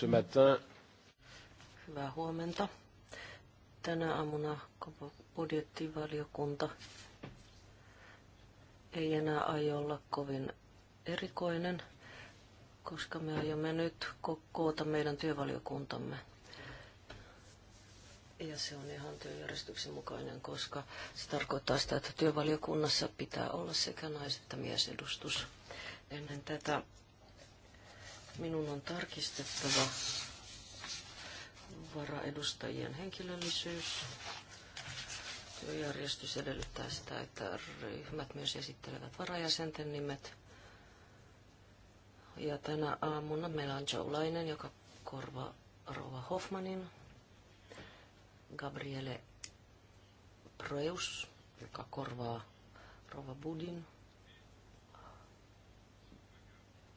ce matin. Hyvää huomenta. Tänä aamuna budjettivaliokunta ei enää aio olla kovin erikoinen, koska me aiomme nyt koota meidän työvaliokuntamme. Ja se on ihan työjärjestyksen mukainen, koska se tarkoittaa sitä, että työvaliokunnassa pitää olla sekä nais- että miesedustus. Ennen tätä Minun on tarkistettava varaedustajien henkilöllisyys. Työjärjestys edellyttää sitä, että ryhmät myös esittelevät varajäsenten nimet. Ja tänä aamuna meillä on Lainen, joka korvaa Rova Hoffmanin, Gabriele Preus, joka korvaa Rova Budin,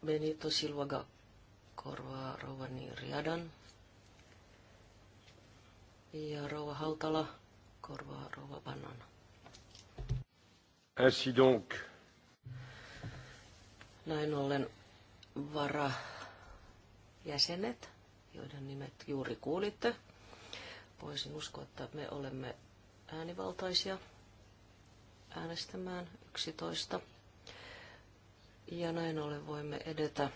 Benito Silva korvaa rouva Riadan. Ja rouva Hautala korvaa rouva Banana. Ainsi donc. Näin ollen vara jäsenet, joiden nimet juuri kuulitte. Voisin uskoa, että me olemme äänivaltaisia äänestämään 11. Ja näin ollen voimme edetä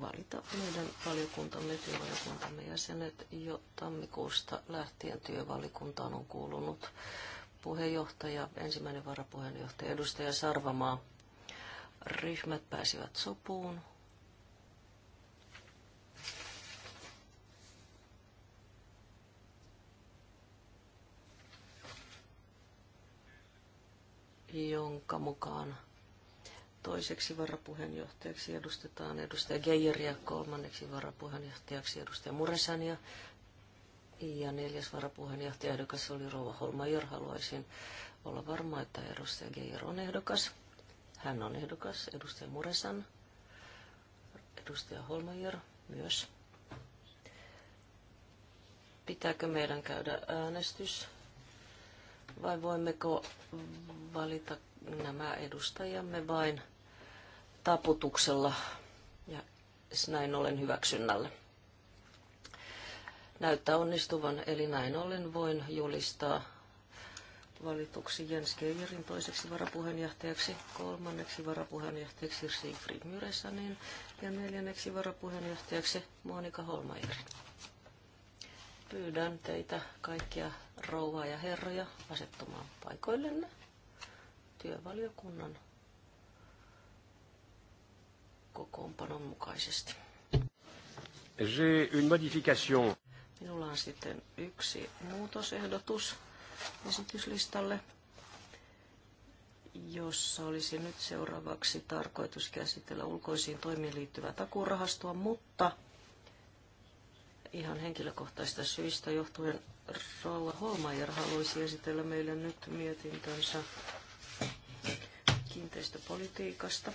valita meidän valiokuntamme, työvaliokuntamme jäsenet jo tammikuusta lähtien työvaliokuntaan on kuulunut puheenjohtaja, ensimmäinen varapuheenjohtaja, edustaja Sarvamaa. Ryhmät pääsivät sopuun. jonka mukaan toiseksi varapuheenjohtajaksi edustetaan edustaja Geijeriä, kolmanneksi varapuheenjohtajaksi edustaja Muresania ja neljäs varapuheenjohtaja ehdokas oli Rouva Holmajor. Haluaisin olla varma, että edustaja Geijer on ehdokas. Hän on ehdokas, edustaja Muresan, edustaja Holmajor myös. Pitääkö meidän käydä äänestys vai voimmeko valita nämä edustajamme vain – taputuksella ja näin ollen hyväksynnällä. Näyttää onnistuvan, eli näin ollen voin julistaa valituksi Jens Keijerin toiseksi varapuheenjohtajaksi, kolmanneksi varapuheenjohtajaksi Siegfried Myresanin ja neljänneksi varapuheenjohtajaksi Monika Holmairin. Pyydän teitä kaikkia rouvaa ja herroja asettumaan paikoillenne työvaliokunnan kokoonpanon mukaisesti. Une modification. Minulla on sitten yksi muutosehdotus esityslistalle, jossa olisi nyt seuraavaksi tarkoitus käsitellä ulkoisiin toimiin liittyvää takuurahastoa, mutta ihan henkilökohtaista syistä johtuen Rauha Holmaier haluaisi esitellä meille nyt mietintönsä kiinteistöpolitiikasta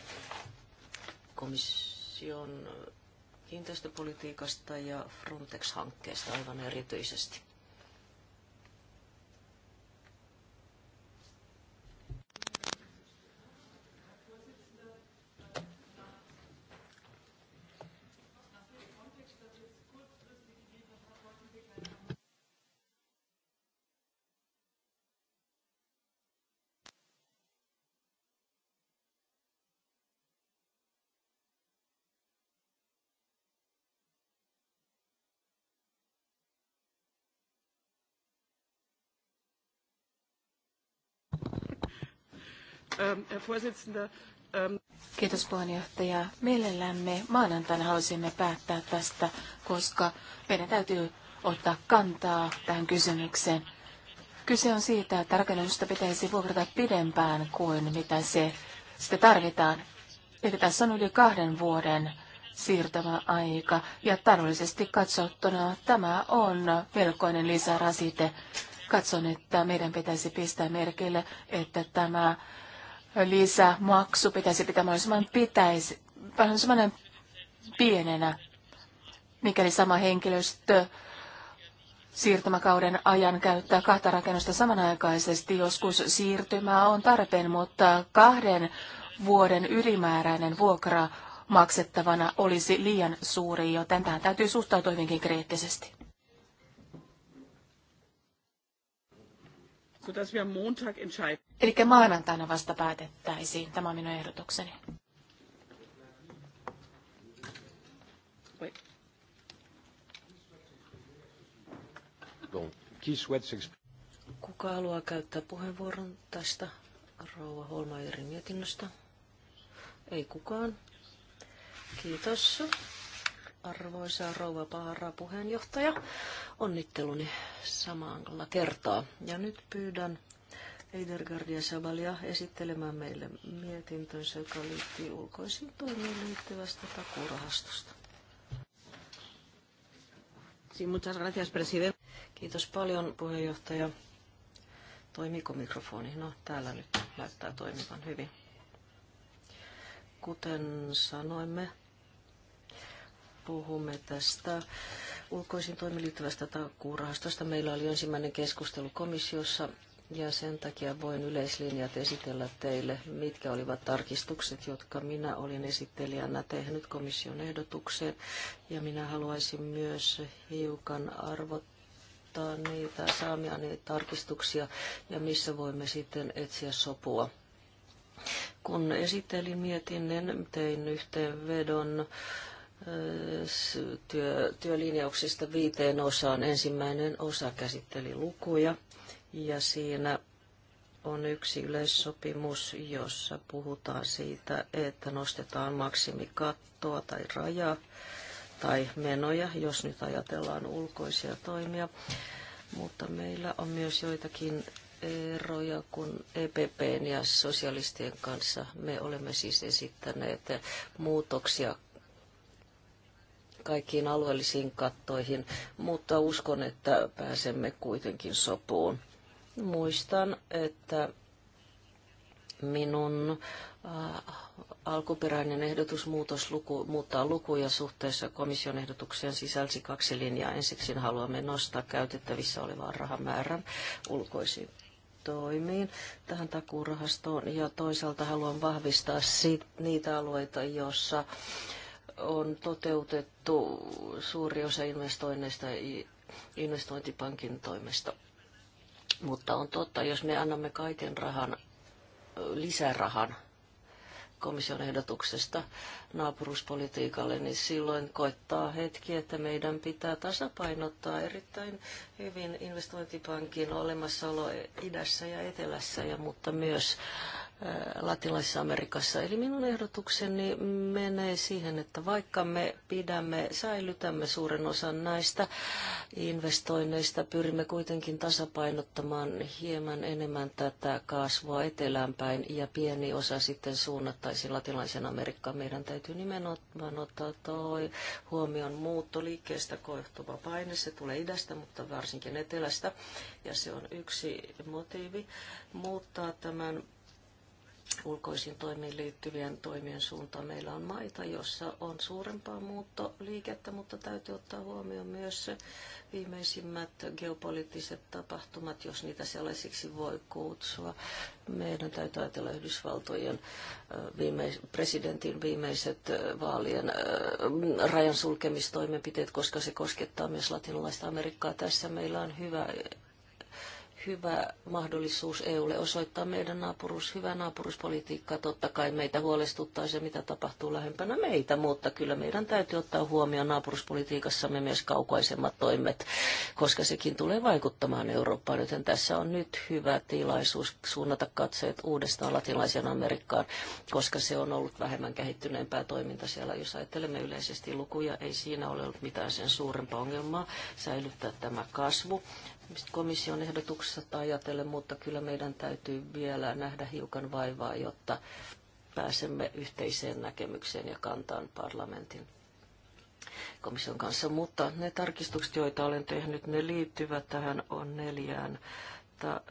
komission kiinteistöpolitiikasta ja Frontex-hankkeesta aivan erityisesti. Ähm, Herr Vorsitzender. Ähm, Kiitos puheenjohtaja. Mielellämme maanantaina haluaisimme päättää tästä, koska meidän täytyy ottaa kantaa tähän kysymykseen. Kyse on siitä, että rakennusta pitäisi vuokrata pidempään kuin mitä se sitä tarvitaan. Eli tässä on yli kahden vuoden siirtymäaika ja taloudellisesti katsottuna tämä on melkoinen lisärasite. Katson, että meidän pitäisi pistää merkille, että tämä lisämaksu pitäisi pitää mahdollisimman, pitäisi, mahdollisimman pienenä, mikäli sama henkilöstö siirtymäkauden ajan käyttää kahta rakennusta samanaikaisesti. Joskus siirtymää on tarpeen, mutta kahden vuoden ylimääräinen vuokra maksettavana olisi liian suuri, joten tähän täytyy suhtautua hyvinkin kriittisesti. Eli maanantaina vasta päätettäisiin. Tämä on minun ehdotukseni. Kuka haluaa käyttää puheenvuoron tästä Rouva Holmajerin mietinnöstä? Ei kukaan. Kiitos. Arvoisa rouva Paara puheenjohtaja, onnitteluni samalla kertaa. Ja nyt pyydän Eidergardia Sabalia esittelemään meille mietintönsä, joka liittyy ulkoisiin toimiin liittyvästä takurahastosta. Kiitos paljon puheenjohtaja. Toimiko mikrofoni? No, täällä nyt näyttää toimivan hyvin. Kuten sanoimme, puhumme tästä ulkoisin toimiin liittyvästä takuurahastosta. Meillä oli ensimmäinen keskustelu komissiossa ja sen takia voin yleislinjat esitellä teille, mitkä olivat tarkistukset, jotka minä olin esittelijänä tehnyt komission ehdotukseen. Ja minä haluaisin myös hiukan arvottaa niitä saamia niitä tarkistuksia ja missä voimme sitten etsiä sopua. Kun esittelin mietinnön, tein yhteenvedon työ, työlinjauksista viiteen osaan. Ensimmäinen osa käsitteli lukuja ja siinä on yksi yleissopimus, jossa puhutaan siitä, että nostetaan maksimikattoa tai rajaa tai menoja, jos nyt ajatellaan ulkoisia toimia. Mutta meillä on myös joitakin eroja kun EPPn ja sosialistien kanssa. Me olemme siis esittäneet muutoksia kaikkiin alueellisiin kattoihin, mutta uskon, että pääsemme kuitenkin sopuun. Muistan, että minun äh, alkuperäinen ehdotus luku, muuttaa lukuja suhteessa komission ehdotukseen sisälsi kaksi linjaa. Ensiksi haluamme nostaa käytettävissä olevan rahamäärän ulkoisiin toimiin tähän takuurahastoon ja toisaalta haluan vahvistaa sit, niitä alueita, joissa äh, on toteutettu suuri osa investoinneista investointipankin toimesta. Mutta on totta, jos me annamme kaiken rahan, lisärahan komission ehdotuksesta naapuruspolitiikalle, niin silloin koittaa hetki, että meidän pitää tasapainottaa erittäin hyvin investointipankin olemassaolo idässä ja etelässä, ja, mutta myös Latinalaisessa Amerikassa. Eli minun ehdotukseni menee siihen, että vaikka me pidämme, säilytämme suuren osan näistä investoinneista, pyrimme kuitenkin tasapainottamaan hieman enemmän tätä kasvua etelään päin ja pieni osa sitten suunnattaisiin Latinalaisen Amerikkaan. Meidän täytyy nimenomaan ottaa toi huomioon muuttoliikkeestä koehtuva paine. Se tulee idästä, mutta varsinkin etelästä ja se on yksi motiivi muuttaa tämän ulkoisiin toimiin liittyvien toimien suuntaan. Meillä on maita, joissa on suurempaa muuttoliikettä, mutta täytyy ottaa huomioon myös viimeisimmät geopoliittiset tapahtumat, jos niitä sellaisiksi voi kutsua. Meidän täytyy ajatella Yhdysvaltojen viimeis- presidentin viimeiset vaalien rajan sulkemistoimenpiteet, koska se koskettaa myös latinalaista Amerikkaa. Tässä meillä on hyvä hyvä mahdollisuus EUlle osoittaa meidän naapuruus, hyvää naapuruspolitiikkaa. Totta kai meitä huolestuttaa se, mitä tapahtuu lähempänä meitä, mutta kyllä meidän täytyy ottaa huomioon naapuruspolitiikassamme myös kaukaisemmat toimet, koska sekin tulee vaikuttamaan Eurooppaan, joten tässä on nyt hyvä tilaisuus suunnata katseet uudestaan latinalaisen Amerikkaan, koska se on ollut vähemmän kehittyneempää toiminta siellä. Jos ajattelemme yleisesti lukuja, ei siinä ole ollut mitään sen suurempaa ongelmaa säilyttää tämä kasvu komission tai ajatellen, mutta kyllä meidän täytyy vielä nähdä hiukan vaivaa, jotta pääsemme yhteiseen näkemykseen ja kantaan parlamentin komission kanssa. Mutta ne tarkistukset, joita olen tehnyt, ne liittyvät tähän on neljään ta-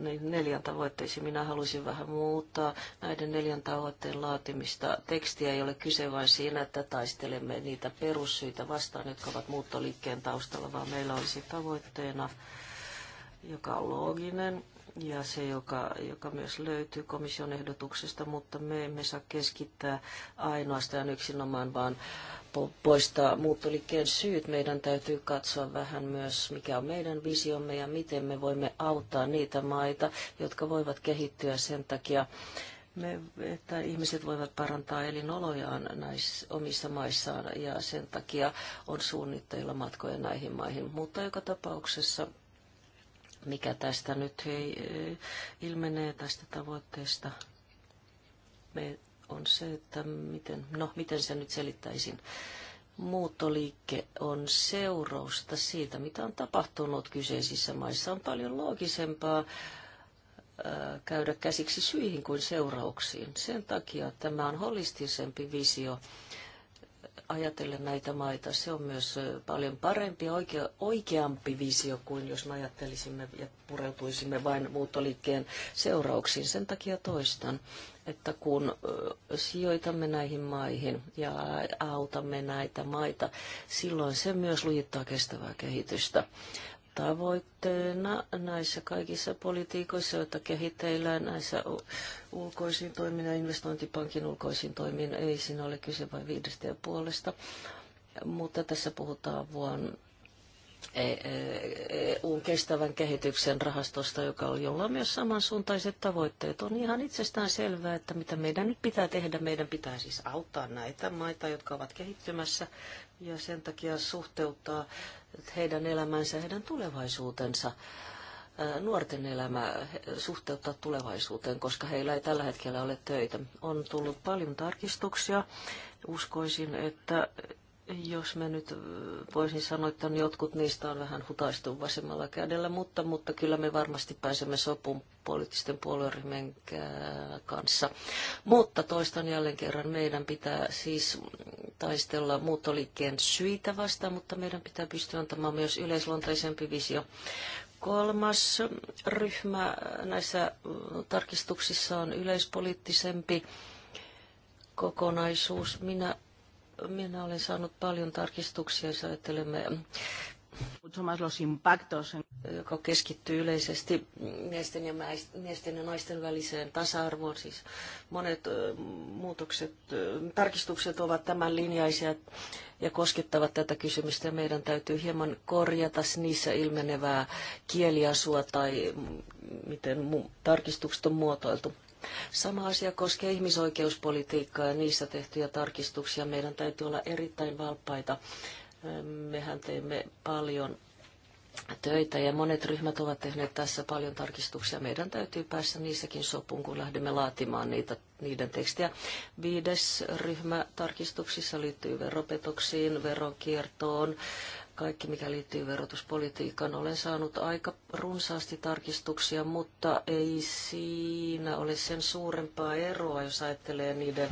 näihin neljän tavoitteisiin. Minä haluaisin vähän muuttaa näiden neljän tavoitteen laatimista. Tekstiä ei ole kyse vain siinä, että taistelemme niitä perussyitä vastaan, jotka ovat muuttoliikkeen taustalla, vaan meillä olisi tavoitteena, joka on looginen, ja se, joka, joka myös löytyy komission ehdotuksesta, mutta me emme saa keskittää ainoastaan yksinomaan, vaan poistaa muuttoliikkeen syyt. Meidän täytyy katsoa vähän myös, mikä on meidän visiomme ja miten me voimme auttaa niitä maita, jotka voivat kehittyä sen takia, me, että ihmiset voivat parantaa elinolojaan näissä omissa maissaan ja sen takia on suunnitteilla matkoja näihin maihin. Mutta joka tapauksessa mikä tästä nyt eh, ilmenee tästä tavoitteesta, me on se, että miten, no, miten se nyt selittäisin. Muuttoliikke on seurausta siitä, mitä on tapahtunut kyseisissä maissa. On paljon loogisempaa eh, käydä käsiksi syihin kuin seurauksiin. Sen takia tämä on holistisempi visio ajatellen näitä maita. Se on myös paljon parempi ja oikea, oikeampi visio kuin jos me ajattelisimme ja pureutuisimme vain muuttoliikkeen seurauksiin. Sen takia toistan, että kun sijoitamme näihin maihin ja autamme näitä maita, silloin se myös lujittaa kestävää kehitystä tavoitteena näissä kaikissa politiikoissa, joita kehitteillään näissä ulkoisiin toimiin ja investointipankin ulkoisiin toimiin. Ei siinä ole kyse vain viidestä ja puolesta, mutta tässä puhutaan vuon EUn e-, e-, kestävän kehityksen rahastosta, joka on, jolla on myös samansuuntaiset tavoitteet. On ihan itsestään selvää, että mitä meidän nyt pitää tehdä, meidän pitää siis auttaa näitä maita, jotka ovat kehittymässä ja sen takia suhteuttaa heidän elämänsä, heidän tulevaisuutensa, nuorten elämä suhteuttaa tulevaisuuteen, koska heillä ei tällä hetkellä ole töitä. On tullut paljon tarkistuksia. Uskoisin, että jos mä nyt voisin sanoa, että jotkut niistä on vähän hutaistu vasemmalla kädellä, mutta, mutta kyllä me varmasti pääsemme sopuun poliittisten puolueryhmien kanssa. Mutta toistan jälleen kerran, meidän pitää siis taistella muuttoliikkeen syitä vastaan, mutta meidän pitää pystyä antamaan myös yleisluontaisempi visio kolmas ryhmä näissä tarkistuksissa on yleispoliittisempi kokonaisuus. Minä minä olen saanut paljon tarkistuksia, jos ajattelemme joka keskittyy yleisesti miesten ja, miesten ja naisten väliseen tasa-arvoon. Siis monet muutokset, tarkistukset ovat tämän linjaisia ja koskettavat tätä kysymystä. Meidän täytyy hieman korjata niissä ilmenevää kieliasua tai miten tarkistukset on muotoiltu. Sama asia koskee ihmisoikeuspolitiikkaa ja niissä tehtyjä tarkistuksia. Meidän täytyy olla erittäin valppaita. Mehän teemme paljon töitä ja monet ryhmät ovat tehneet tässä paljon tarkistuksia. Meidän täytyy päästä niissäkin sopuun, kun lähdemme laatimaan niitä, niiden tekstiä. Viides ryhmä tarkistuksissa liittyy veropetoksiin, veronkiertoon, kaikki, mikä liittyy verotuspolitiikkaan. Olen saanut aika runsaasti tarkistuksia, mutta ei siinä ole sen suurempaa eroa, jos ajattelee niiden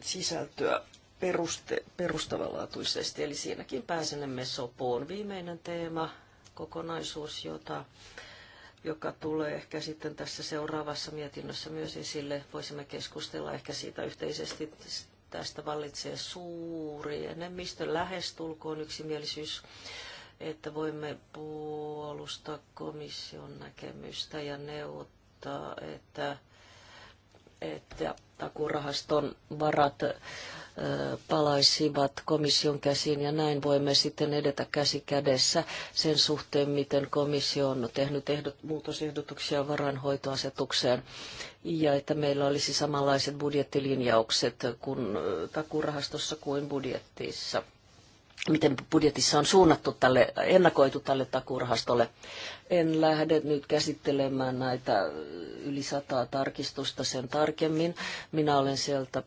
sisältöä peruste, perustavanlaatuisesti. Eli siinäkin pääsenemme sopuun. Viimeinen teema, kokonaisuus, jota joka tulee ehkä sitten tässä seuraavassa mietinnössä myös esille. Voisimme keskustella ehkä siitä yhteisesti tästä vallitsee suuri enemmistö, lähestulkoon yksimielisyys, että voimme puolustaa komission näkemystä ja neuvottaa, että, että takurahaston varat palaisivat komission käsiin ja näin voimme sitten edetä käsi kädessä sen suhteen, miten komissio on tehnyt ehdot, muutosehdotuksia varainhoitoasetukseen ja että meillä olisi samanlaiset budjettilinjaukset kuin takurahastossa kuin budjettissa miten budjetissa on suunnattu tälle, ennakoitu tälle takurahastolle. En lähde nyt käsittelemään näitä yli sataa tarkistusta sen tarkemmin. Minä olen sieltä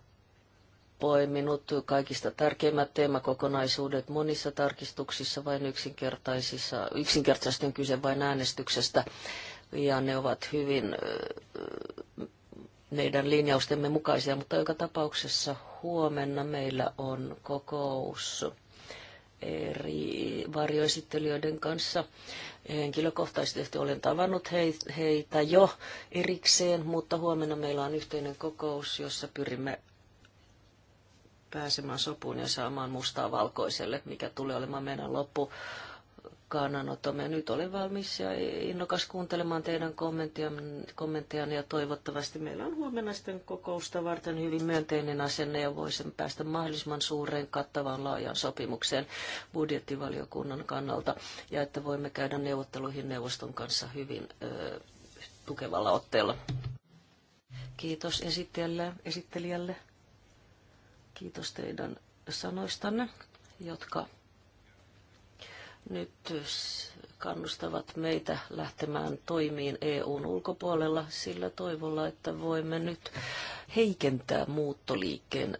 poiminut kaikista tärkeimmät teemakokonaisuudet monissa tarkistuksissa, vain yksinkertaisissa, yksinkertaisesti on kyse vain äänestyksestä, ja ne ovat hyvin meidän linjaustemme mukaisia, mutta joka tapauksessa huomenna meillä on kokous eri varjoesittelijöiden kanssa. Henkilökohtaisesti olen tavannut heitä jo erikseen, mutta huomenna meillä on yhteinen kokous, jossa pyrimme pääsemään sopuun ja saamaan mustaa valkoiselle, mikä tulee olemaan meidän loppu kannanottomme. Nyt olen valmis ja innokas kuuntelemaan teidän kommentteja ja toivottavasti meillä on huomenna sitten kokousta varten hyvin myönteinen asenne ja voisin päästä mahdollisimman suureen kattavaan laajaan sopimukseen budjettivaliokunnan kannalta ja että voimme käydä neuvotteluihin neuvoston kanssa hyvin ö, tukevalla otteella. Kiitos esittelijälle. esittelijälle. Kiitos teidän sanoistanne, jotka nyt kannustavat meitä lähtemään toimiin EUn ulkopuolella sillä toivolla, että voimme nyt heikentää muuttoliikkeen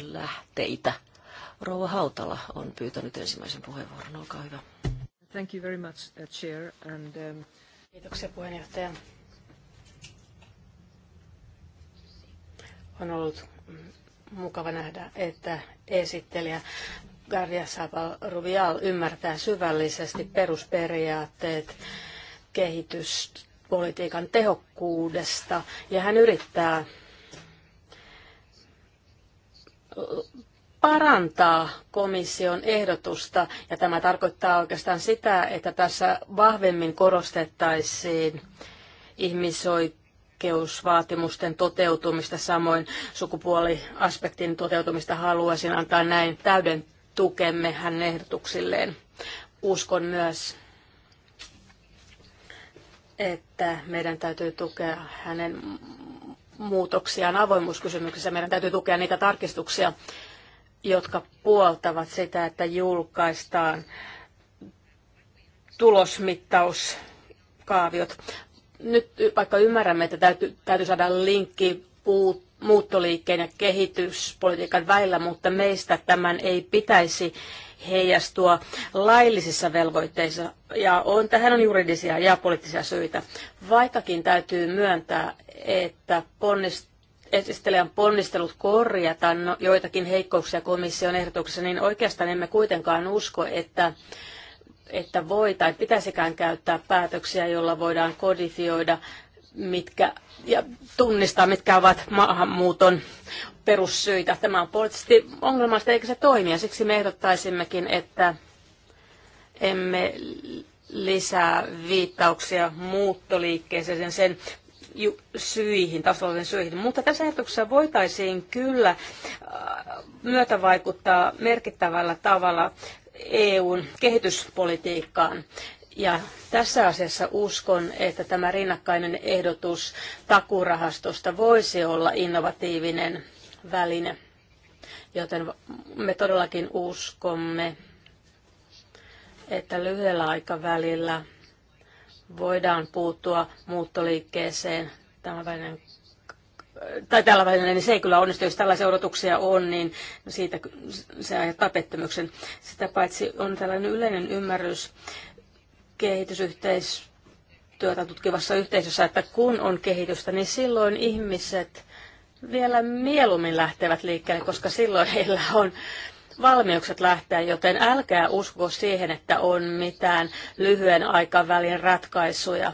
lähteitä. Rouva Hautala on pyytänyt ensimmäisen puheenvuoron. Olkaa hyvä. Thank you very much, uh, Chair. And, um... Kiitoksia puheenjohtaja. On ollut mukava nähdä, että esittelijä Gardia Sabal Rubial ymmärtää syvällisesti perusperiaatteet kehityspolitiikan tehokkuudesta ja hän yrittää parantaa komission ehdotusta ja tämä tarkoittaa oikeastaan sitä, että tässä vahvemmin korostettaisiin ihmisoikeuksia oikeusvaatimusten toteutumista, samoin sukupuoliaspektin toteutumista haluaisin antaa näin täyden tukemme hänen ehdotuksilleen. Uskon myös, että meidän täytyy tukea hänen muutoksiaan avoimuuskysymyksissä. Meidän täytyy tukea niitä tarkistuksia, jotka puoltavat sitä, että julkaistaan tulosmittauskaaviot nyt vaikka ymmärrämme, että täytyy, täytyy saada linkki puut, muuttoliikkeen ja kehityspolitiikan välillä, mutta meistä tämän ei pitäisi heijastua laillisissa velvoitteissa, ja on, tähän on juridisia ja poliittisia syitä. Vaikkakin täytyy myöntää, että ponnist, esittelijän ponnistelut korjata no, joitakin heikkouksia komission ehdotuksessa, niin oikeastaan emme kuitenkaan usko, että että voi tai pitäisikään käyttää päätöksiä, joilla voidaan kodifioida mitkä, ja tunnistaa, mitkä ovat maahanmuuton perussyitä. Tämä on poliittisesti ongelmasta eikä se toimi, ja siksi me ehdottaisimmekin, että emme lisää viittauksia muuttoliikkeeseen sen syihin, taustallisiin syihin. Mutta tässä ehdotuksessa voitaisiin kyllä äh, myötävaikuttaa merkittävällä tavalla EUn kehityspolitiikkaan. Ja tässä asiassa uskon, että tämä rinnakkainen ehdotus takurahastosta voisi olla innovatiivinen väline, joten me todellakin uskomme, että lyhyellä aikavälillä voidaan puuttua muuttoliikkeeseen tämän välinen tai tällä välillä, niin se ei kyllä onnistu. Jos tällaisia odotuksia on, niin siitä se aiheuttaa pettymyksen. Sitä paitsi on tällainen yleinen ymmärrys kehitysyhteistyötä tutkivassa yhteisössä, että kun on kehitystä, niin silloin ihmiset vielä mieluummin lähtevät liikkeelle, koska silloin heillä on valmiukset lähteä, joten älkää usko siihen, että on mitään lyhyen aikavälin ratkaisuja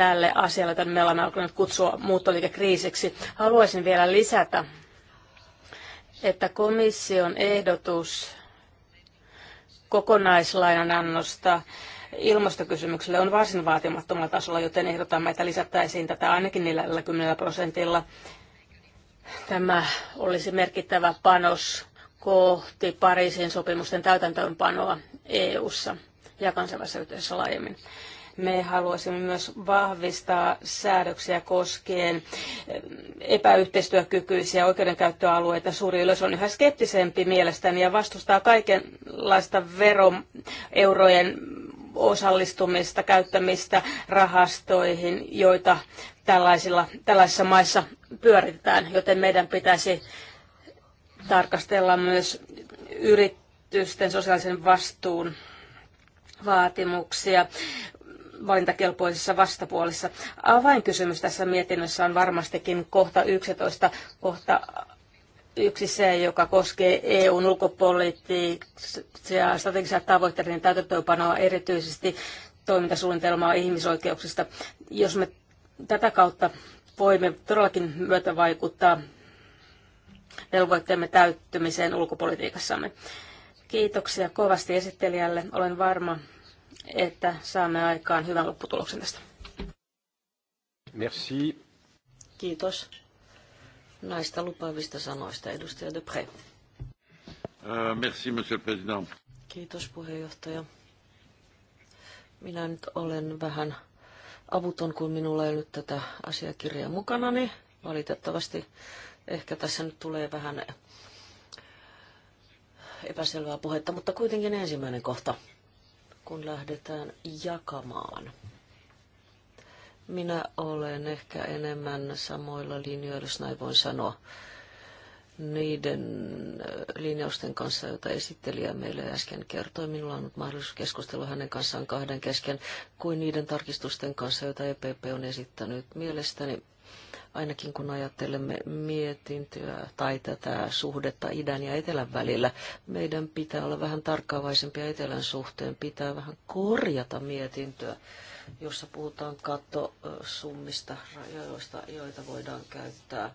tälle asialle, jota me olemme alkaneet kutsua muuttoliikekriisiksi. Haluaisin vielä lisätä, että komission ehdotus kokonaislainanannosta ilmastokysymykselle on varsin vaatimattomalla tasolla, joten ehdotamme, että lisättäisiin tätä ainakin 40 prosentilla. Tämä olisi merkittävä panos kohti Pariisin sopimusten täytäntöönpanoa EU-ssa ja kansainvälisessä yhteisössä laajemmin. Me haluaisimme myös vahvistaa säädöksiä koskien eh, epäyhteistyökykyisiä oikeudenkäyttöalueita. Suuri yleisö on yhä skeptisempi mielestäni ja vastustaa kaikenlaista veroeurojen osallistumista, käyttämistä rahastoihin, joita tällaisilla, tällaisissa maissa pyöritetään, joten meidän pitäisi tarkastella myös yritysten sosiaalisen vastuun vaatimuksia, valintakelpoisissa vastapuolissa. Avainkysymys tässä mietinnössä on varmastikin kohta 11, kohta yksi se, joka koskee EUn ulkopoliittisia strategisia tavoitteiden niin täytäntöönpanoa erityisesti toimintasuunnitelmaa ihmisoikeuksista. Jos me tätä kautta voimme todellakin myötävaikuttaa velvoitteemme täyttymiseen ulkopolitiikassamme. Kiitoksia kovasti esittelijälle. Olen varma, että saamme aikaan hyvän lopputuloksen tästä. Merci. Kiitos näistä lupaavista sanoista, edustaja Depre. Euh, merci, monsieur le président. Kiitos puheenjohtaja. Minä nyt olen vähän avuton, kun minulla ei nyt tätä asiakirjaa niin Valitettavasti ehkä tässä nyt tulee vähän epäselvää puhetta, mutta kuitenkin ensimmäinen kohta kun lähdetään jakamaan. Minä olen ehkä enemmän samoilla linjoilla, jos näin voin sanoa, niiden äh, linjausten kanssa, joita esittelijä meille äsken kertoi. Minulla on nyt mahdollisuus keskustella hänen kanssaan kahden kesken, kuin niiden tarkistusten kanssa, joita EPP on esittänyt. Mielestäni ainakin kun ajattelemme mietintöä tai tätä suhdetta idän ja etelän välillä. Meidän pitää olla vähän tarkkaavaisempia etelän suhteen, pitää vähän korjata mietintöä, jossa puhutaan kattosummista, rajoista, joita voidaan käyttää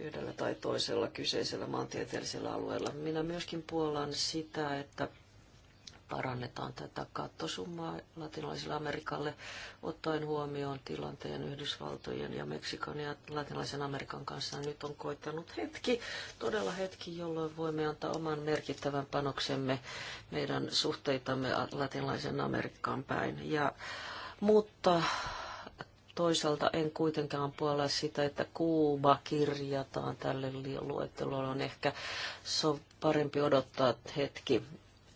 yhdellä tai toisella kyseisellä maantieteellisellä alueella. Minä myöskin puolan sitä, että parannetaan tätä kattosummaa latinalaiselle Amerikalle ottaen huomioon tilanteen Yhdysvaltojen ja Meksikon ja latinalaisen Amerikan kanssa. Nyt on koittanut hetki, todella hetki, jolloin voimme antaa oman merkittävän panoksemme meidän suhteitamme latinalaisen Amerikkaan päin. Ja, mutta toisaalta en kuitenkaan puolella sitä, että Kuuba kirjataan tälle luettelolle. On ehkä so, parempi odottaa hetki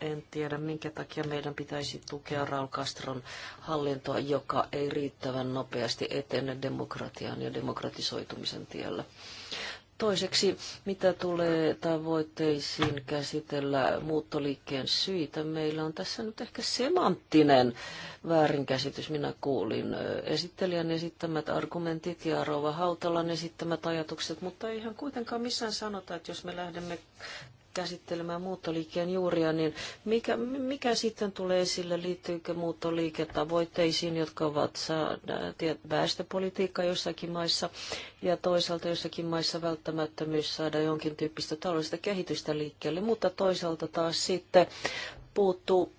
en tiedä, minkä takia meidän pitäisi tukea Raul Castron hallintoa, joka ei riittävän nopeasti etene demokratian ja demokratisoitumisen tiellä. Toiseksi, mitä tulee tavoitteisiin käsitellä muuttoliikkeen syitä, meillä on tässä nyt ehkä semanttinen väärinkäsitys. Minä kuulin esittelijän esittämät argumentit ja Rova Hautalan esittämät ajatukset, mutta ihan kuitenkaan missään sanota, että jos me lähdemme käsittelemään muuttoliikkeen juuria, niin mikä, mikä sitten tulee esille, liittyykö muuttoliiketavoitteisiin, jotka ovat väestöpolitiikka jossakin maissa, ja toisaalta jossakin maissa välttämättömyys saada jonkin tyyppistä taloudellista kehitystä liikkeelle, mutta toisaalta taas sitten puuttuu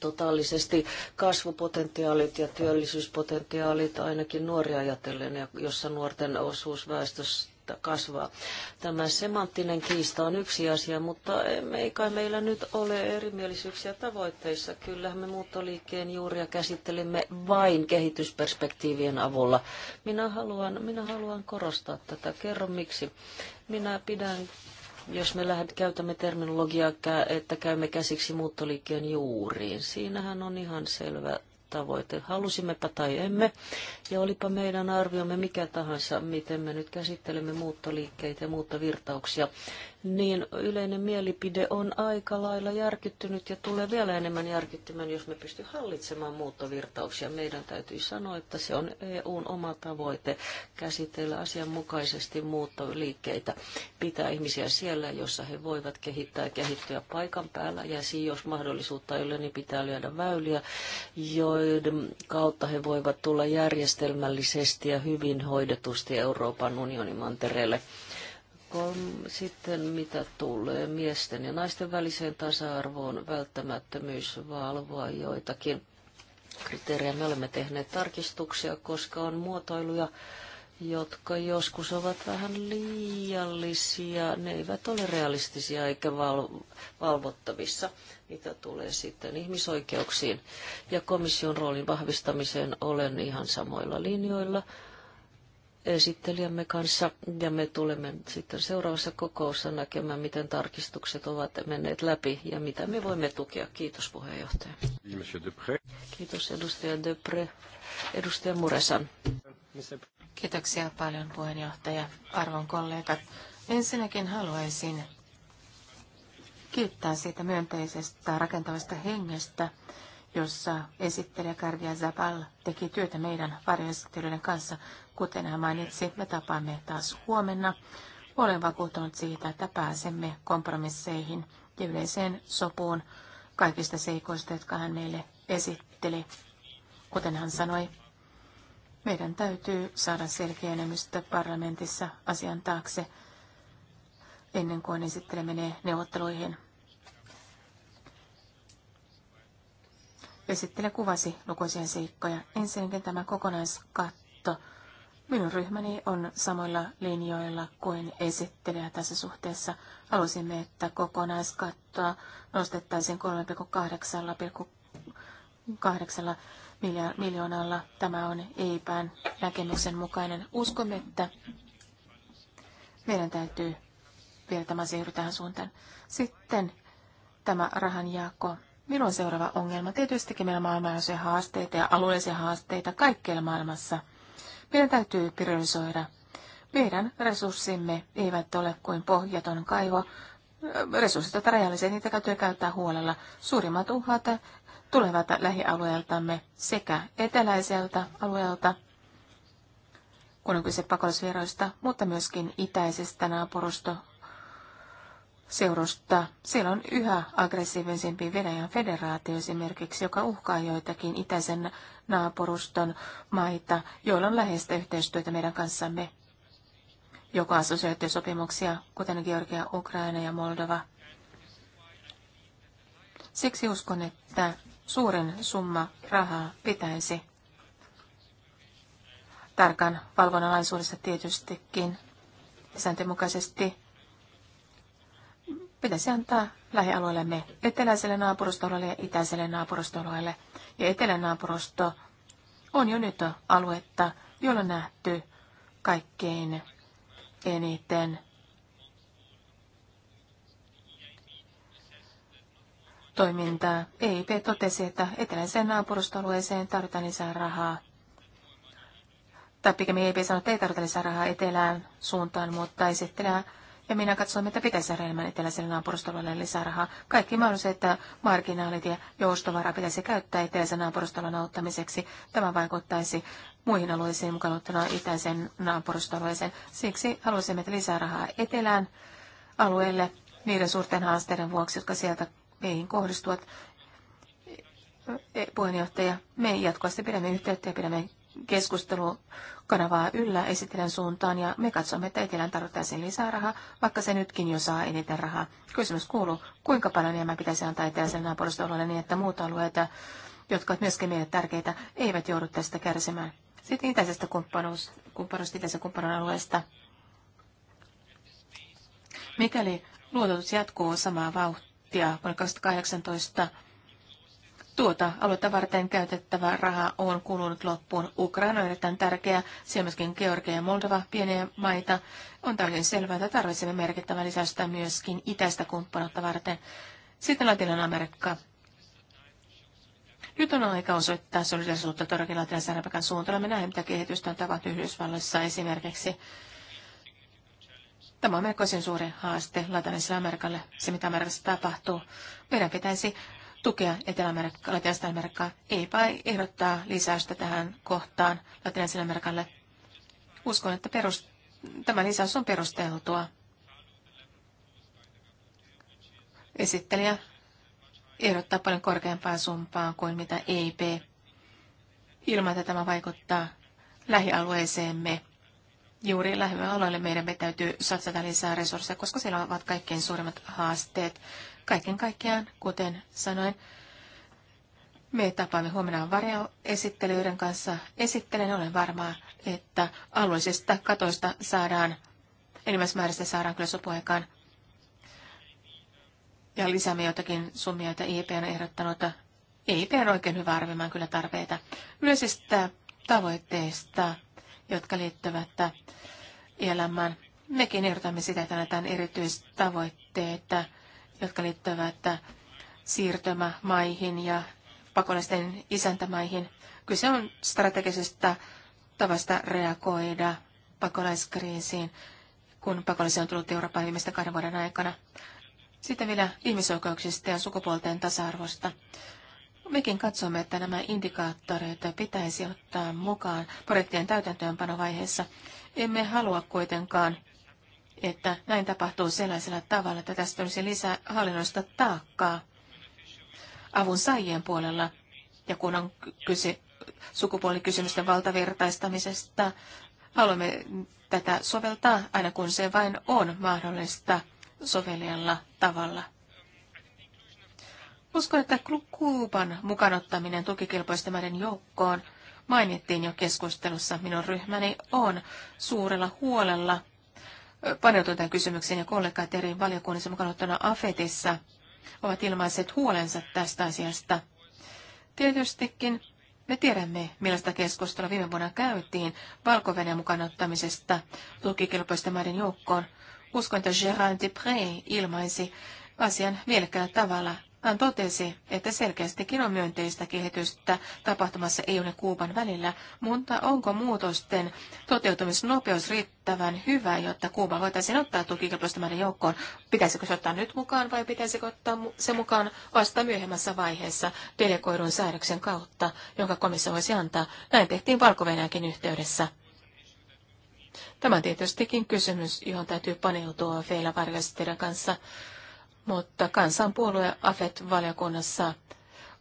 totaalisesti kasvupotentiaalit ja työllisyyspotentiaalit ainakin nuoria ajatellen, jossa nuorten osuus väestössä kasvaa. Tämä semanttinen kiista on yksi asia, mutta ei kai meillä nyt ole erimielisyyksiä tavoitteissa. Kyllähän me muuttoliikkeen juuria käsittelimme vain kehitysperspektiivien avulla. Minä haluan, minä haluan korostaa tätä. Kerro miksi. Minä pidän jos me lähdet, käytämme terminologiaa, että käymme käsiksi muuttoliikkeen juuriin, siinähän on ihan selvä tavoite, halusimmepa tai emme. Ja olipa meidän arviomme mikä tahansa, miten me nyt käsittelemme muuttoliikkeitä ja muuttovirtauksia, niin yleinen mielipide on aika lailla järkyttynyt ja tulee vielä enemmän järkyttymään, jos me pysty hallitsemaan muuttovirtauksia. Meidän täytyy sanoa, että se on EUn oma tavoite käsitellä asianmukaisesti muuttoliikkeitä, pitää ihmisiä siellä, jossa he voivat kehittää ja kehittyä paikan päällä. Ja siinä jos mahdollisuutta ei ole, niin pitää lyödä väyliä, joiden kautta he voivat tulla järjestelmällisesti ja hyvin hoidetusti Euroopan unionin mantereelle sitten mitä tulee miesten ja naisten väliseen tasa-arvoon, välttämättömyys valvoa joitakin kriteerejä. Me olemme tehneet tarkistuksia, koska on muotoiluja, jotka joskus ovat vähän liiallisia. Ne eivät ole realistisia eikä valvottavissa, mitä tulee sitten ihmisoikeuksiin. Ja komission roolin vahvistamiseen olen ihan samoilla linjoilla esittelijämme kanssa ja me tulemme sitten seuraavassa kokouksessa näkemään, miten tarkistukset ovat menneet läpi ja mitä me voimme tukea. Kiitos puheenjohtaja. Kiitos edustaja Depre. Edustaja Muresan. Kiitoksia paljon puheenjohtaja. Arvon kollegat, ensinnäkin haluaisin kiittää siitä myönteisestä rakentavasta hengestä, jossa esittelijä Karvia Zabal teki työtä meidän varjoesittelyiden kanssa. Kuten hän mainitsi, me tapaamme taas huomenna. Olen vakuuttunut siitä, että pääsemme kompromisseihin ja yleiseen sopuun kaikista seikoista, jotka hän meille esitteli. Kuten hän sanoi, meidän täytyy saada selkeä enemmistö parlamentissa asian taakse ennen kuin esittelemme ne neuvotteluihin. Esittele kuvasi lukuisia seikkoja. Ensinnäkin tämä kokonaiskatto. Minun ryhmäni on samoilla linjoilla kuin esittelijä tässä suhteessa. Halusimme, että kokonaiskattoa nostettaisiin 3,8 miljoonalla. Tämä on EIPään näkemyksen mukainen. Uskomme, että meidän täytyy viedä tämä siirry tähän suuntaan. Sitten tämä rahanjako Minun on seuraava ongelma? Tietystikin meillä on maailmanlaajuisia haasteita ja alueellisia haasteita kaikkialla maailmassa. Meidän täytyy priorisoida. Meidän resurssimme eivät ole kuin pohjaton kaivo. Resurssit ovat rajallisia, niitä täytyy käyttää huolella. Suurimmat uhat tulevat lähialueeltamme sekä eteläiseltä alueelta, kun on kyse pakolaisvieroista, mutta myöskin itäisestä naapurusto seurusta. Siellä on yhä aggressiivisempi Venäjän federaatio esimerkiksi, joka uhkaa joitakin itäisen naapuruston maita, joilla on läheistä yhteistyötä meidän kanssamme. Joko assosiaatiosopimuksia, kuten Georgia, Ukraina ja Moldova. Siksi uskon, että suuren summa rahaa pitäisi tarkan valvonnan alaisuudessa tietystikin sääntömukaisesti pitäisi antaa lähialueellemme eteläiselle naapurustolle ja itäiselle naapurustolle Ja etelänaapurusto on jo nyt aluetta, jolla on nähty kaikkein eniten toimintaa. EIP totesi, että eteläiseen naapurustolueeseen tarvitaan lisää rahaa. Tai pikemmin EIP sanoi, että ei tarvita lisää rahaa etelään suuntaan, mutta esittelee ja minä katsoin, että pitäisi saada enemmän eteläiselle naapurustolle lisää rahaa. Kaikki mahdolliset äh, marginaalit ja joustovara pitäisi käyttää eteläisen naapurustolon auttamiseksi. Tämä vaikuttaisi muihin alueisiin mukaan ottana itäisen naapurustoalueeseen. Siksi haluaisimme lisää rahaa etelään alueelle niiden suurten haasteiden vuoksi, jotka sieltä meihin kohdistuvat. E, puheenjohtaja, me jatkuvasti pidämme yhteyttä ja pidämme keskustelukanavaa yllä esitellen suuntaan ja me katsomme, että etelään tarvittaisiin lisää rahaa, vaikka se nytkin jo saa eniten rahaa. Kysymys kuuluu, kuinka paljon enemmän pitäisi antaa eteläisen naapuristoalueelle niin, että muut alueet, jotka ovat myöskin meille tärkeitä, eivät joudu tästä kärsimään. Sitten itäisestä kumppanuus, kumppanuus itäisen kumppanuuden alueesta. Mikäli luototus jatkuu samaa vauhtia vuonna 2018, Tuota aluetta varten käytettävä raha on kulunut loppuun. Ukraina on erittäin tärkeä, siellä myöskin Georgia ja Moldova, pieniä maita. On täysin selvää, että tarvitsemme merkittävää lisäystä myöskin itäistä kumppanuutta varten. Sitten Latinan-Amerikka. Nyt on aika osoittaa solidarisuutta todellakin latinan Amerikan suuntaan. Me näemme, mitä kehitystä on tapahtunut Yhdysvalloissa esimerkiksi. Tämä on melkoisen suuri haaste latinan Amerikalle, se mitä Amerikassa tapahtuu. Meidän pitäisi tukea Etelä-Amerikkaa, Latinalaista Amerikkaa. EIPA ehdottaa lisäystä tähän kohtaan Latinalaisen Amerikalle. Uskon, että perus, tämä lisäys on perusteltua. Esittelijä ehdottaa paljon korkeampaa sumpaa kuin mitä EIP ilman, että tämä vaikuttaa lähialueeseemme. Juuri lähialueelle meidän täytyy satsata lisää resursseja, koska siellä ovat kaikkein suurimmat haasteet. Kaiken kaikkiaan, kuten sanoin, me tapaamme huomenna varjoesittelyiden kanssa. Esittelen, olen varmaa, että alueellisista katoista saadaan, enimmäismääräistä saadaan kyllä sopuaikaan. Ja lisäämme jotakin summia, joita IP on ehdottanut. IP on oikein hyvä arvioimaan kyllä tarpeita. Yleisistä tavoitteista, jotka liittyvät elämään. Mekin ehdotamme sitä, että annetaan erityistavoitteita jotka liittyvät siirtymämaihin ja pakolaisten isäntämaihin. Kyse on strategisesta tavasta reagoida pakolaiskriisiin, kun pakolaisia on tullut Euroopan viimeisten kahden vuoden aikana. Sitten vielä ihmisoikeuksista ja sukupuolten tasa-arvosta. Mekin katsomme, että nämä indikaattorit pitäisi ottaa mukaan projektien täytäntöönpanovaiheessa. Emme halua kuitenkaan että näin tapahtuu sellaisella tavalla, että tästä olisi lisää hallinnollista taakkaa avun saajien puolella. Ja kun on kyse sukupuolikysymysten valtavirtaistamisesta, haluamme tätä soveltaa aina kun se vain on mahdollista sovellella tavalla. Uskon, että Kuuban mukanottaminen tukikelpoisten maiden joukkoon mainittiin jo keskustelussa. Minun ryhmäni on suurella huolella paneutunut tähän kysymykseen ja kollegat eri valiokunnissa mukaan AFETissa ovat ilmaisseet huolensa tästä asiasta. Tietystikin me tiedämme, millaista keskustelua viime vuonna käytiin valko mukaan ottamisesta tukikelpoisten maiden joukkoon. Uskon, että Gérard Depré ilmaisi asian mielekkäällä tavalla hän totesi, että selkeästikin on myönteistä kehitystä tapahtumassa EUn ja Kuuban välillä, mutta onko muutosten toteutumisnopeus riittävän hyvä, jotta Kuuba voitaisiin ottaa tukikelpoisten maiden joukkoon? Pitäisikö se ottaa nyt mukaan vai pitäisikö ottaa se mukaan vasta myöhemmässä vaiheessa delegoidun säädöksen kautta, jonka komissio voisi antaa? Näin tehtiin valko yhteydessä. Tämä on tietystikin kysymys, johon täytyy paneutua vielä varjoisteiden kanssa mutta kansanpuolue AFET-valiokunnassa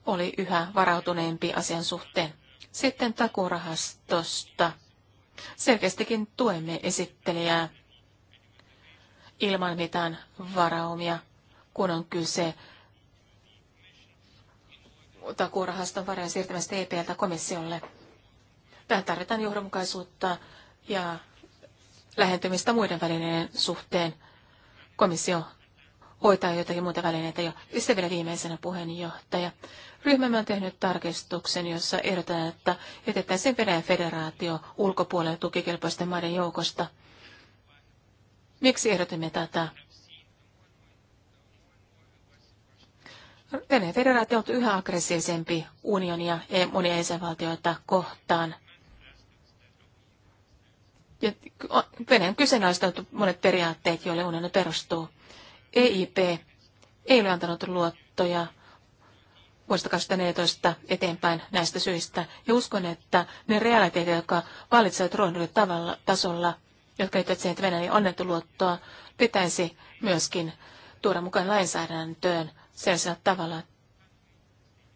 oli yhä varautuneempi asian suhteen. Sitten takurahastosta. Selkeästikin tuemme esittelijää ilman mitään varaumia, kun on kyse takuurahaston varojen siirtämistä EPLtä komissiolle. Tähän tarvitaan johdonmukaisuutta ja lähentymistä muiden välineiden suhteen. Komissio hoitaa jotakin muita välineitä jo. Sitten vielä viimeisenä puheenjohtaja. Ryhmämme on tehnyt tarkistuksen, jossa ehdotetaan, että sen Venäjän federaatio ulkopuolelle tukikelpoisten maiden joukosta. Miksi ehdotimme tätä? Venäjän federaatio on yhä aggressiivisempi unionia ja e- monia jäsenvaltioita kohtaan. Ja Venäjän kyseenalaistettu monet periaatteet, joille unioni perustuu. EIP ei ole antanut luottoja vuodesta 2014 eteenpäin näistä syistä. Ja uskon, että ne realiteetit, jotka valitsevat tavalla tasolla, jotka liittyvät siihen, että Venäjä on luottoa, pitäisi myöskin tuoda mukaan lainsäädäntöön sellaisella tavalla,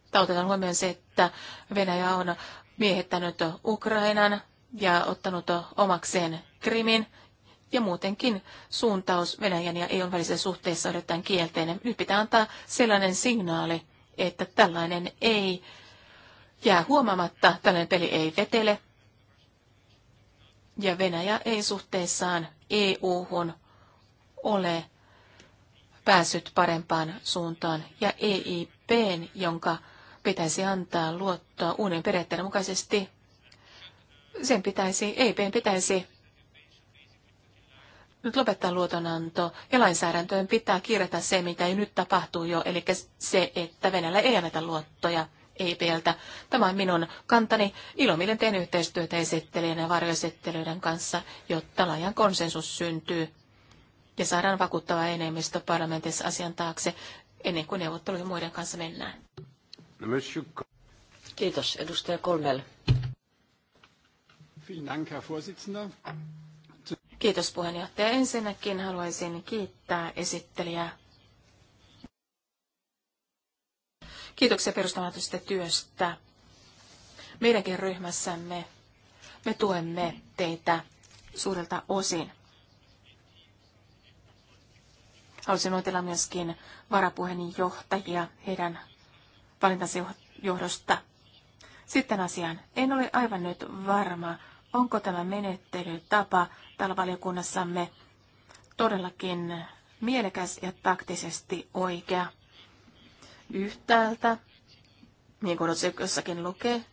että otetaan huomioon se, että Venäjä on miehittänyt Ukrainan ja ottanut omakseen Krimin ja muutenkin suuntaus Venäjän ja EUn välisessä suhteessa on kielteinen. Nyt pitää antaa sellainen signaali, että tällainen ei jää huomaamatta, tällainen peli ei vetele. Ja Venäjä ei suhteessaan EU-hun ole päässyt parempaan suuntaan. Ja EIP, jonka pitäisi antaa luottoa uuden periaatteen mukaisesti, sen pitäisi, EIP pitäisi nyt lopettaa luotonanto ja lainsäädäntöön pitää kirjata se, mitä nyt tapahtuu jo, eli se, että Venäjällä ei anneta luottoja EPLtä. Tämä on minun kantani. Ilomielen teen yhteistyötä esittelijän ja varjoesittelijöiden kanssa, jotta laajan konsensus syntyy ja saadaan vakuuttava enemmistö parlamentissa asian taakse ennen kuin neuvotteluihin muiden kanssa mennään. No, Kiitos. Edustaja Kolmel. Vielen Dank, Herr Vorsitzender. Kiitos puheenjohtaja. Ensinnäkin haluaisin kiittää esittelijää. Kiitoksia perustamatusta työstä. Meidänkin ryhmässämme me tuemme teitä suurelta osin. Haluaisin otella myöskin varapuheenjohtajia heidän valintansa johdosta. Sitten asiaan. En ole aivan nyt varma, onko tämä menettelytapa täällä valiokunnassamme todellakin mielekäs ja taktisesti oikea. Yhtäältä, niin kuin jossakin lukee,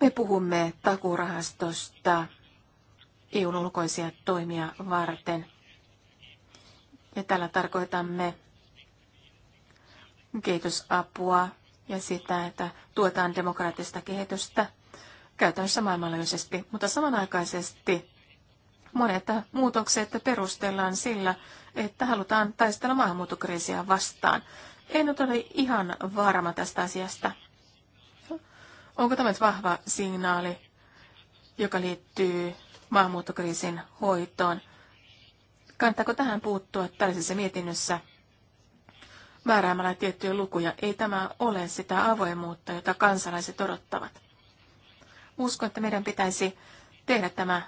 me puhumme takurahastosta EUn ulkoisia toimia varten. Ja tällä tarkoitamme kehitysapua ja sitä, että tuetaan demokraattista kehitystä – käytännössä maailmanlaajuisesti, mutta samanaikaisesti monet muutokset perustellaan sillä, että halutaan taistella maahanmuuttokriisiä vastaan. En nyt ole ihan varma tästä asiasta. Onko tämä vahva signaali, joka liittyy maahanmuuttokriisin hoitoon? Kannattaako tähän puuttua tällaisessa mietinnössä määräämällä tiettyjä lukuja? Ei tämä ole sitä avoimuutta, jota kansalaiset odottavat. Uskon, että meidän pitäisi tehdä tämä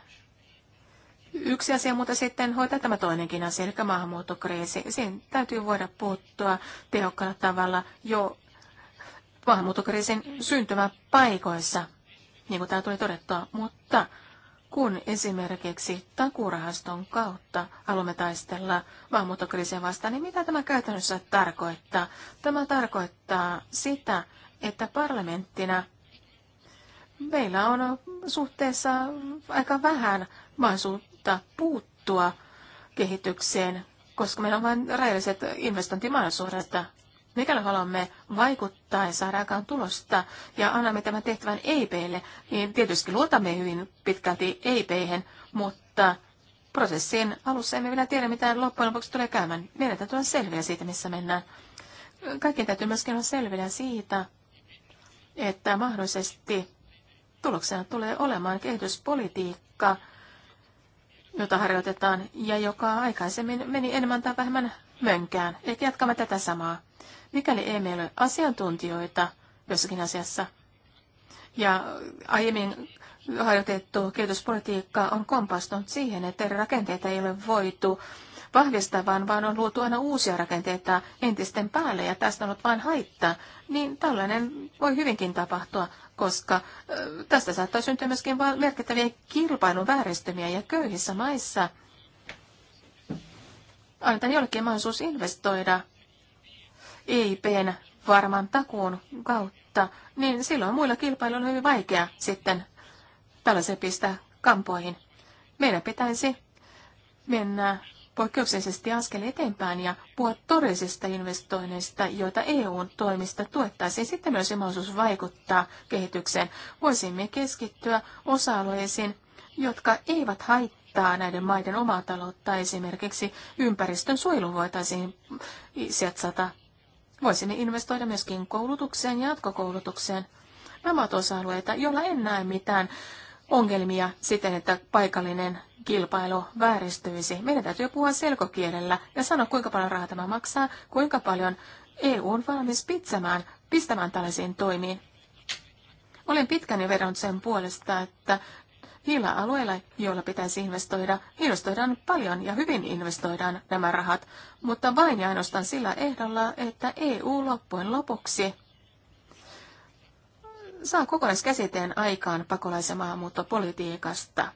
yksi asia, mutta sitten hoitaa tämä toinenkin asia, eli maahanmuuttokriisi. Siihen täytyy voida puuttua tehokkaalla tavalla jo maahanmuuttokriisin syntymäpaikoissa, niin kuin tämä tuli todettua, mutta kun esimerkiksi takurahaston kautta haluamme taistella maahanmuuttokriisiä vastaan, niin mitä tämä käytännössä tarkoittaa? Tämä tarkoittaa sitä, että parlamenttina meillä on suhteessa aika vähän mahdollisuutta puuttua kehitykseen, koska meillä on vain rajalliset investointimahdollisuudet. Mikäli haluamme vaikuttaa ja saada aikaan tulosta ja annamme tämän tehtävän EIPlle, niin tietysti luotamme hyvin pitkälti EIPhen, mutta prosessin alussa emme vielä tiedä, mitä loppujen lopuksi tulee käymään. Meidän täytyy olla selviä siitä, missä mennään. Kaikkien täytyy myöskin olla selviä siitä, että mahdollisesti Tuloksena tulee olemaan kehityspolitiikka, jota harjoitetaan ja joka aikaisemmin meni enemmän tai vähemmän mönkään. Eli jatkamme tätä samaa. Mikäli emme ole asiantuntijoita jossakin asiassa, ja aiemmin harjoitettu kehityspolitiikka on kompastunut siihen, että eri rakenteita ei ole voitu Vahvistavan vaan, on luotu aina uusia rakenteita entisten päälle ja tästä on ollut vain haittaa, niin tällainen voi hyvinkin tapahtua, koska tästä saattaa syntyä myöskin merkittäviä kilpailun vääristymiä ja köyhissä maissa annetaan jollekin mahdollisuus investoida EIPn varman takuun kautta, niin silloin muilla kilpailijoilla on hyvin vaikea sitten tällaisen pistää kampoihin. Meidän pitäisi mennä poikkeuksellisesti askel eteenpäin ja puhua todellisista investoinneista, joita EUn toimista tuettaisiin. Sitten myös mahdollisuus vaikuttaa kehitykseen. Voisimme keskittyä osa-alueisiin, jotka eivät haittaa näiden maiden omaa taloutta. Esimerkiksi ympäristön suojelu voitaisiin sijatsata. Voisimme investoida myöskin koulutukseen ja jatkokoulutukseen. Nämä ovat osa-alueita, joilla en näe mitään ongelmia siten, että paikallinen kilpailu vääristyisi. Meidän täytyy puhua selkokielellä ja sanoa, kuinka paljon rahaa tämä maksaa, kuinka paljon EU on valmis pitsämään, pistämään tällaisiin toimiin. Olen pitkän jo verran sen puolesta, että hiila alueilla, joilla pitäisi investoida, investoidaan paljon ja hyvin investoidaan nämä rahat, mutta vain ja ainoastaan sillä ehdolla, että EU loppujen lopuksi saa kokonaiskäsiteen aikaan pakolais- ja maahanmuuttopolitiikasta,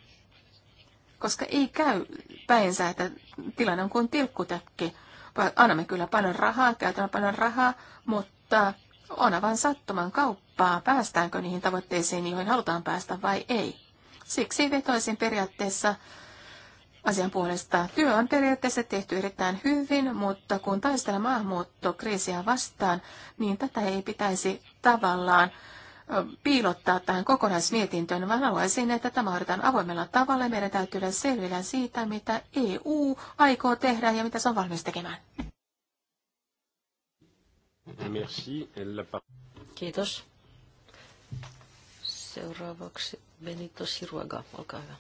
koska ei käy päinsä, että tilanne on kuin tilkkutäkki. Annamme kyllä paljon rahaa, käytämme paljon rahaa, mutta on aivan sattuman kauppaa, päästäänkö niihin tavoitteisiin, joihin halutaan päästä vai ei. Siksi vetoisin periaatteessa asian puolesta. Työ on periaatteessa tehty erittäin hyvin, mutta kun taistellaan maahanmuuttokriisiä vastaan, niin tätä ei pitäisi tavallaan piilottaa tähän kokonaismietintöön, vaan haluaisin, että tämä hoidetaan avoimella tavalla. Meidän täytyy olla selvillä siitä, mitä EU aikoo tehdä ja mitä se on valmis tekemään. Merci. Kiitos. Seuraavaksi Benito Siruaga, olkaa hyvä.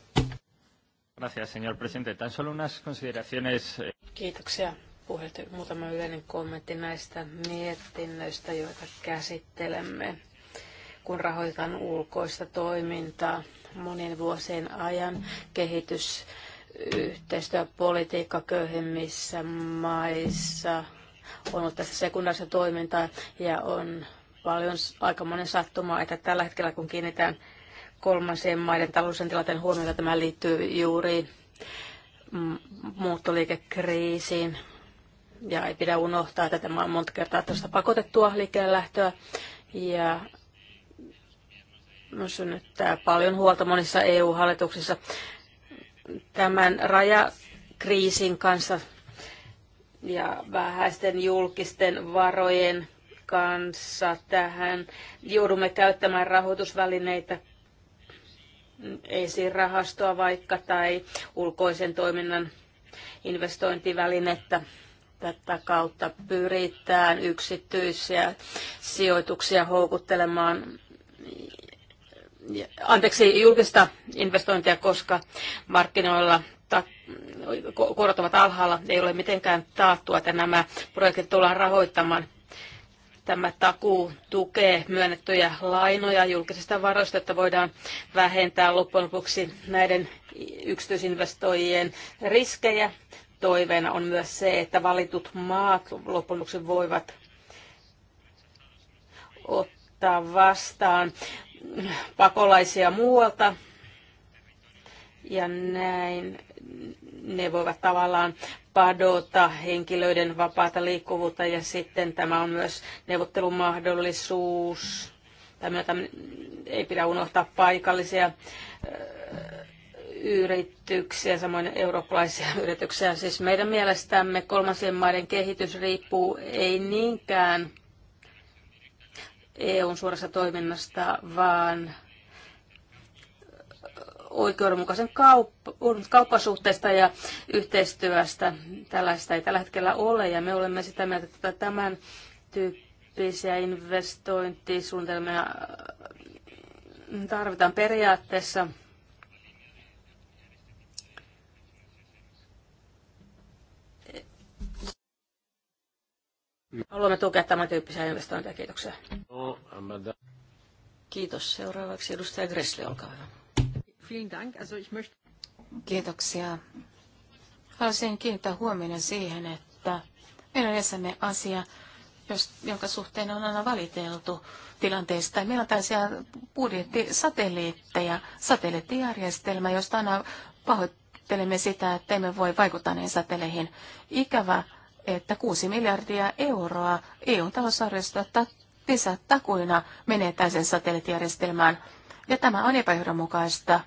Gracias, señor presidente. Tan solo unas consideraciones. Eh, Kiitoksia Puhelta. Muutama yleinen kommentti näistä mietinnöistä, joita käsittelemme kun rahoitetaan ulkoista toimintaa monien vuosien ajan kehitys yhteistyöpolitiikka köyhemmissä maissa on ollut tässä sekundaarista toimintaa ja on paljon monen sattumaa, että tällä hetkellä kun kiinnitään kolmansien maiden taloudellisen tilanteen huomiota, tämä liittyy juuri muuttoliikekriisiin. Ja ei pidä unohtaa, että tämä on monta kertaa tuosta pakotettua liikkeelle lähtöä. Ja No, synnyttää paljon huolta monissa EU-hallituksissa. Tämän rajakriisin kanssa ja vähäisten julkisten varojen kanssa tähän joudumme käyttämään rahoitusvälineitä esirahastoa vaikka tai ulkoisen toiminnan investointivälinettä. Tätä kautta pyritään yksityisiä sijoituksia houkuttelemaan anteeksi, julkista investointia, koska markkinoilla ta- korot ovat alhaalla. Ei ole mitenkään taattua, että nämä projektit tullaan rahoittamaan. Tämä takuu tukee myönnettyjä lainoja julkisista varoista, että voidaan vähentää loppujen lopuksi näiden yksityisinvestoijien riskejä. Toiveena on myös se, että valitut maat loppujen lopuksi voivat ottaa vastaan pakolaisia muualta. Ja näin ne voivat tavallaan padota henkilöiden vapaata liikkuvuutta ja sitten tämä on myös neuvottelumahdollisuus. Tämä, tämä ei pidä unohtaa paikallisia yrityksiä, samoin eurooppalaisia yrityksiä. Siis meidän mielestämme kolmansien maiden kehitys riippuu ei niinkään EUn suorassa toiminnasta, vaan oikeudenmukaisen kauppa, kauppasuhteesta ja yhteistyöstä. Tällaista ei tällä hetkellä ole ja me olemme sitä mieltä, että tämän tyyppisiä investointisuunnitelmia tarvitaan periaatteessa Haluamme tukea tämän tyyppisiä investointeja. Kiitoksia. Kiitos. Seuraavaksi edustaja Gressle, olkaa hyvä. Kiitoksia. Haluaisin kiinnittää huomioon siihen, että meillä on edessämme asia, jonka suhteen on aina valiteltu tilanteesta. Meillä on tällaisia budjettisatelliitteja, satelliittijärjestelmä, josta aina pahoittelemme sitä, että emme voi vaikuttaa näihin satelleihin. Ikävä että 6 miljardia euroa EUn talousarviosta takuina menee täysin satelliittijärjestelmään, ja tämä on epäjohdonmukaista.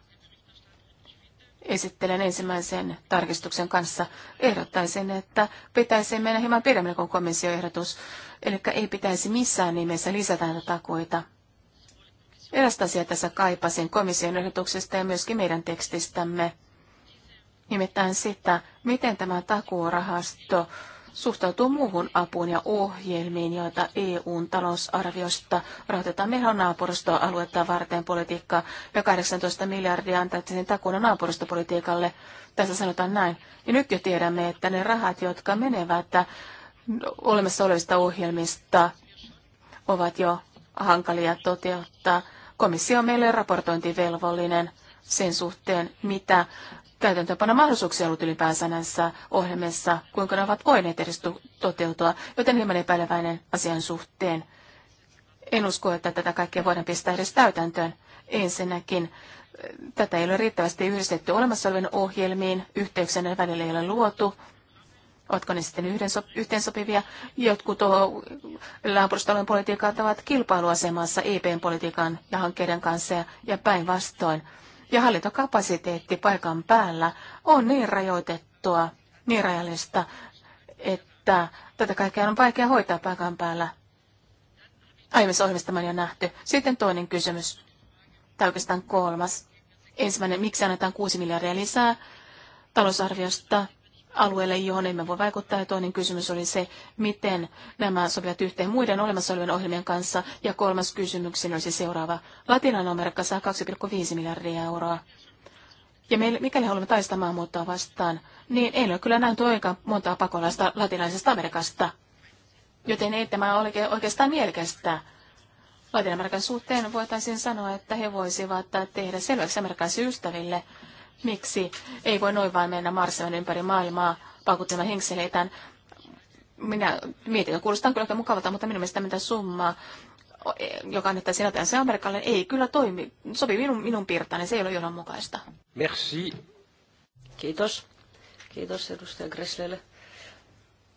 Esittelen ensimmäisen tarkistuksen kanssa. Ehdottaisin, että pitäisi mennä hieman pidemmälle kuin komissioehdotus, eli ei pitäisi missään nimessä lisätä näitä takuita. Erästä asiaa tässä kaipasin komission ehdotuksesta ja myöskin meidän tekstistämme. Nimittäin sitä, miten tämä takuurahasto suhtautuu muuhun apuun ja ohjelmiin, joita EUn talousarviosta rahoitetaan. Meillä on naapurustoaluetta varten politiikkaa ja 18 miljardia antaisiin takuna naapurustopolitiikalle. Tässä sanotaan näin. Ja nyt jo tiedämme, että ne rahat, jotka menevät olemassa olevista ohjelmista, ovat jo hankalia toteuttaa. Komissio on meille raportointivelvollinen sen suhteen, mitä käytäntöpana mahdollisuuksia ollut ylipäänsä näissä ohjelmissa, kuinka ne ovat voineet edes toteutua, joten hieman epäileväinen asian suhteen. En usko, että tätä kaikkea voidaan pistää edes täytäntöön. Ensinnäkin eh, tätä ei ole riittävästi yhdistetty olemassa olevien ohjelmiin, yhteyksien välillä ei ole luotu, ovatko ne sitten yhteensopivia. Jotkut naapurustalojen politiikat ovat kilpailuasemassa EPn politiikan ja hankkeiden kanssa ja päinvastoin ja hallintokapasiteetti paikan päällä on niin rajoitettua, niin rajallista, että tätä kaikkea on vaikea hoitaa paikan päällä. Aiemmissa ohjelmissa tämä on jo nähty. Sitten toinen kysymys, tai oikeastaan kolmas. Ensimmäinen, miksi annetaan 6 miljardia lisää talousarviosta alueelle, johon emme voi vaikuttaa. Ja toinen kysymys oli se, miten nämä sopivat yhteen muiden olemassa olevien ohjelmien kanssa. Ja kolmas kysymys olisi seuraava. Latinan-Amerikka saa 2,5 miljardia euroa. Ja me, mikäli haluamme taistaa maahanmuuttoa vastaan, niin ei ole kyllä näin aika montaa pakolaista latinalaisesta Amerikasta. Joten ei tämä ole oikeastaan mielekästä. Latinamerikan suhteen voitaisiin sanoa, että he voisivat tehdä selväksi amerikkalaisille ystäville, Miksi ei voi noin vain mennä marssimaan ympäri maailmaa paukuttelemaan henkseleitään? Minä mietin, että kuulostaa kyllä mukavalta, mutta minun mielestä tämä summa, joka annetaan sinä se Amerikalle, ei kyllä toimi. Sopi minun, minun pirtaani, se ei ole johdonmukaista. Merci. Kiitos. Kiitos edustaja Gresslelle.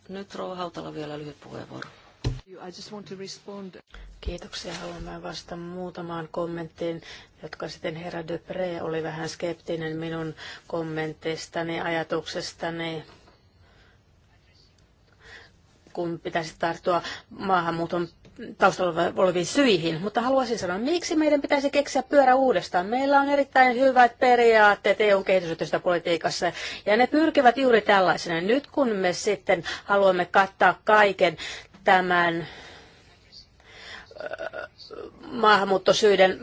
Nyt Rouva Hautala vielä lyhyt puheenvuoro. Kiitoksia. Haluan vastata muutamaan kommenttiin, jotka sitten herra Depre oli vähän skeptinen minun kommenteistani, ajatuksestani kun pitäisi tarttua maahanmuuton taustalla oleviin syihin, mutta haluaisin sanoa, miksi meidän pitäisi keksiä pyörä uudestaan. Meillä on erittäin hyvät periaatteet EUn kehitysyhteistyöpolitiikassa ja ne pyrkivät juuri tällaisena. Nyt kun me sitten haluamme kattaa kaiken tämän maahanmuuttosyiden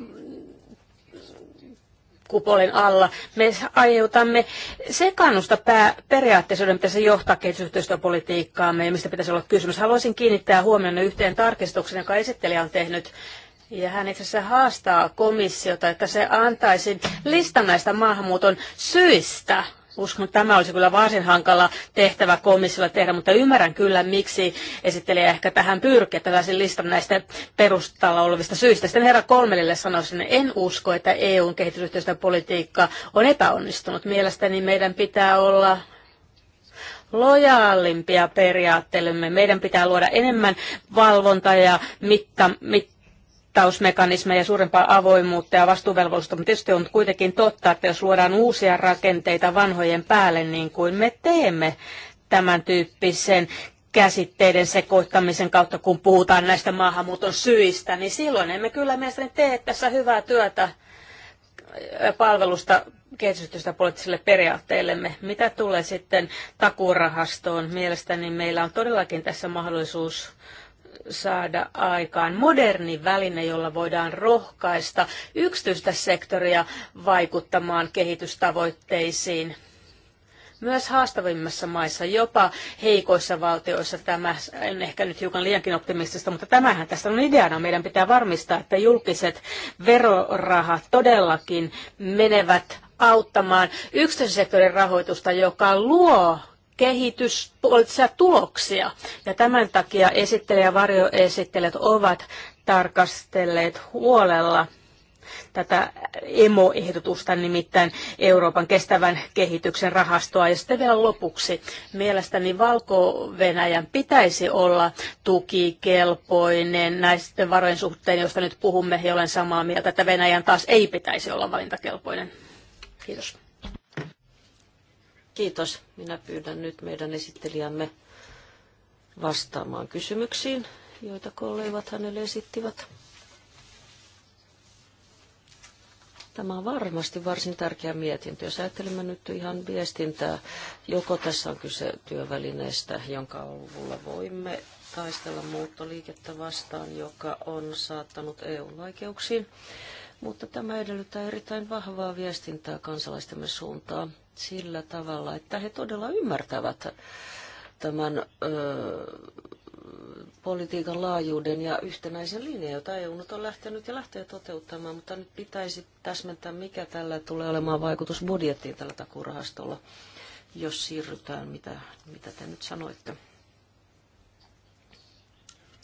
kupolin alla. Me aiheutamme sekannusta pää, periaatteessa, joiden pitäisi johtaa kehitysyhteistyöpolitiikkaamme ja mistä pitäisi olla kysymys. Haluaisin kiinnittää huomioon yhteen tarkistuksen, joka esittelijä on tehnyt. Ja hän itse asiassa haastaa komissiota, että se antaisi listan näistä maahanmuuton syistä Uskon, että tämä olisi kyllä varsin hankala tehtävä komissiolla tehdä, mutta ymmärrän kyllä, miksi esittelijä ehkä tähän pyrkii tällaisen listan näistä perustalla olevista syistä. Sitten herra Kolmelille sanoisin, että en usko, että EUn kehitysyhteistyöpolitiikka on epäonnistunut. Mielestäni meidän pitää olla lojaalimpia periaatteellemme. Meidän pitää luoda enemmän valvontaa ja mitta, mit, tausmekanismeja, suurempaa avoimuutta ja vastuuvelvollisuutta, mutta tietysti on kuitenkin totta, että jos luodaan uusia rakenteita vanhojen päälle, niin kuin me teemme tämän tyyppisen käsitteiden sekoittamisen kautta, kun puhutaan näistä maahanmuuton syistä, niin silloin emme kyllä mielestäni tee tässä hyvää työtä palvelusta kehitysyhteistyöstä poliittisille periaatteillemme. Mitä tulee sitten takurahastoon? Mielestäni meillä on todellakin tässä mahdollisuus saada aikaan moderni väline, jolla voidaan rohkaista yksityistä sektoria vaikuttamaan kehitystavoitteisiin. Myös haastavimmissa maissa, jopa heikoissa valtioissa, tämä on ehkä nyt hiukan liiankin optimistista, mutta tämähän tässä on ideana. Meidän pitää varmistaa, että julkiset verorahat todellakin menevät auttamaan yksityisen sektorin rahoitusta, joka luo kehityspoliittisia tuloksia. Ja tämän takia esittelijä ja varjoesittelijät ovat tarkastelleet huolella tätä emoehdotusta, nimittäin Euroopan kestävän kehityksen rahastoa. Ja sitten vielä lopuksi, mielestäni Valko-Venäjän pitäisi olla tukikelpoinen näisten varojen suhteen, josta nyt puhumme, ja olen samaa mieltä, että Venäjän taas ei pitäisi olla valintakelpoinen. Kiitos. Kiitos. Minä pyydän nyt meidän esittelijämme vastaamaan kysymyksiin, joita kollegat hänelle esittivät. Tämä on varmasti varsin tärkeä mietintö. Jos ajattelemme nyt ihan viestintää, joko tässä on kyse työvälineestä, jonka avulla voimme taistella muuttoliikettä vastaan, joka on saattanut EU-vaikeuksiin, mutta tämä edellyttää erittäin vahvaa viestintää kansalaistemme suuntaan sillä tavalla, että he todella ymmärtävät tämän ö, politiikan laajuuden ja yhtenäisen linjan, jota EU nyt on lähtenyt ja lähtee toteuttamaan, mutta nyt pitäisi täsmentää, mikä tällä tulee olemaan vaikutus budjettiin tällä takurahastolla, jos siirrytään, mitä, mitä te nyt sanoitte.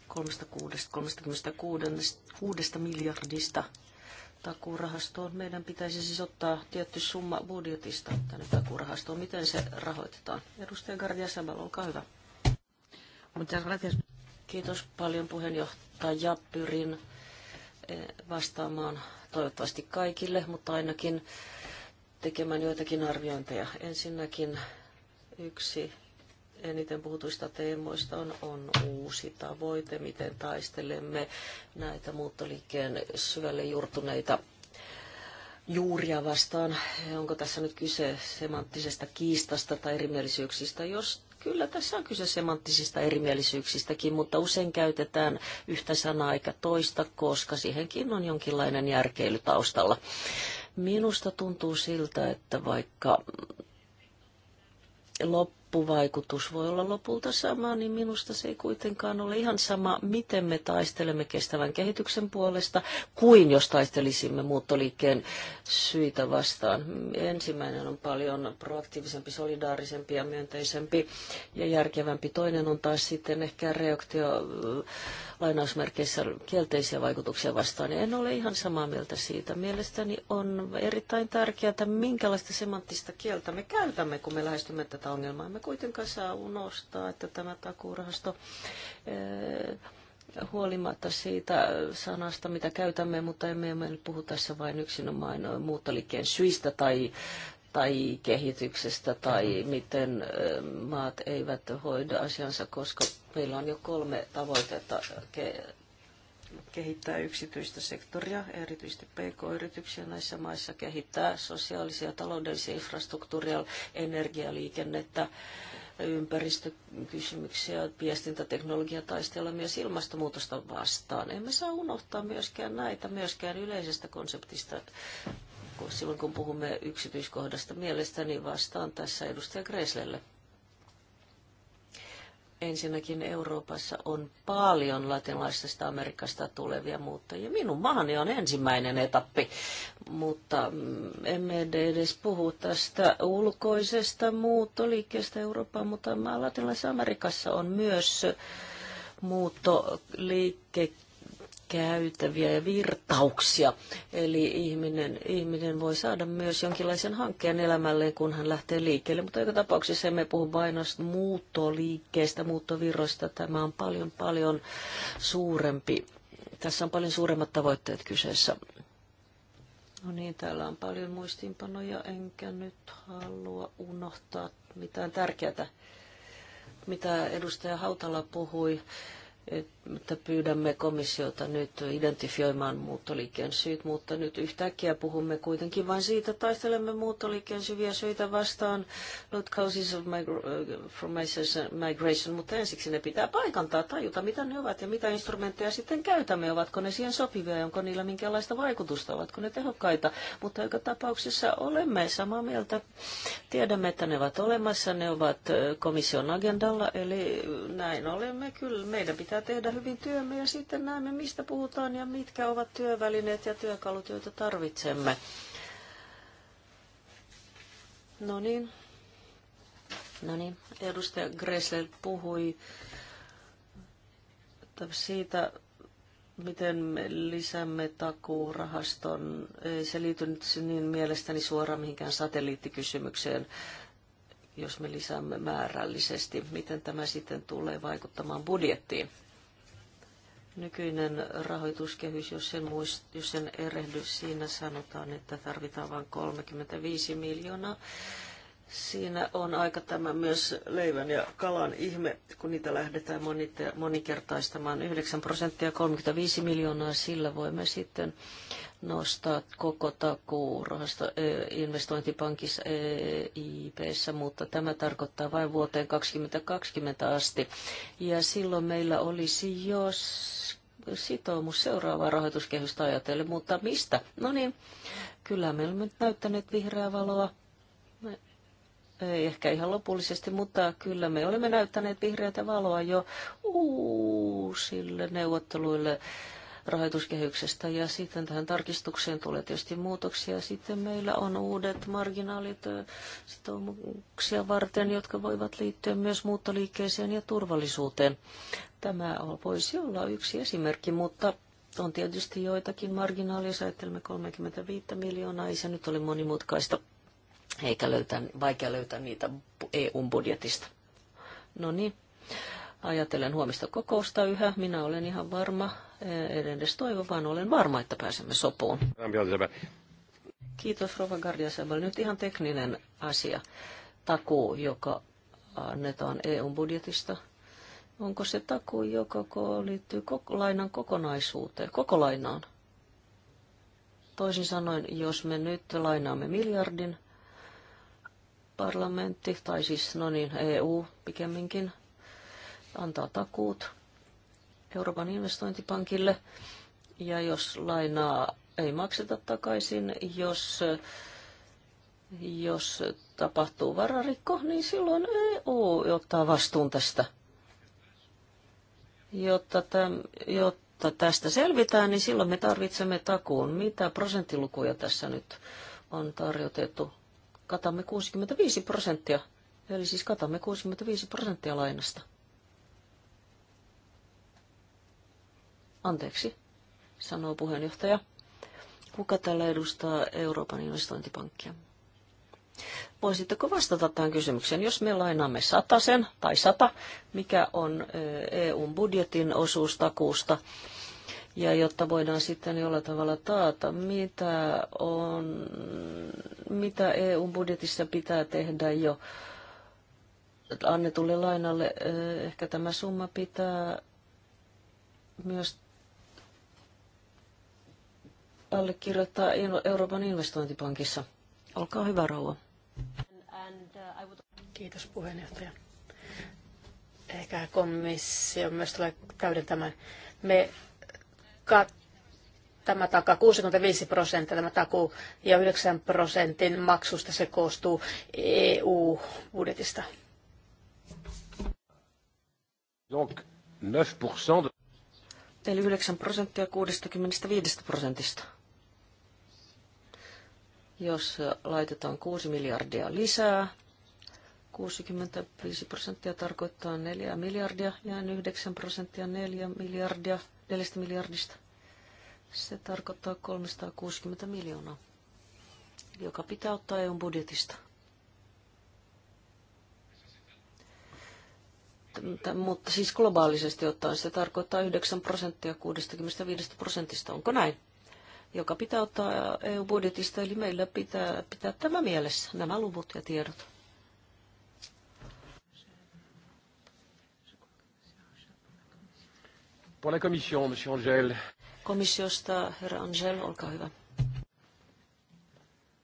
36, 36 miljardista takuurahastoon. Meidän pitäisi siis ottaa tietty summa budjetista tänne takuurahastoon. Miten se rahoitetaan? Edustaja Gardia Sabal, olkaa hyvä. Kiitos paljon puheenjohtaja. Pyrin eh, vastaamaan toivottavasti kaikille, mutta ainakin tekemään joitakin arviointeja. Ensinnäkin yksi eniten puhutuista teemoista on, on uusi tavoite, miten taistelemme näitä muuttoliikkeen syvälle juurtuneita juuria vastaan. Onko tässä nyt kyse semanttisesta kiistasta tai erimielisyyksistä? Jos kyllä tässä on kyse semanttisista erimielisyyksistäkin, mutta usein käytetään yhtä sanaa eikä toista, koska siihenkin on jonkinlainen järkeily taustalla. Minusta tuntuu siltä, että vaikka lop loppuvaikutus voi olla lopulta sama, niin minusta se ei kuitenkaan ole ihan sama, miten me taistelemme kestävän kehityksen puolesta, kuin jos taistelisimme muuttoliikkeen syitä vastaan. Ensimmäinen on paljon proaktiivisempi, solidaarisempi ja myönteisempi ja järkevämpi. Toinen on taas sitten ehkä reaktio äh, lainausmerkeissä kielteisiä vaikutuksia vastaan. En ole ihan samaa mieltä siitä. Mielestäni on erittäin tärkeää, että minkälaista semanttista kieltä me käytämme, kun me lähestymme tätä ongelmaa emme kuitenkaan saa unohtaa, että tämä takuurahasto eh, huolimatta siitä sanasta, mitä käytämme, mutta emme, emme puhu tässä vain yksinomaan muuttoliikkeen syistä tai, tai kehityksestä tai miten eh, maat eivät hoida asiansa, koska meillä on jo kolme tavoitetta kehittää yksityistä sektoria, erityisesti PK-yrityksiä näissä maissa, kehittää sosiaalisia ja taloudellisia infrastruktuuria, energialiikennettä, ympäristökysymyksiä, viestintäteknologia taistella myös ilmastonmuutosta vastaan. Emme saa unohtaa myöskään näitä, myöskään yleisestä konseptista silloin kun puhumme yksityiskohdasta mielestäni vastaan tässä edustaja Greslelle. Ensinnäkin Euroopassa on paljon latinalaisesta Amerikasta tulevia muuttajia. Minun maani on ensimmäinen etappi, mutta mm, emme edes puhu tästä ulkoisesta muuttoliikkeestä Eurooppaan, mutta latinalaisessa Amerikassa on myös muuttoliikkeet käytäviä ja virtauksia. Eli ihminen, ihminen voi saada myös jonkinlaisen hankkeen elämälleen, kun hän lähtee liikkeelle. Mutta joka tapauksessa emme puhu vain muuttoliikkeistä, muuttovirroista. Tämä on paljon, paljon suurempi. Tässä on paljon suuremmat tavoitteet kyseessä. No niin, täällä on paljon muistiinpanoja, enkä nyt halua unohtaa mitään tärkeää, mitä edustaja Hautala puhui että pyydämme komissiota nyt identifioimaan muuttoliikkeen syyt, mutta nyt yhtäkkiä puhumme kuitenkin vain siitä, taistelemme muuttoliikkeen syviä syitä vastaan, not causes of migration, mutta ensiksi ne pitää paikantaa, tajuta mitä ne ovat ja mitä instrumentteja sitten käytämme, ovatko ne siihen sopivia, onko niillä minkälaista vaikutusta, ovatko ne tehokkaita, mutta joka tapauksessa olemme samaa mieltä, tiedämme, että ne ovat olemassa, ne ovat komission agendalla, eli näin olemme kyllä, meidän pitää pitää tehdä hyvin työmme ja sitten näemme, mistä puhutaan ja mitkä ovat työvälineet ja työkalut, joita tarvitsemme. No niin. No niin, edustaja Gressel puhui siitä, miten me lisäämme takuurahaston. Ei se liity nyt niin mielestäni suoraan mihinkään satelliittikysymykseen, jos me lisäämme määrällisesti. Miten tämä sitten tulee vaikuttamaan budjettiin? Nykyinen rahoituskehys, jos sen, muist, jos sen erehdys, siinä sanotaan, että tarvitaan vain 35 miljoonaa. Siinä on aika tämä myös leivän ja kalan ihme, kun niitä lähdetään monikertaistamaan. 9 prosenttia 35 miljoonaa, sillä voimme sitten nostaa koko rahasta e, investointipankissa EIPssä, e mutta tämä tarkoittaa vain vuoteen 2020 asti. Ja silloin meillä olisi, jos sitoumus seuraavaa rahoituskehystä ajatellen, mutta mistä? No niin, kyllä me olemme näyttäneet vihreää valoa. Me, ei ehkä ihan lopullisesti, mutta kyllä me olemme näyttäneet vihreätä valoa jo uusille neuvotteluille rahoituskehyksestä. Ja sitten tähän tarkistukseen tulee tietysti muutoksia. Sitten meillä on uudet marginaalit sitoumuksia varten, jotka voivat liittyä myös muuttoliikkeeseen ja turvallisuuteen. Tämä voisi olla yksi esimerkki, mutta on tietysti joitakin marginaalia, jos ajattelemme 35 miljoonaa, ei se nyt ole monimutkaista, eikä löytää, vaikea löytää niitä EU-budjetista. No niin, ajatellen huomista kokousta yhä, minä olen ihan varma, Eh, en edes toivo, vaan olen varma, että pääsemme sopuun. Kiitos Rova Gardiasabel. Nyt ihan tekninen asia. Takuu, joka annetaan EU-budjetista. Onko se takuu, joka liittyy koko lainan kokonaisuuteen, koko lainaan? Toisin sanoen, jos me nyt lainaamme miljardin, parlamentti, tai siis no niin, EU pikemminkin, antaa takuut Euroopan investointipankille. Ja jos lainaa ei makseta takaisin, jos, jos tapahtuu vararikko, niin silloin EU ottaa vastuun tästä. Jotta, täm, jotta tästä selvitään, niin silloin me tarvitsemme takuun. Mitä prosenttilukuja tässä nyt on tarjotettu? Katamme 65 prosenttia, eli siis katamme 65 prosenttia lainasta. Anteeksi, sanoo puheenjohtaja. Kuka täällä edustaa Euroopan investointipankkia? Voisitteko vastata tähän kysymykseen, jos me lainaamme sen tai sata, mikä on EUn budjetin osuus takuusta, ja jotta voidaan sitten jollain tavalla taata, mitä, on, mitä EUn budjetissa pitää tehdä jo annetulle lainalle, ehkä tämä summa pitää myös allekirjoittaa Euroopan investointipankissa. Olkaa hyvä, rouva. Kiitos puheenjohtaja. Ehkä komissio myös tulee täydentämään. Me kat- tämä takaa 65 prosenttia tämä takuu ja 9 prosentin maksusta se koostuu EU-budjetista. 9 Eli 9 prosenttia 65 prosentista. Jos laitetaan 6 miljardia lisää, 65 prosenttia tarkoittaa 4 miljardia ja 9 prosenttia 4 miljardia, 4 miljardista. Se tarkoittaa 360 miljoonaa, joka pitää ottaa EUn budjetista. mutta siis globaalisesti ottaen se tarkoittaa 9 prosenttia 65 prosentista. Onko näin? joka pitää ottaa EU-budjetista, eli meillä pitää pitää tämä mielessä, nämä luvut ja tiedot. Pour la commission, monsieur Angel. Komissiosta, herra Angel, olkaa hyvä.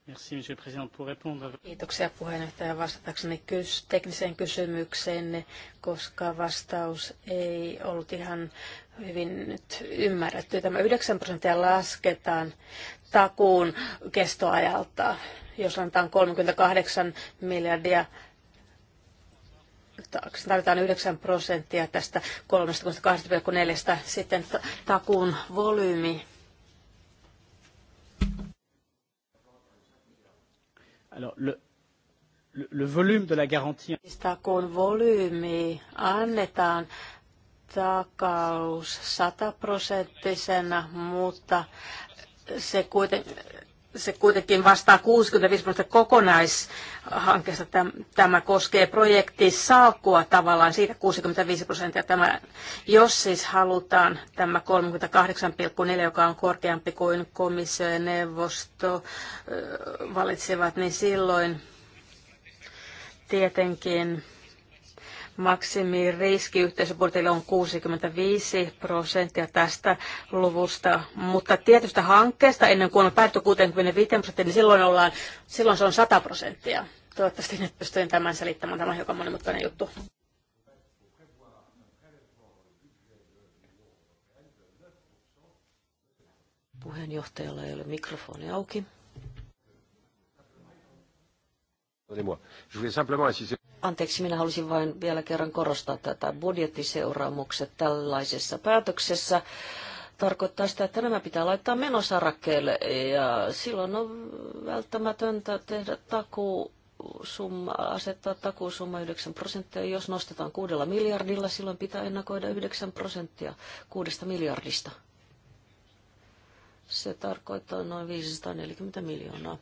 Merci, monsieur le président, pour répondre. Kiitoksia puheenjohtaja vastatakseni kys- tekniseen kysymykseen, koska vastaus ei ollut ihan hyvin nyt ymmärretty. Tämä 9 prosenttia lasketaan takuun kestoajalta, jos antaa 38 miljardia tarvitaan 9 prosenttia tästä 32,4. Sitten takuun volyymi. Alors, le, le, le volume de la garantie. Siis takuun volyymi annetaan takaus sataprosenttisena, mutta se, kuiten, se kuitenkin vastaa 65 prosenttia kokonaishankkeesta. Tämä koskee projektisalkkua tavallaan siitä 65 prosenttia. Tämä, jos siis halutaan tämä 38,4, joka on korkeampi kuin komissio ja neuvosto valitsevat, niin silloin tietenkin Maksimiriski yhteisöbudjetille on 65 prosenttia tästä luvusta, mutta tietystä hankkeesta ennen kuin on päätty 65 prosenttia, niin silloin, ollaan, silloin se on 100 prosenttia. Toivottavasti nyt pystyn tämän selittämään. Tämä on hiukan monimutkainen juttu. Puheenjohtajalla ei ole mikrofoni auki. Anteeksi, minä halusin vain vielä kerran korostaa tätä budjettiseuraamukset tällaisessa päätöksessä tarkoittaa sitä, että nämä pitää laittaa menosarakkeelle ja silloin on välttämätöntä tehdä takuu summa, asettaa takuusumma 9 prosenttia. Jos nostetaan kuudella miljardilla, silloin pitää ennakoida 9 prosenttia kuudesta miljardista. Se tarkoittaa noin 540 miljoonaa.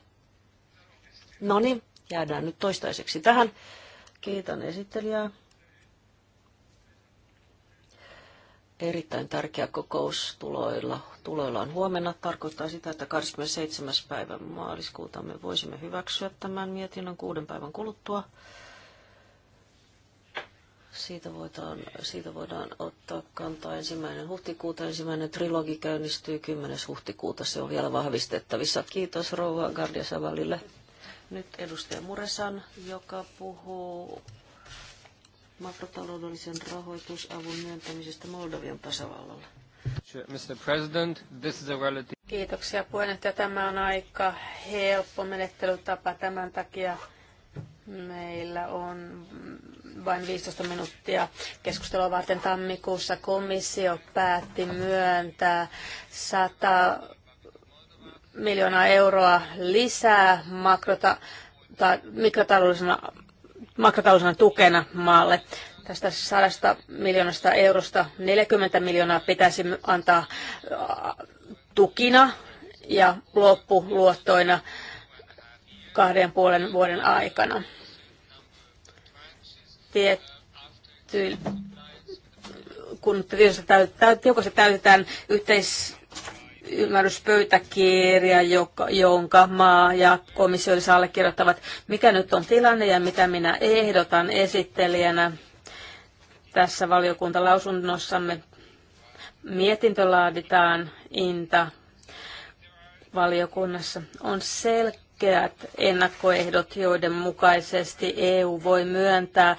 No niin, Jäädään nyt toistaiseksi tähän. Kiitän esittelijää. Erittäin tärkeä kokous tuloilla. Tuloilla on huomenna. Tarkoittaa sitä, että 27. päivä maaliskuuta me voisimme hyväksyä tämän mietinnön kuuden päivän kuluttua. Siitä voidaan, siitä voidaan ottaa kantaa ensimmäinen huhtikuuta. Ensimmäinen trilogi käynnistyy 10. huhtikuuta. Se on vielä vahvistettavissa. Kiitos rouva Gardia Savalille. Nyt edustaja Muresan, joka puhuu makrotaloudellisen rahoitusavun myöntämisestä Moldovian tasavallalle. Mr. President, this is a relative... Kiitoksia puheenjohtaja. Tämä on aika helppo menettelytapa. Tämän takia meillä on vain 15 minuuttia keskustelua varten. Tammikuussa komissio päätti myöntää 100 miljoonaa euroa lisää makrota, tai mikrotaloudellisena, makrotaloudellisena tukena maalle. Tästä 100 miljoonasta eurosta 40 miljoonaa pitäisi antaa äh, tukina ja loppuluottoina kahden puolen vuoden aikana. Tietty, kun tiukasti täytetään yhteis ymmärryspöytäkirja, joka, jonka maa ja komissio allekirjoittavat, mikä nyt on tilanne ja mitä minä ehdotan esittelijänä tässä valiokuntalausunnossamme. Mietintö laaditaan INTA valiokunnassa. On selkeät ennakkoehdot, joiden mukaisesti EU voi myöntää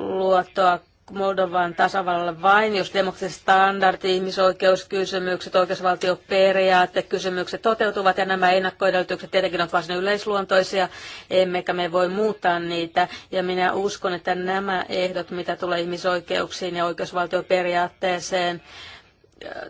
luottoa Moldovan tasavallalle vain, jos demokratiset standardit, ihmisoikeuskysymykset, oikeusvaltioperiaatekysymykset toteutuvat ja nämä ennakkoedellytykset tietenkin ovat varsin yleisluontoisia, emmekä me voi muuttaa niitä. Ja minä uskon, että nämä ehdot, mitä tulee ihmisoikeuksiin ja oikeusvaltioperiaatteeseen,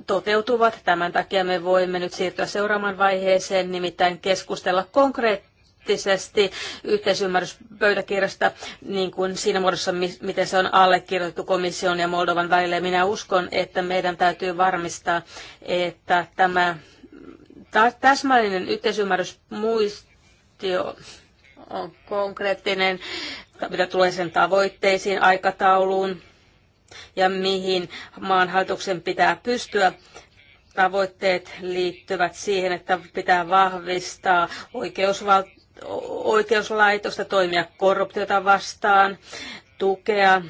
toteutuvat. Tämän takia me voimme nyt siirtyä seuraavaan vaiheeseen, nimittäin keskustella konkreettisesti poliittisesti yhteisymmärryspöytäkirjasta niin kuin siinä muodossa, miten se on allekirjoitettu komission ja Moldovan välillä. Minä uskon, että meidän täytyy varmistaa, että tämä täsmällinen yhteisymmärrysmuistio on konkreettinen, mitä tulee sen tavoitteisiin, aikatauluun ja mihin maan hallituksen pitää pystyä tavoitteet liittyvät siihen, että pitää vahvistaa oikeusval- oikeuslaitosta, toimia korruptiota vastaan, tukea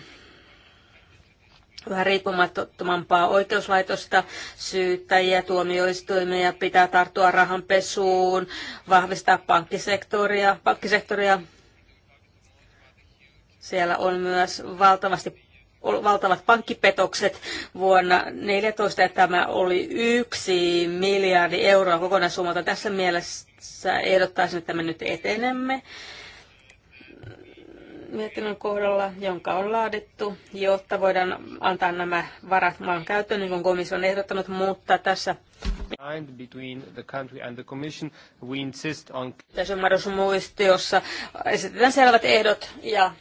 vähän riippumattomampaa oikeuslaitosta, syyttäjiä, tuomioistuimia, pitää tarttua rahanpesuun, vahvistaa pankkisektoria, pankkisektoria. Siellä on myös valtavasti valtavat pankkipetokset vuonna 2014 ja tämä oli yksi miljardi euroa kokonaissummalta. Tässä mielessä ehdottaisin, että me nyt etenemme mietinnön kohdalla, jonka on laadittu, jotta voidaan antaa nämä varat maan käyttöön, niin kuin komissio on ehdottanut, mutta tässä between the country and the commission, we insist on... muistiossa esitetään selvät ehdot ja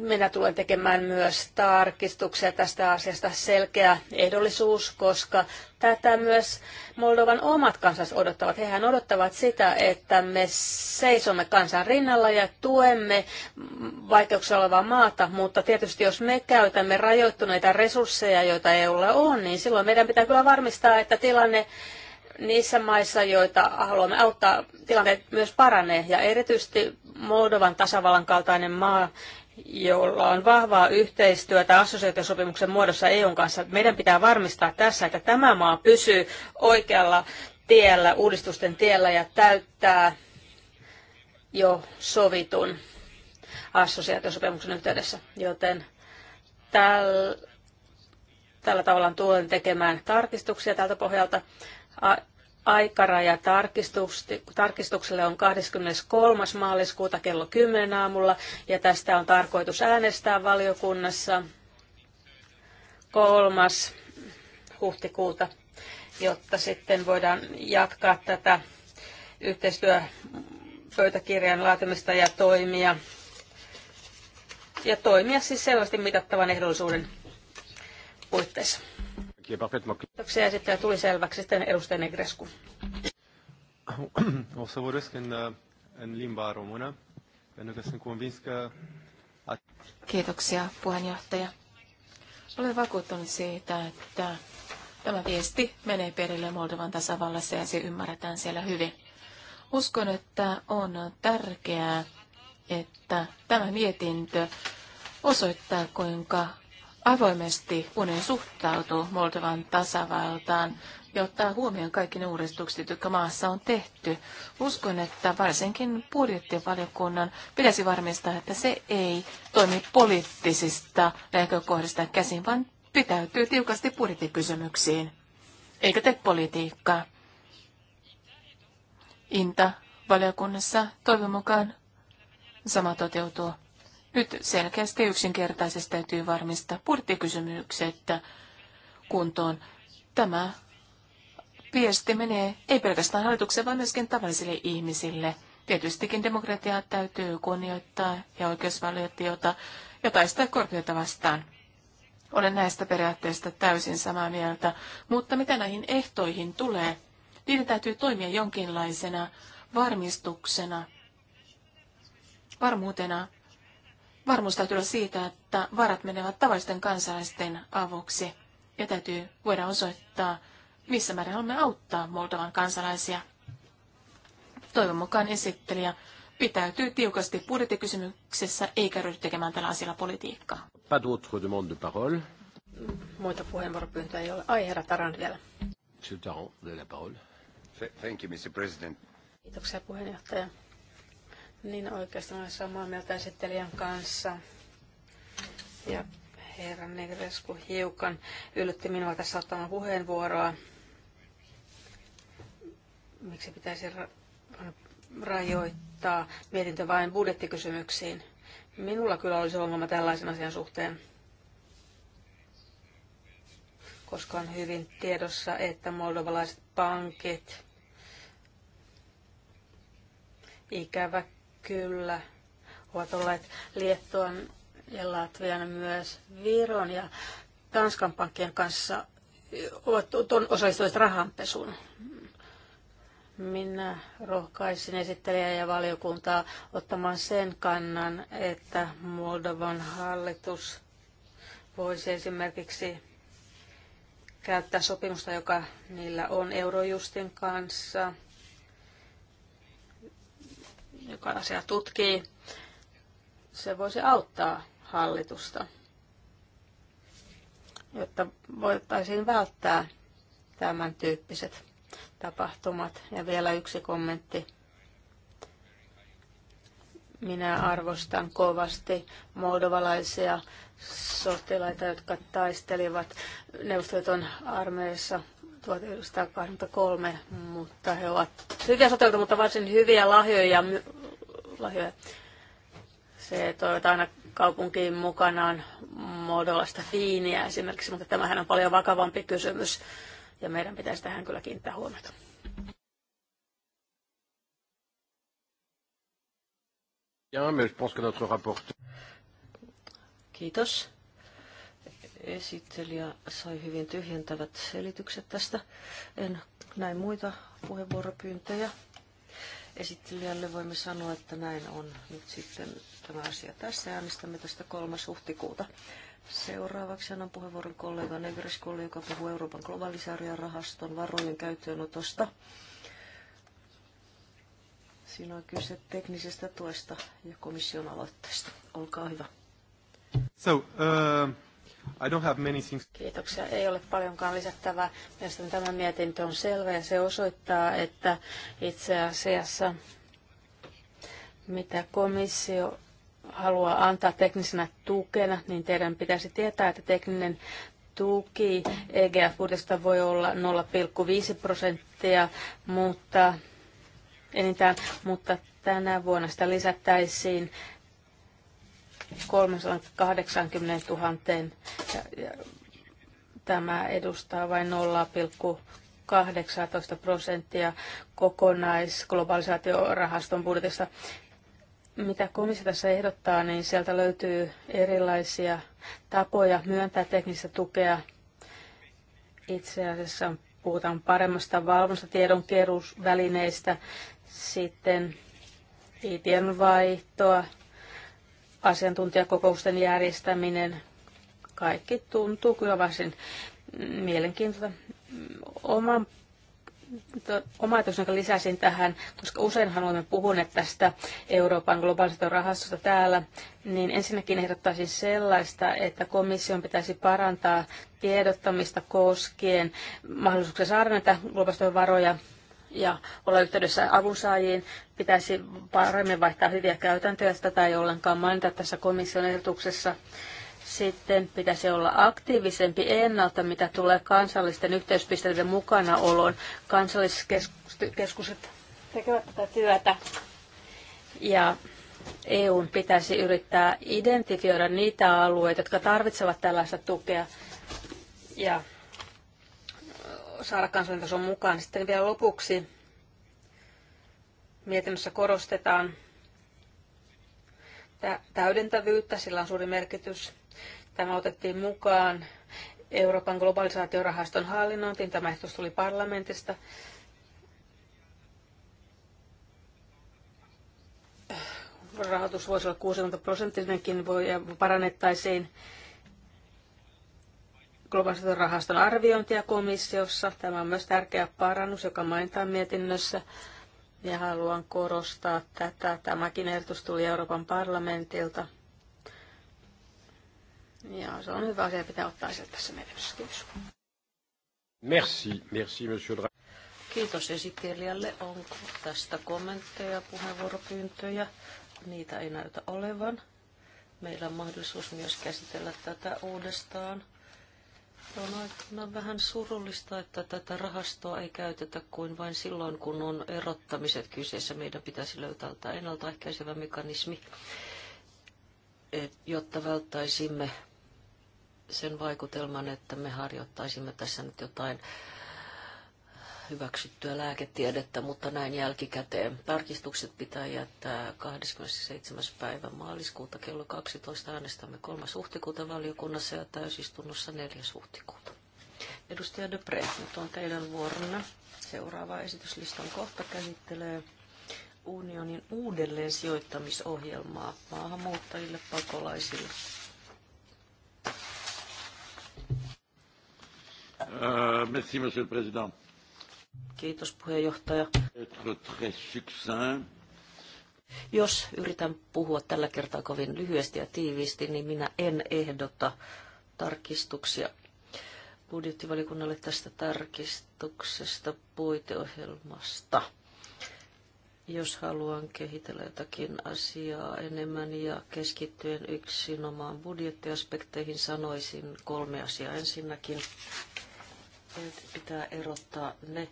minä tulen tekemään myös tarkistuksia tästä asiasta selkeä ehdollisuus, koska tätä myös Moldovan omat kansas odottavat. Hehän odottavat sitä, että me seisomme kansan rinnalla ja tuemme vaikeuksia olevaa maata, mutta tietysti jos me käytämme rajoittuneita resursseja, joita EUlla on, niin silloin meidän pitää kyllä varmistaa, että tilanne niissä maissa, joita haluamme auttaa, tilanne myös paranee. Ja erityisesti Moldovan tasavallan kaltainen maa, jolla on vahvaa yhteistyötä assosiaatiosopimuksen muodossa EUn kanssa. Meidän pitää varmistaa tässä, että tämä maa pysyy oikealla tiellä, uudistusten tiellä ja täyttää jo sovitun assosiaatiosopimuksen yhteydessä. Joten täl, tällä tavalla tulen tekemään tarkistuksia tältä pohjalta. Aikaraja tarkistukselle on 23. maaliskuuta kello 10 aamulla ja tästä on tarkoitus äänestää valiokunnassa 3. huhtikuuta, jotta sitten voidaan jatkaa tätä yhteistyöpöytäkirjan laatimista ja toimia. Ja toimia siis selvästi mitattavan ehdollisuuden puitteissa. Kiitoksia sitten Tuli selväksi sitten edustaja Negrescu. O să vorbesc în, în limba română, pentru că sunt convins că... Kiitoksia, puheenjohtaja. Olen vakuuttunut siitä, että tämä viesti menee perille Moldovan tasavallassa ja se ymmärretään siellä hyvin. Uskon, että on tärkeää, että tämä mietintö osoittaa, kuinka avoimesti unen suhtautuu Moldovan tasavaltaan ja ottaa huomioon kaikki ne uudistukset, jotka maassa on tehty. Uskon, että varsinkin budjettivaliokunnan pitäisi varmistaa, että se ei toimi poliittisista näkökohdista käsin, vaan pitäytyy tiukasti budjettikysymyksiin, eikä tee politiikkaa. Inta valiokunnassa toivon mukaan sama toteutuu. Nyt selkeästi ja yksinkertaisesti täytyy varmistaa budjettikysymykset kuntoon. Tämä viesti menee ei pelkästään hallitukseen, vaan myöskin tavallisille ihmisille. Tietystikin demokratiaa täytyy kunnioittaa ja oikeusvaltiota ja taistaa korkeita vastaan. Olen näistä periaatteista täysin samaa mieltä, mutta mitä näihin ehtoihin tulee, niiden täytyy toimia jonkinlaisena varmistuksena, varmuutena varmistautua siitä, että varat menevät tavallisten kansalaisten avuksi ja täytyy voida osoittaa, missä määrin haluamme auttaa Moldovan kansalaisia. Toivon mukaan esittelijä pitäytyy tiukasti budjettikysymyksessä eikä ryhdy tekemään tällä asialla politiikkaa. Muita puheenvuoropyyntöjä ei ole. Ai herra Taran vielä. Thank you, Mr. President. Kiitoksia puheenjohtaja. Niin oikeastaan olen samaa mieltä esittelijän kanssa. Ja herra Negresku hiukan yllytti minua tässä ottamaan puheenvuoroa. Miksi pitäisi ra- rajoittaa mietintö vain budjettikysymyksiin? Minulla kyllä olisi ongelma tällaisen asian suhteen, koska on hyvin tiedossa, että moldovalaiset pankit ikävä kyllä ovat olleet Liettuan ja Latvian myös Viron ja Tanskan pankkien kanssa ovat osallistuneet rahanpesuun. Minä rohkaisin esittelijää ja valiokuntaa ottamaan sen kannan, että Moldovan hallitus voisi esimerkiksi käyttää sopimusta, joka niillä on Eurojustin kanssa – joka asiaa tutkii, se voisi auttaa hallitusta, jotta voitaisiin välttää tämän tyyppiset tapahtumat. Ja vielä yksi kommentti. Minä arvostan kovasti moldovalaisia sotilaita, jotka taistelivat Neuvostoliiton armeijassa 1983, mutta he ovat hyviä sotilta, mutta varsin hyviä lahjoja. lahjoja. Se toivat aina kaupunkiin mukanaan modolasta fiiniä esimerkiksi, mutta tämähän on paljon vakavampi kysymys ja meidän pitäisi tähän kyllä kiinnittää huomiota. Kiitos. Esittelijä sai hyvin tyhjentävät selitykset tästä. En näin muita puheenvuoropyyntöjä. Esittelijälle voimme sanoa, että näin on nyt sitten tämä asia tässä. Äänestämme tästä 3. huhtikuuta. Seuraavaksi annan puheenvuoron kollega Negreskolle, joka puhuu Euroopan globalisaarian rahaston varojen käyttöönotosta. Siinä on kyse teknisestä tuesta ja komission aloitteesta. Olkaa hyvä. So, uh, I don't have many things. Kiitoksia. Ei ole paljonkaan lisättävää. Mielestäni tämä mietintö on selvä ja se osoittaa, että itse asiassa mitä komissio haluaa antaa teknisenä tukena, niin teidän pitäisi tietää, että tekninen tuki EGF-budjetista voi olla 0,5 prosenttia, mutta enintään, mutta tänä vuonna sitä lisättäisiin 380 000. Ja, ja tämä edustaa vain 0,18 prosenttia kokonaisglobalisaatiorahaston budjetista. Mitä komissio tässä ehdottaa, niin sieltä löytyy erilaisia tapoja myöntää teknistä tukea. Itse asiassa puhutaan paremmasta valvonnasta tiedonkeruusvälineistä, sitten tiedonvaihtoa, asiantuntijakokousten järjestäminen, kaikki tuntuu kyllä varsin mielenkiintoista. Oman oma ajatus, jonka lisäsin tähän, koska useinhan olemme puhuneet tästä Euroopan globaalisesta rahastosta täällä, niin ensinnäkin ehdottaisin sellaista, että komission pitäisi parantaa tiedottamista koskien mahdollisuuksia saada näitä globaalista varoja ja olla yhteydessä avunsaajiin. Pitäisi paremmin vaihtaa hyviä käytäntöjä, tätä ei ollenkaan mainita tässä komission ehdotuksessa. Sitten pitäisi olla aktiivisempi ennalta, mitä tulee kansallisten yhteyspisteiden mukanaoloon. Kansalliskeskukset tekevät tätä työtä. Ja EUn pitäisi yrittää identifioida niitä alueita, jotka tarvitsevat tällaista tukea. Ja saada kansallisen tason mukaan. Sitten vielä lopuksi mietinnössä korostetaan täydentävyyttä, sillä on suuri merkitys. Tämä otettiin mukaan Euroopan globalisaatiorahaston hallinnointiin. Tämä ehdotus tuli parlamentista. Rahoitus voisi olla 60 prosenttisenkin voi parannettaisiin rahaston arviointia komissiossa. Tämä on myös tärkeä parannus, joka mainitaan mietinnössä. Ja haluan korostaa tätä. Tämäkin ehdotus tuli Euroopan parlamentilta. Ja se on hyvä asia, pitää ottaa sieltä tässä mietinnössä. Kiitos. Merci, merci, monsieur Kiitos esittelijälle. Onko tästä kommentteja, puheenvuoropyyntöjä? Niitä ei näytä olevan. Meillä on mahdollisuus myös käsitellä tätä uudestaan se on, aika, vähän surullista, että tätä rahastoa ei käytetä kuin vain silloin, kun on erottamiset kyseessä. Meidän pitäisi löytää tämä ennaltaehkäisevä mekanismi, jotta välttäisimme sen vaikutelman, että me harjoittaisimme tässä nyt jotain äh, hyväksyttyä lääketiedettä, mutta näin jälkikäteen. Tarkistukset pitää jättää 27. päivä maaliskuuta kello 12. Äänestämme 3. huhtikuuta valiokunnassa ja täysistunnossa 4. huhtikuuta. Edustaja Depre, nyt on teidän vuoronne. Seuraava esityslistan kohta käsittelee unionin uudelleen sijoittamisohjelmaa maahanmuuttajille, pakolaisille. Uh, merci, monsieur le président Kiitos puheenjohtaja. Jos yritän puhua tällä kertaa kovin lyhyesti ja tiiviisti, niin minä en ehdota tarkistuksia budjettivaliokunnalle tästä tarkistuksesta puiteohjelmasta. Jos haluan kehitellä jotakin asiaa enemmän ja keskittyen yksinomaan budjettiaspekteihin, sanoisin kolme asiaa. Ensinnäkin pitää erottaa ne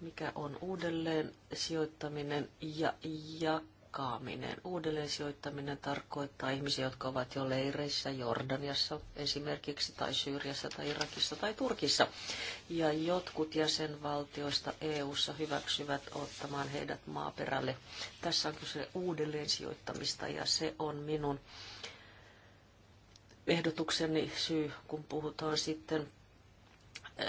mikä on uudelleen sijoittaminen ja jakaminen. Uudelleen sijoittaminen tarkoittaa ihmisiä, jotka ovat jo leireissä Jordaniassa esimerkiksi, tai Syyriassa, tai Irakissa, tai Turkissa. Ja jotkut jäsenvaltioista EU-ssa hyväksyvät ottamaan heidät maaperälle. Tässä on kyse uudelleen sijoittamista, ja se on minun ehdotukseni syy, kun puhutaan sitten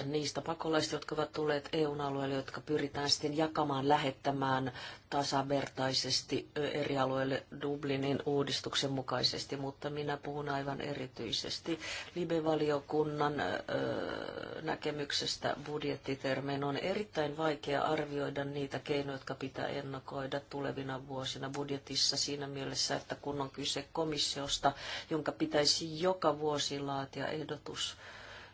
niistä pakolaisista, jotka ovat tulleet EU-alueelle, jotka pyritään sitten jakamaan, lähettämään tasavertaisesti eri alueille Dublinin uudistuksen mukaisesti, mutta minä puhun aivan erityisesti libe valiokunnan näkemyksestä budjettitermein. On erittäin vaikea arvioida niitä keinoja, jotka pitää ennakoida tulevina vuosina budjetissa siinä mielessä, että kun on kyse komissiosta, jonka pitäisi joka vuosi laatia ehdotus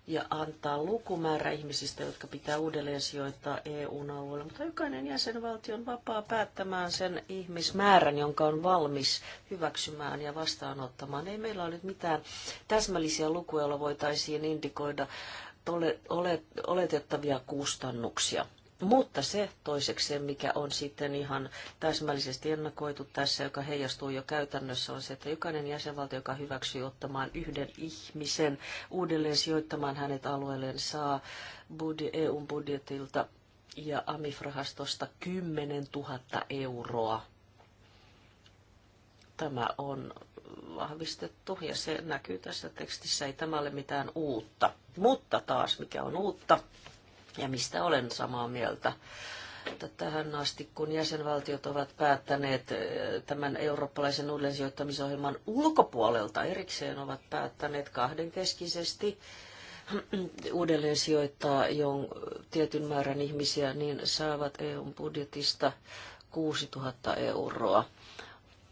ja antaa lukumäärä ihmisistä, jotka pitää uudelleen sijoittaa EUn alueelle, mutta jokainen jäsenvaltio on vapaa päättämään sen ihmismäärän, jonka on valmis hyväksymään ja vastaanottamaan. Ei meillä ole nyt mitään täsmällisiä lukuja, joilla voitaisiin indikoida oletettavia kustannuksia. Mutta se toiseksi, mikä on sitten ihan täsmällisesti ennakoitu tässä, joka heijastuu jo käytännössä, on se, että jokainen jäsenvaltio, joka hyväksyy ottamaan yhden ihmisen uudelleen sijoittamaan hänet alueelleen, saa eu e budjetilta ja AMIF-rahastosta 10 000 euroa. Tämä on vahvistettu ja se näkyy tässä tekstissä. Ei tämä ole mitään uutta. Mutta taas, mikä on uutta, ja mistä olen samaa mieltä että tähän asti, kun jäsenvaltiot ovat päättäneet eh, tämän eurooppalaisen uudelleensijoittamisohjelman ulkopuolelta erikseen ovat päättäneet kahdenkeskisesti uudelleen sijoittaa jon tietyn määrän ihmisiä, niin saavat EUn budjetista 6000 euroa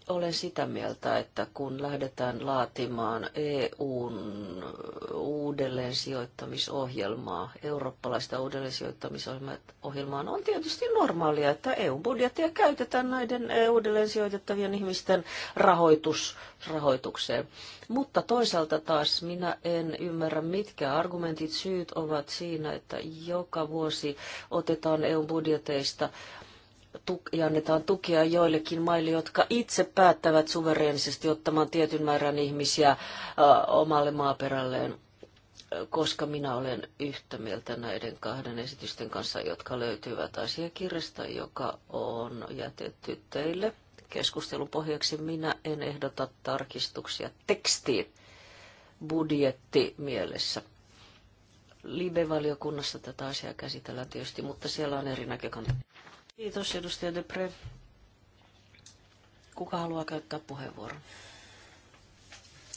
olen sitä mieltä, että kun lähdetään laatimaan EUn uudelleensijoittamisohjelmaa, eurooppalaista uudelleensijoittamisohjelmaa, on tietysti normaalia, että EU-budjettia käytetään näiden e, uudelleensijoitettavien ihmisten rahoitus, rahoitukseen. Mutta toisaalta taas minä en ymmärrä, mitkä argumentit syyt ovat siinä, että joka vuosi otetaan EU-budjeteista ja annetaan tukea joillekin maille, jotka itse päättävät suvereenisesti ottamaan tietyn määrän ihmisiä äh, omalle maaperälleen, äh, koska minä olen yhtä mieltä näiden kahden esitysten kanssa, jotka löytyvät asiakirjasta, joka on jätetty teille. Keskustelun pohjaksi minä en ehdota tarkistuksia tekstiin budjetti mielessä. Live-valiokunnassa tätä asiaa käsitellään tietysti, mutta siellä on eri näkökantoja. Kiitos edustaja Depre. Kuka haluaa käyttää puheenvuoron?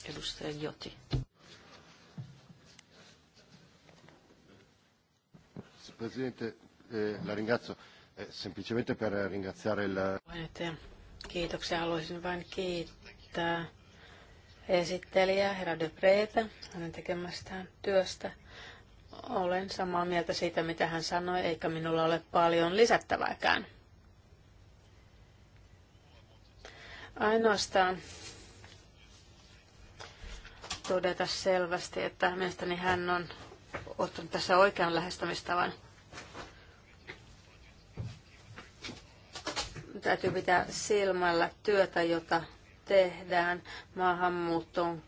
Edustaja Joti. Presidente, eh, la ringrazio eh, semplicemente per ringraziare il... Kiitoksia. Haluaisin vain kiittää esittelijää herra Depreetä hänen tekemästään työstä. Olen samaa mieltä siitä, mitä hän sanoi, eikä minulla ole paljon lisättävääkään. Ainoastaan todeta selvästi, että mielestäni hän on ottanut tässä oikean lähestymistavan. Täytyy pitää silmällä työtä, jota tehdään maahanmuuttoon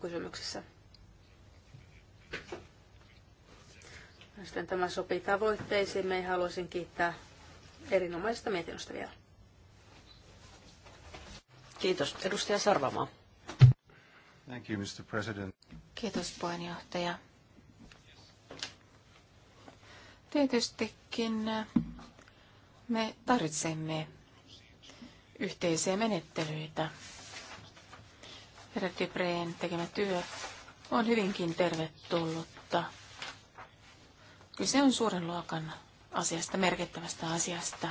kysymyksessä. Sitten tämä sopii tavoitteisiin. Me haluaisin kiittää erinomaisesta mietinnöstä vielä. Kiitos. Edustaja Sarvamaa. Thank you, Mr. President. Kiitos puheenjohtaja. Tietystikin me tarvitsemme yhteisiä menettelyitä. Herra Dybreen tekemä työ on hyvinkin tervetullutta. Kyse on suuren luokan asiasta, merkittävästä asiasta.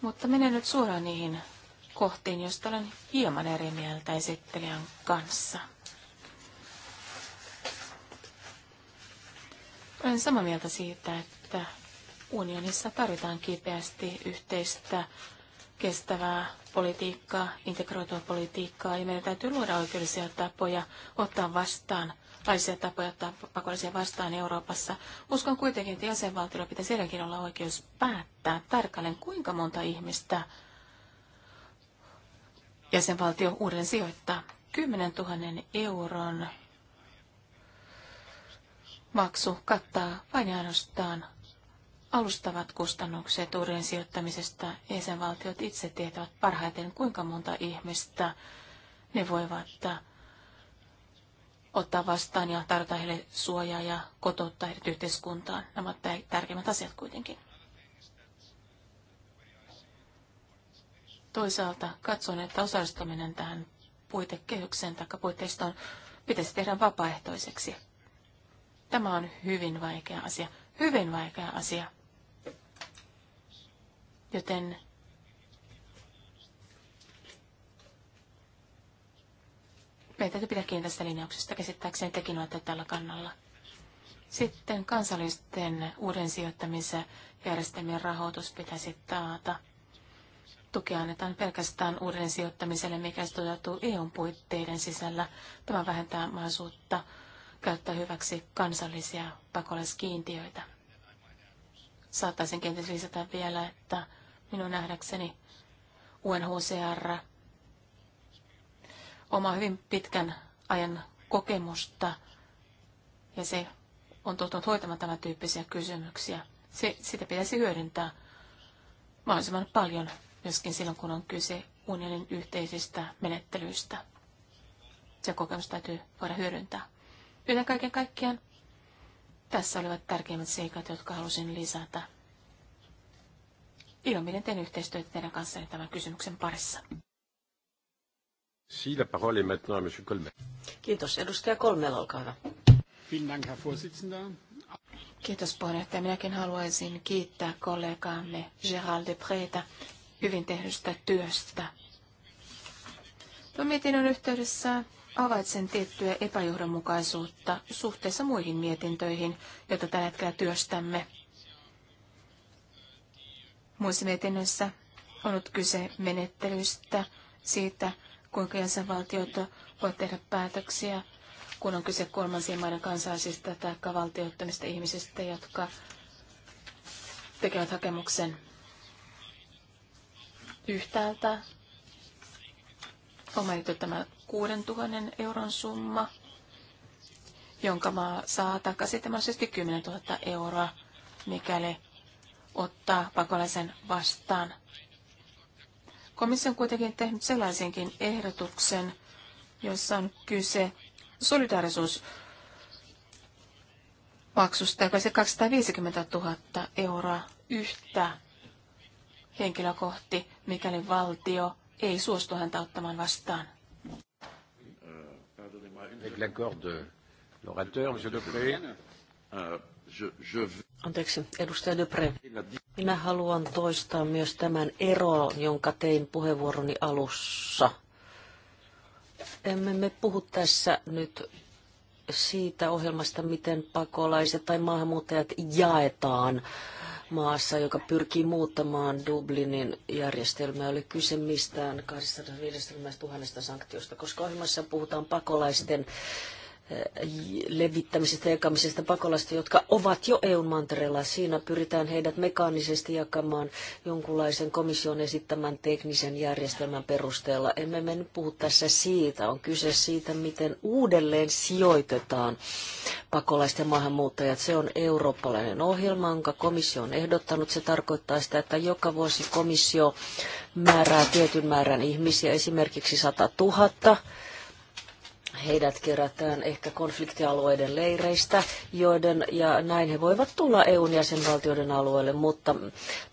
Mutta menen nyt suoraan niihin kohtiin, joista olen hieman eri mieltä esittelijän kanssa. Olen samaa mieltä siitä, että unionissa tarvitaan kipeästi yhteistä kestävää politiikkaa, integroitua politiikkaa, ja meidän täytyy luoda oikeudellisia tapoja ottaa vastaan, laisia tapoja ottaa pakollisia vastaan Euroopassa. Uskon kuitenkin, että jäsenvaltiolla pitäisi edelläkin olla oikeus päättää tarkalleen, kuinka monta ihmistä jäsenvaltio uudelleen sijoittaa. 10 000 euron maksu kattaa vain ainoastaan alustavat kustannukset uuden sijoittamisesta jäsenvaltiot itse tietävät parhaiten, kuinka monta ihmistä ne voivat ottaa vastaan ja tarjota heille suojaa ja kotouttaa heidät yhteiskuntaan. Nämä ovat tärkeimmät asiat kuitenkin. Toisaalta katson, että osallistuminen tähän puitekehykseen tai puitteistoon pitäisi tehdä vapaaehtoiseksi. Tämä on hyvin vaikea asia. Hyvin vaikea asia. Joten meidän täytyy pitää kiinni tästä linjauksesta. Käsittääkseen tekin olette tällä kannalla. Sitten kansallisten uuden sijoittamisen järjestelmien rahoitus pitäisi taata. Tukea annetaan pelkästään uuden sijoittamiselle, mikä toteutuu eu puitteiden sisällä. Tämä vähentää mahdollisuutta käyttää hyväksi kansallisia pakolaiskiintiöitä. Saattaisin kenties lisätä vielä, että minun nähdäkseni. UNHCR oma hyvin pitkän ajan kokemusta ja se on tottunut hoitamaan tämän tyyppisiä kysymyksiä. Se, sitä pitäisi hyödyntää mahdollisimman paljon myöskin silloin, kun on kyse unionin yhteisistä menettelyistä. Se kokemus täytyy voida hyödyntää. Yhden kaiken kaikkiaan tässä olivat tärkeimmät seikat, jotka halusin lisätä Ilomielen teen yhteistyötä teidän kanssanne tämän kysymyksen parissa. Si, la parole est monsieur Kiitos. Edustaja Kolmel, olkaa hyvä. Dank, Herr Kiitos puheenjohtaja. Minäkin haluaisin kiittää kollegaamme Gérald de Preta hyvin tehdystä työstä. Tuon mietinnön yhteydessä havaitsen tiettyä epäjohdonmukaisuutta suhteessa muihin mietintöihin, joita tällä hetkellä työstämme. Muissa mietinnöissä on ollut kyse menettelystä, siitä, kuinka jäsenvaltiot voi tehdä päätöksiä, kun on kyse kolmansien maiden kansalaisista tai valtioittamista ihmisistä, jotka tekevät hakemuksen yhtäältä. On mainittu tämä 6000 euron summa, jonka maa saa takaisin tämä 10 000 siis euroa, mikäli ottaa pakolaisen vastaan. Komissio on kuitenkin tehnyt sellaisenkin ehdotuksen, jossa on kyse solidaarisuusmaksusta, joka on se 250 000 euroa yhtä henkilökohti, kohti, mikäli valtio ei suostu häntä ottamaan vastaan. Avec l'accord de l'orateur, M. Depré, euh, Anteeksi, edustaja Döpre. Minä haluan toistaa myös tämän eron, jonka tein puheenvuoroni alussa. Emme me puhu tässä nyt siitä ohjelmasta, miten pakolaiset tai maahanmuuttajat jaetaan maassa, joka pyrkii muuttamaan Dublinin järjestelmää. Oli kyse mistään 250 000 sanktiosta, koska ohjelmassa puhutaan pakolaisten levittämisestä, ja jakamisesta pakolaisista, jotka ovat jo EUn mantereella. Siinä pyritään heidät mekaanisesti jakamaan jonkunlaisen komission esittämän teknisen järjestelmän perusteella. Emme me nyt puhu tässä siitä. On kyse siitä, miten uudelleen sijoitetaan pakolaiset ja maahanmuuttajat. Se on eurooppalainen ohjelma, jonka komissio on ehdottanut. Se tarkoittaa sitä, että joka vuosi komissio määrää tietyn määrän ihmisiä, esimerkiksi 100 000 Heidät kerätään ehkä konfliktialueiden leireistä, joiden, ja näin he voivat tulla EUn jäsenvaltioiden alueelle, mutta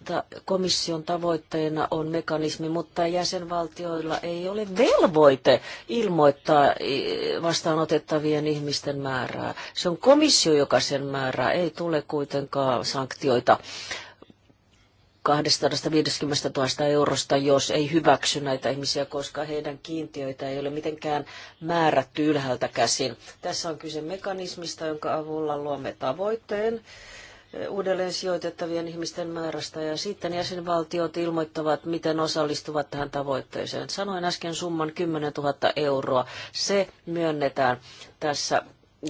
ta, komission tavoitteena on mekanismi, mutta jäsenvaltioilla ei ole velvoite ilmoittaa e, vastaanotettavien ihmisten määrää. Se on komissio, joka sen määrää, ei tule kuitenkaan sanktioita 250 000 eurosta, jos ei hyväksy näitä ihmisiä, koska heidän kiintiöitä ei ole mitenkään määrätty ylhäältä käsin. Tässä on kyse mekanismista, jonka avulla luomme tavoitteen uudelleen sijoitettavien ihmisten määrästä ja sitten jäsenvaltiot ilmoittavat, miten osallistuvat tähän tavoitteeseen. Sanoin äsken summan 10 000 euroa. Se myönnetään tässä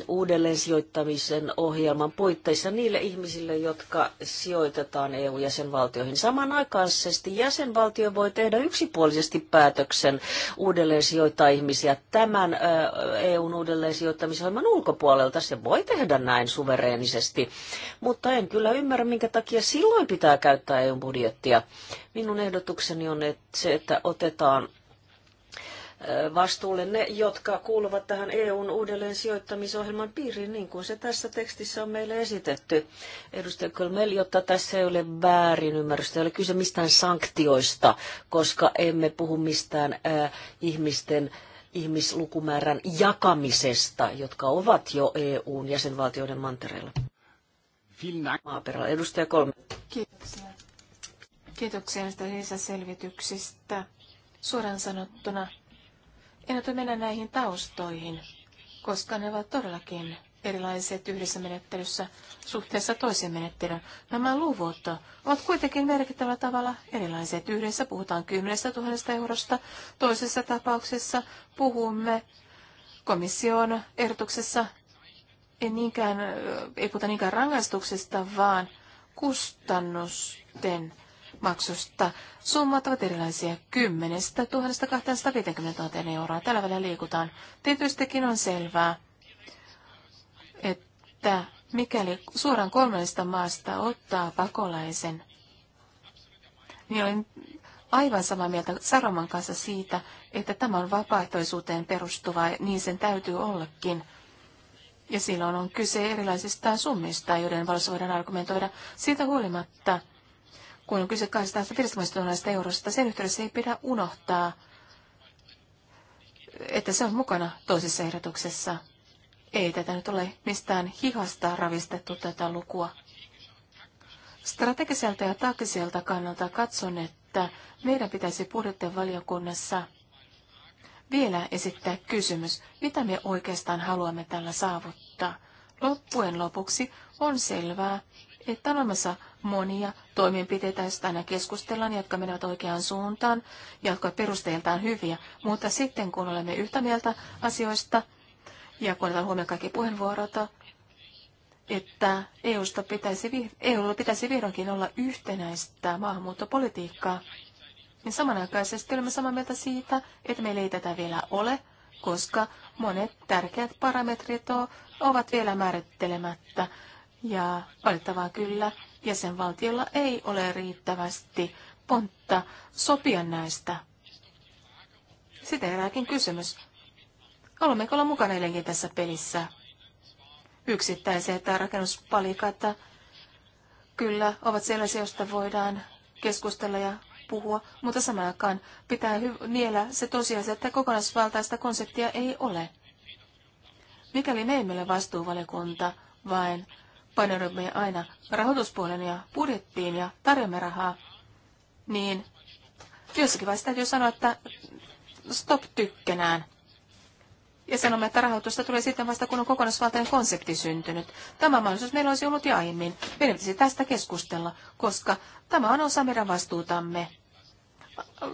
uudelleen sijoittamisen ohjelman puitteissa niille ihmisille, jotka sijoitetaan EU-jäsenvaltioihin. Samanaikaisesti jäsenvaltio voi tehdä yksipuolisesti päätöksen uudelleen sijoittaa ihmisiä tämän EUn uudelleen sijoittamisohjelman ulkopuolelta. Se voi tehdä näin suvereenisesti, mutta en kyllä ymmärrä, minkä takia silloin pitää käyttää EUn budjettia. Minun ehdotukseni on että se, että otetaan vastuulle ne, jotka kuuluvat tähän EUn uudelleen sijoittamisohjelman piiriin, niin kuin se tässä tekstissä on meille esitetty. Edustaja Kölmel, jotta tässä ei ole väärinymmärrystä, ei ole kyse mistään sanktioista, koska emme puhu mistään ihmisten ihmislukumäärän jakamisesta, jotka ovat jo EUn jäsenvaltioiden mantereilla. Maaperällä. Edustaja kolme. Kiitoksia. Kiitoksia näistä lisäselvityksistä. Suoraan sanottuna ennätä mennä näihin taustoihin, koska ne ovat todellakin erilaiset yhdessä menettelyssä suhteessa toiseen menettelyyn. Nämä luvut ovat kuitenkin merkittävällä tavalla erilaiset. Yhdessä puhutaan 10 000 eurosta, toisessa tapauksessa puhumme komission ehdotuksessa ei, niinkään, ei puhuta niinkään rangaistuksesta, vaan kustannusten maksusta. Summat ovat erilaisia 10 000 250 000 euroa. Tällä välillä liikutaan. Tietystikin on selvää, että mikäli suoraan kolmannesta maasta ottaa pakolaisen, niin olen aivan samaa mieltä Saroman kanssa siitä, että tämä on vapaaehtoisuuteen perustuvaa, niin sen täytyy ollakin. Ja silloin on kyse erilaisista summista, joiden valossa voidaan argumentoida siitä huolimatta, kun on kyse 250 000 eurosta. Sen yhteydessä ei pidä unohtaa, että se on mukana toisessa ehdotuksessa. Ei tätä nyt ole mistään hihasta ravistettu tätä lukua. Strategiselta ja taktiselta kannalta katson, että meidän pitäisi budjettien valiokunnassa vielä esittää kysymys, mitä me oikeastaan haluamme tällä saavuttaa. Loppujen lopuksi on selvää, että on olemassa monia toimenpiteitä, joista aina keskustellaan, jotka menevät oikeaan suuntaan, jotka perusteiltaan hyviä. Mutta sitten, kun olemme yhtä mieltä asioista, ja kun otetaan huomioon kaikki puheenvuorot, että EUsta pitäisi, EUlla pitäisi vihdoinkin olla yhtenäistä maahanmuuttopolitiikkaa, niin samanaikaisesti olemme samaa mieltä siitä, että meillä ei tätä vielä ole, koska monet tärkeät parametrit ovat vielä määrittelemättä ja valittavaa kyllä, jäsenvaltiolla ei ole riittävästi pontta sopia näistä. Sitä herääkin kysymys. Haluammeko olla mukana edelleenkin tässä pelissä? Yksittäiset rakennuspalikat kyllä ovat sellaisia, joista voidaan keskustella ja puhua, mutta samaan aikaan pitää niellä se tosiasia, että kokonaisvaltaista konseptia ei ole. Mikäli me emme ole vastuuvaliokunta, vain paneudumme aina rahoituspuolen ja budjettiin ja tarjomme rahaa, niin jossakin vaiheessa täytyy sanoa, että stop tykkänään. Ja sanomme, että rahoitusta tulee sitten vasta, kun on kokonaisvaltainen konsepti syntynyt. Tämä mahdollisuus meillä olisi ollut jo aiemmin. Meidän pitäisi tästä keskustella, koska tämä on osa meidän vastuutamme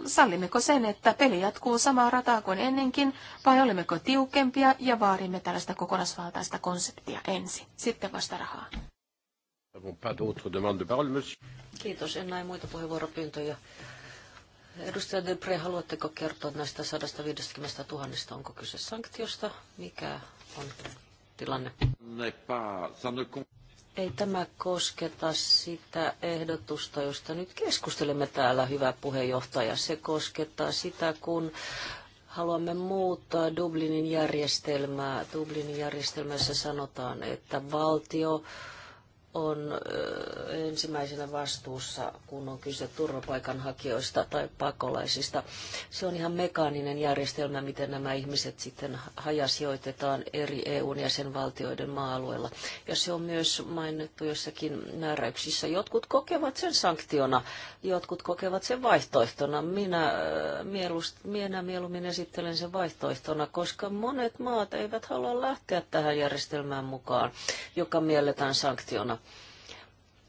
sallimmeko sen, että peli jatkuu samaa rataa kuin ennenkin, vai olemmeko tiukempia ja vaadimme tällaista kokonaisvaltaista konseptia ensin, sitten vasta rahaa? Kiitos, en näe muita puheenvuoropyyntöjä. Edustaja Debre, haluatteko kertoa näistä 150 000, onko kyse sanktiosta? Mikä on tilanne? ei tämä kosketa sitä ehdotusta, josta nyt keskustelemme täällä, hyvä puheenjohtaja. Se koskettaa sitä, kun haluamme muuttaa Dublinin järjestelmää. Dublinin järjestelmässä sanotaan, että valtio on ensimmäisenä vastuussa, kun on kyse turvapaikanhakijoista tai pakolaisista. Se on ihan mekaaninen järjestelmä, miten nämä ihmiset sitten hajasijoitetaan eri EUn jäsenvaltioiden maa-alueilla. Ja se on myös mainittu jossakin määräyksissä. Jotkut kokevat sen sanktiona, jotkut kokevat sen vaihtoehtona. Minä, mielust, minä mieluummin esittelen sen vaihtoehtona, koska monet maat eivät halua lähteä tähän järjestelmään mukaan, joka mielletään sanktiona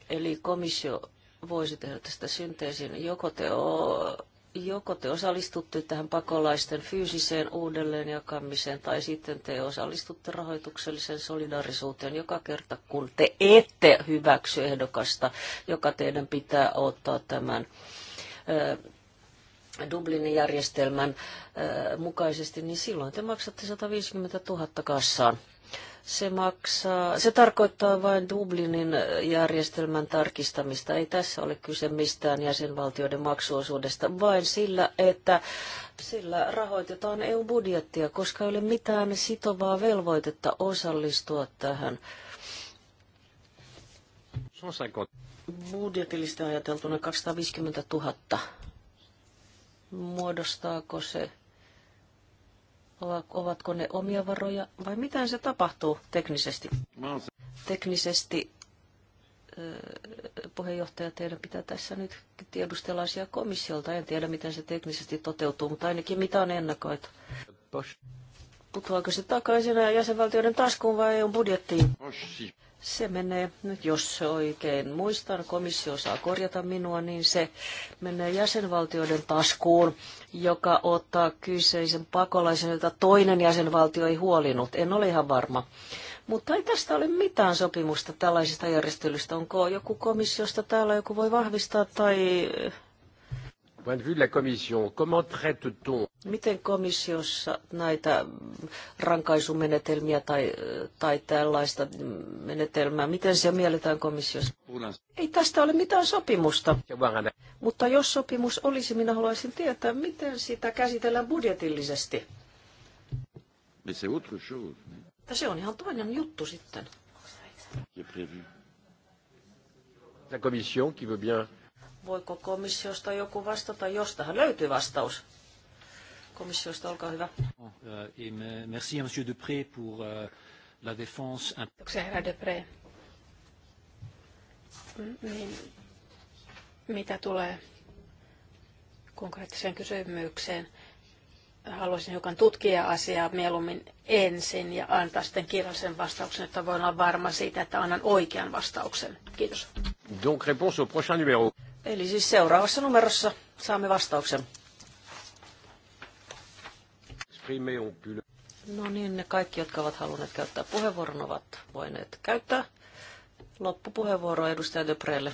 Eli komissio voisi tehdä tästä synteesin. Joko te, o, joko te osallistutte tähän pakolaisten fyysiseen uudelleenjakamiseen tai sitten te osallistutte rahoitukselliseen solidaarisuuteen joka kerta, kun te ette hyväksy ehdokasta, joka teidän pitää ottaa tämän ö, Dublinin järjestelmän ö, mukaisesti, niin silloin te maksatte 150 000 kassaan. Se, maksaa, se tarkoittaa vain Dublinin järjestelmän tarkistamista. Ei tässä ole kyse mistään jäsenvaltioiden maksuosuudesta, vain sillä, että sillä rahoitetaan EU-budjettia, koska ei ole mitään sitovaa velvoitetta osallistua tähän. Budjetillisesti ajateltuna 250 000. Muodostaako se Ovatko ne omia varoja vai miten se tapahtuu teknisesti? Teknisesti puheenjohtaja, teidän pitää tässä nyt tiedustella asiaa komissiolta. En tiedä, miten se teknisesti toteutuu, mutta ainakin mitä on ennakoitu. Putoako se takaisin jäsenvaltioiden taskuun vai on budjettiin? se menee, nyt jos oikein muistan, komissio saa korjata minua, niin se menee jäsenvaltioiden taskuun, joka ottaa kyseisen pakolaisen, jota toinen jäsenvaltio ei huolinut. En ole ihan varma. Mutta ei tästä ole mitään sopimusta tällaisista järjestelyistä. Onko joku komissiosta täällä, joku voi vahvistaa tai Miten komissiossa näitä rankaisumenetelmiä tai, tai tällaista menetelmää, miten se mielletään komissiossa? Ei tästä ole mitään sopimusta. Mutta jos sopimus olisi, minä haluaisin tietää, miten sitä käsitellään budjetillisesti. Mutta se on ihan toinen juttu sitten. La commission qui veut bien Voiko komissiosta joku vastata? Jos tähän löytyy vastaus. Komissiosta, olkaa hyvä. Eh, merci, monsieur Depré, pour eh, la défense. Kiitoksia, herra Depré. Niin, mitä tulee konkreettiseen kysymykseen, haluaisin hiukan tutkia asiaa mieluummin ensin ja antaa sitten kirjallisen vastauksen, että voin olla varma siitä, että annan oikean vastauksen. Kiitos. Donc réponse au prochain numéro. Eli siis seuraavassa numerossa saamme vastauksen. No niin, ne kaikki, jotka ovat halunneet käyttää puheenvuoron, ovat voineet käyttää loppupuheenvuoroa edustaja Döprelle.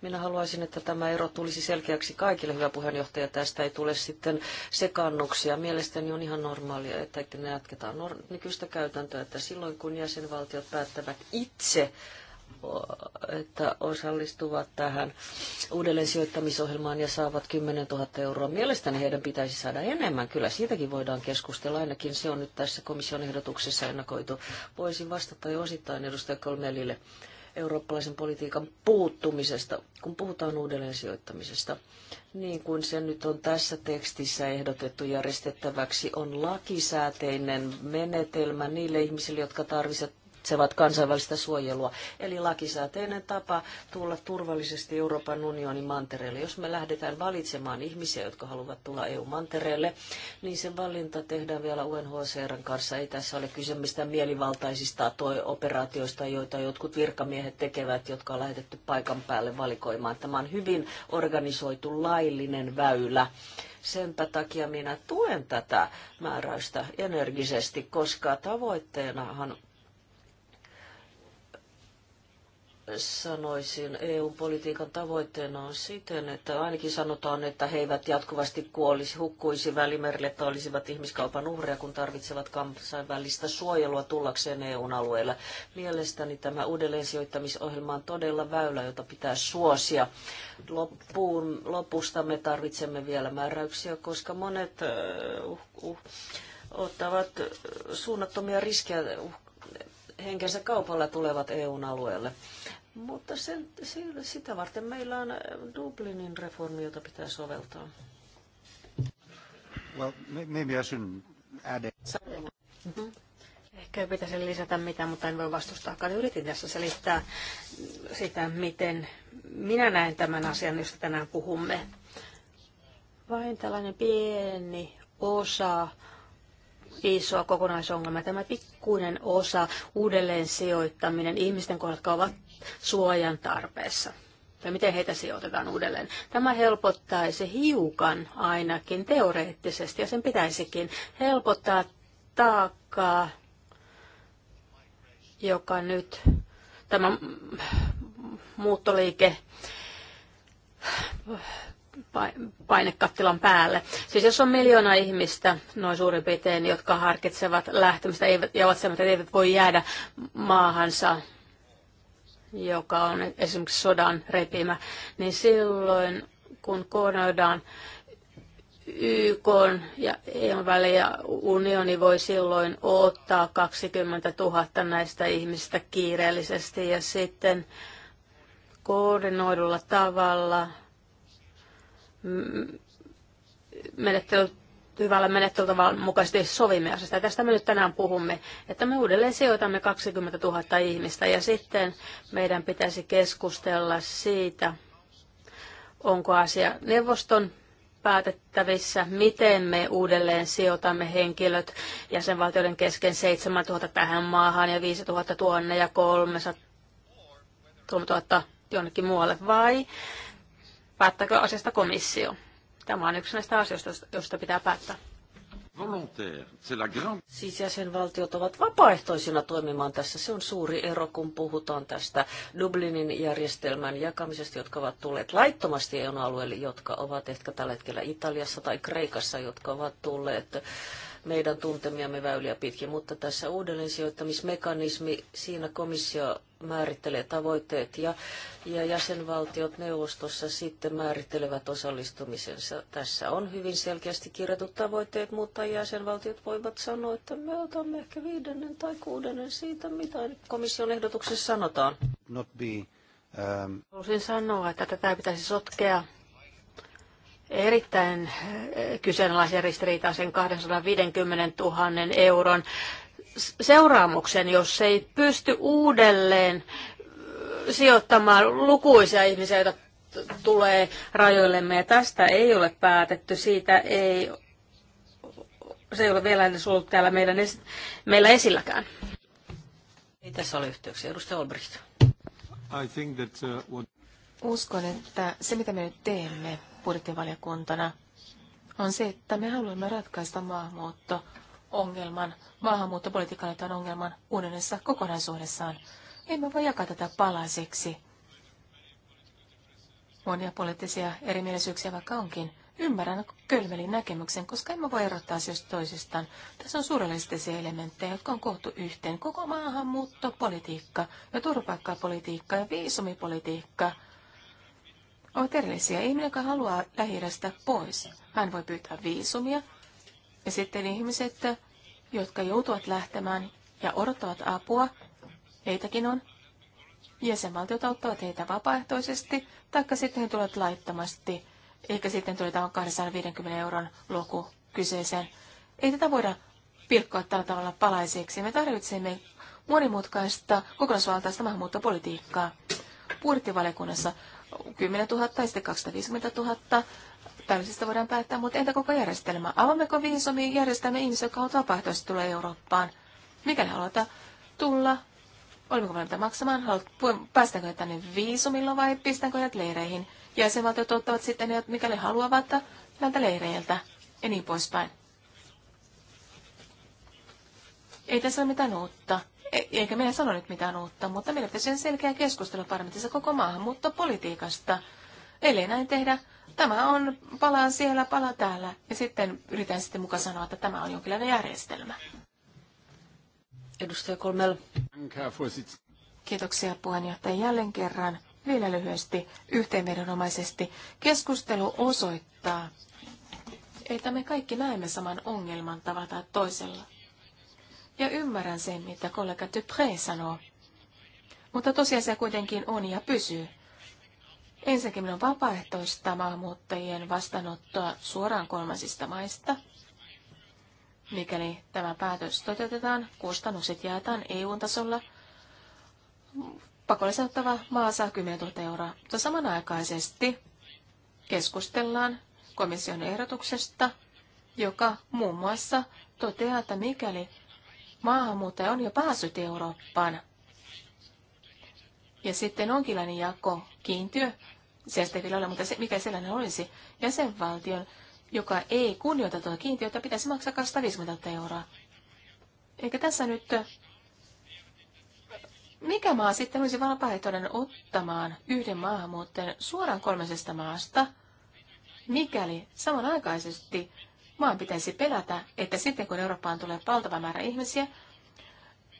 Minä haluaisin, että tämä ero tulisi selkeäksi kaikille, hyvä puheenjohtaja. Tästä ei tule sitten sekannuksia. Mielestäni on ihan normaalia, että ne jatketaan nykyistä käytäntöä, että silloin kun jäsenvaltiot päättävät itse että osallistuvat tähän uudelleen sijoittamisohjelmaan ja saavat 10 000 euroa. Mielestäni heidän pitäisi saada enemmän. Kyllä siitäkin voidaan keskustella. Ainakin se on nyt tässä komission ehdotuksessa ennakoitu. Voisin vastata jo osittain edustaja Kolmelille eurooppalaisen politiikan puuttumisesta, kun puhutaan uudelleen sijoittamisesta. Niin kuin se nyt on tässä tekstissä ehdotettu järjestettäväksi, on lakisääteinen menetelmä niille ihmisille, jotka tarvitsevat tarvitsevat kansainvälistä suojelua. Eli lakisääteinen tapa tulla turvallisesti Euroopan unionin mantereelle. Jos me lähdetään valitsemaan ihmisiä, jotka haluavat tulla EU-mantereelle, niin se valinta tehdään vielä UNHCRn kanssa. Ei tässä ole kyse mistään mielivaltaisista toi operaatioista, joita jotkut virkamiehet tekevät, jotka on lähetetty paikan päälle valikoimaan. Tämä on hyvin organisoitu laillinen väylä senpä takia minä tuen tätä määräystä energisesti, koska tavoitteenahan sanoisin, EU-politiikan tavoitteena on siten, että ainakin sanotaan, että he eivät jatkuvasti kuolisi, hukkuisi välimerille tai olisivat ihmiskaupan uhreja, kun tarvitsevat kansainvälistä suojelua tullakseen EUn alueella. Mielestäni tämä uudelleensijoittamisohjelma on todella väylä, jota pitää suosia. Loppuun, lopusta me tarvitsemme vielä määräyksiä, koska monet äh, uh, uh, ottavat suunnattomia riskejä uh, henkensä kaupalla tulevat EUn alueelle. Mutta sen, sitä varten meillä on äh, Dublinin reformi, jota pitää soveltaa. Well, maybe I shouldn't add it. Mm-hmm. Ehkä ei pitäisi lisätä mitään, mutta en voi vastustaa Yritin tässä selittää sitä, miten minä näen tämän asian, josta tänään puhumme. Vain tällainen pieni osa isoa kokonaisongelma. Tämä pikkuinen osa uudelleen sijoittaminen ihmisten kohdalla, jotka ovat suojan tarpeessa Ja miten heitä sijoitetaan uudelleen. Tämä helpottaisi hiukan ainakin teoreettisesti, ja sen pitäisikin helpottaa taakkaa, joka nyt tämä muuttoliike painekattilan päälle. Siis jos on miljoona ihmistä, noin suurin piirtein, jotka harkitsevat lähtemistä eivät ja ovat sellaiset, eivät voi jäädä maahansa, joka on esimerkiksi sodan repimä, niin silloin kun koordinoidaan YK ja EUn välillä unioni voi silloin ottaa 20 000 näistä ihmistä kiireellisesti ja sitten koordinoidulla tavalla Mm, menettely, hyvällä menettelytavalla mukaisesti sovimme asiasta. Tästä me nyt tänään puhumme, että me uudelleen sijoitamme 20 000 ihmistä ja sitten meidän pitäisi keskustella siitä, onko asia neuvoston päätettävissä, miten me uudelleen sijoitamme henkilöt jäsenvaltioiden kesken 000 tähän maahan ja 000 tuonne ja 300 000 jonnekin muualle, vai Päättääkö asiasta komissio? Tämä on yksi näistä asioista, josta pitää päättää. Siis jäsenvaltiot ovat vapaaehtoisina toimimaan tässä. Se on suuri ero, kun puhutaan tästä Dublinin järjestelmän jakamisesta, jotka ovat tulleet laittomasti eu alueelle, jotka ovat ehkä tällä hetkellä Italiassa tai Kreikassa, jotka ovat tulleet meidän tuntemiamme väyliä pitkin. Mutta tässä uudelleen sijoittamismekanismi, siinä komissio määrittelee tavoitteet ja, ja jäsenvaltiot neuvostossa sitten määrittelevät osallistumisensa. Tässä on hyvin selkeästi kirjatut tavoitteet, mutta jäsenvaltiot voivat sanoa, että me otamme ehkä viidennen tai kuudennen siitä, mitä komission ehdotuksessa sanotaan. Not be, um... Haluaisin sanoa, että tätä pitäisi sotkea erittäin eh, kyseenalaisen ristiriitaisen 250 000 euron seuraamuksen, jos ei pysty uudelleen sijoittamaan lukuisia ihmisiä, joita tulee rajoillemme. Ja tästä ei ole päätetty, siitä ei, se ei ole vielä edes ollut täällä meidän, meillä esilläkään. Ei tässä ole yhteyksiä. Edustaja Olbricht. I think that, uh, what... Uskon, että se mitä me nyt teemme budjettivaliokuntana on se, että me haluamme ratkaista maahanmuutto ongelman, maahanmuuttopolitiikan tämän ongelman unionissa kokonaisuudessaan. Emme voi jakaa tätä palaseksi. Monia poliittisia erimielisyyksiä vaikka onkin. Ymmärrän kölmelin näkemyksen, koska emme voi erottaa asioista toisistaan. Tässä on surrealistisia elementtejä, jotka on kohtu yhteen. Koko maahanmuuttopolitiikka ja turvapaikkapolitiikka ja viisumipolitiikka ovat erillisiä. Ihminen, joka haluaa lähi pois, hän voi pyytää viisumia, ja sitten ihmiset, jotka joutuvat lähtemään ja odottavat apua, heitäkin on. Jäsenvaltiot auttavat heitä vapaaehtoisesti, taikka sitten he tulevat laittomasti, eikä sitten tule tämä 250 euron luku kyseeseen. Ei tätä voida pilkkoa tällä tavalla palaiseksi. Me tarvitsemme monimutkaista kokonaisvaltaista maahanmuuttopolitiikkaa. Budjettivaliokunnassa 10 000 ja sitten 250 000 Tällaisista voidaan päättää, mutta entä koko järjestelmä? Avammeko viisumi järjestelmä ihmisiä, jotka ovat vapaaehtoisesti tulla Eurooppaan? Mikäli halutaan tulla, olemmeko valmiita maksamaan? Haluat, päästäänkö he tänne viisumilla vai pistänkö heidät leireihin? Jäsenvaltiot ottavat sitten ne, mikäli haluavat, näiltä leireiltä ja niin poispäin. Ei tässä ole mitään uutta. E- eikä minä sano nyt mitään uutta, mutta meillä pitäisi selkeä keskustelu parlamentissa koko maahanmuuttopolitiikasta. Eli näin tehdä, Tämä on palaan siellä, pala täällä. Ja sitten yritän sitten muka sanoa, että tämä on jonkinlainen järjestelmä. Edustaja Kolmel. Kiitoksia puheenjohtaja jälleen kerran. Vielä lyhyesti, yhteenvedonomaisesti. Keskustelu osoittaa, että me kaikki näemme saman ongelman tavata toisella. Ja ymmärrän sen, mitä kollega Dupré sanoo. Mutta tosiasia kuitenkin on ja pysyy. Ensinnäkin on vapaaehtoista maahanmuuttajien vastaanottoa suoraan kolmansista maista. Mikäli tämä päätös toteutetaan, kustannukset jaetaan EU-tasolla. Pakollisen ottava maa saa 10 000 euroa. Mutta samanaikaisesti keskustellaan komission ehdotuksesta, joka muun muassa toteaa, että mikäli maahanmuuttaja on jo päässyt Eurooppaan, ja sitten onkinlainen jako kiintiö, Sellaista ei vielä ole, mutta se, mikä sellainen olisi, jäsenvaltion, joka ei kunnioita tuota kiintiötä, pitäisi maksaa 250 euroa. Eikä tässä nyt... Mikä maa sitten olisi vapaaehtoinen ottamaan yhden maahanmuuttajan suoraan kolmesesta maasta, mikäli samanaikaisesti maan pitäisi pelätä, että sitten kun Eurooppaan tulee valtava määrä ihmisiä,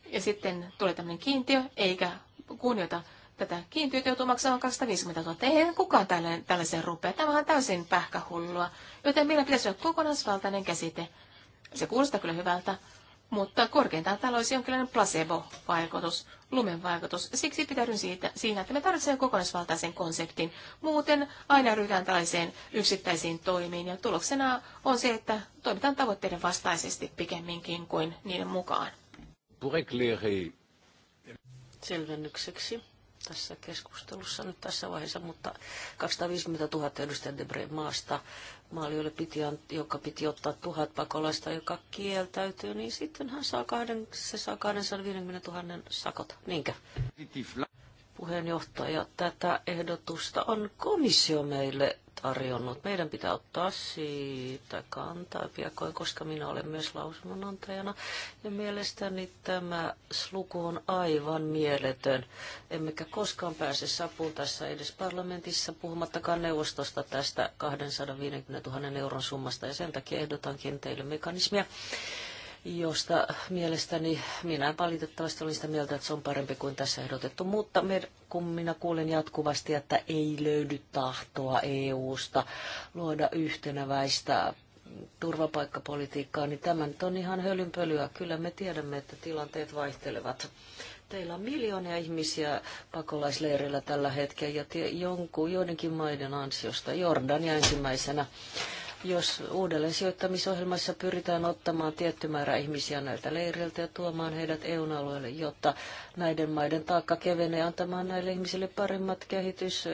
ja sitten tulee tämmöinen kiintiö, eikä kunnioita Tätä kiintiöt joutuu maksamaan 250 000. Eihän kukaan tällaiseen, tällaiseen rupea. Tämähän on täysin pähkähullua. Joten meillä pitäisi olla kokonaisvaltainen käsite. Se kuulostaa kyllä hyvältä, mutta korkeintaan täällä olisi jonkinlainen placebo-vaikutus, lumen vaikutus. Siksi pitäydyn siitä, siinä, että me tarvitsemme kokonaisvaltaisen konseptin. Muuten aina ryhdytään tällaiseen yksittäisiin toimiin ja tuloksena on se, että toimitaan tavoitteiden vastaisesti pikemminkin kuin niiden mukaan. Selvennykseksi tässä keskustelussa nyt tässä vaiheessa, mutta 250 000 edustajan Debreen maasta maalijoille, piti, joka piti ottaa tuhat pakolaista, joka kieltäytyy, niin sitten hän saa, kahden, se saa 250 000 sakot. Niinkä? Puheenjohtaja, tätä ehdotusta on komissio meille tarjonnut. Meidän pitää ottaa siitä kantaa piakkoin, koska minä olen myös lausunnonantajana. Ja mielestäni tämä luku on aivan mieletön. Emmekä koskaan pääse sapuun tässä edes parlamentissa, puhumattakaan neuvostosta tästä 250 000 euron summasta. Ja sen takia ehdotankin teille mekanismia, josta mielestäni minä valitettavasti olin sitä mieltä, että se on parempi kuin tässä ehdotettu. Mutta me, kun minä kuulen jatkuvasti, että ei löydy tahtoa EU-sta luoda yhtenäväistä turvapaikkapolitiikkaa, niin tämä nyt on ihan hölynpölyä. Kyllä me tiedämme, että tilanteet vaihtelevat. Teillä on miljoonia ihmisiä pakolaisleireillä tällä hetkellä ja jonkun, joidenkin maiden ansiosta, Jordania ensimmäisenä jos uudelleen sijoittamisohjelmassa pyritään ottamaan tietty määrä ihmisiä näiltä leireiltä ja tuomaan heidät EU-alueelle, jotta näiden maiden taakka kevenee antamaan näille ihmisille paremmat kehitys,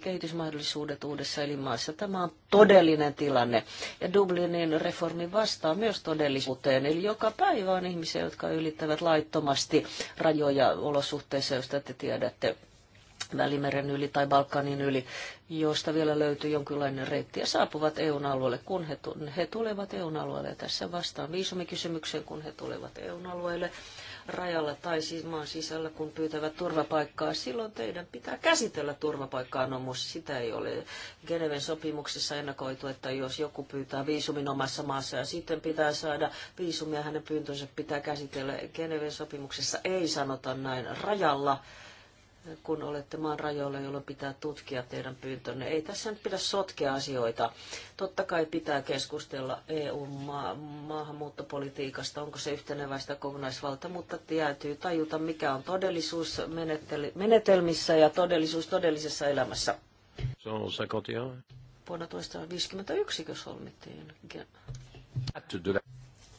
kehitysmahdollisuudet uudessa elinmaassa. Tämä on todellinen tilanne. Ja Dublinin reformi vastaa myös todellisuuteen. Eli joka päivä on ihmisiä, jotka ylittävät laittomasti rajoja olosuhteissa, joista te tiedätte Välimeren yli tai Balkanin yli, joista vielä löytyy jonkinlainen reitti ja saapuvat EUn alueelle, kun he, he tulevat EUn alueelle. Ja tässä vastaan viisumikysymykseen, kun he tulevat EUn alueelle rajalla tai siis maan sisällä, kun pyytävät turvapaikkaa. Silloin teidän pitää käsitellä turvapaikkaa, no, mutta Sitä ei ole Geneven sopimuksessa ennakoitu, että jos joku pyytää viisumin omassa maassa ja sitten pitää saada viisumia, hänen pyyntönsä pitää käsitellä. Geneven sopimuksessa ei sanota näin rajalla kun olette maan rajoilla, jolloin pitää tutkia teidän pyyntönne. Ei tässä nyt pidä sotkea asioita. Totta kai pitää keskustella EU-maahanmuuttopolitiikasta, onko se yhteneväistä kokonaisvalta, mutta täytyy tajuta, mikä on todellisuus menetelmissä ja todellisuus todellisessa elämässä. Se on kotia. Vuonna 1951, kun solmittiin.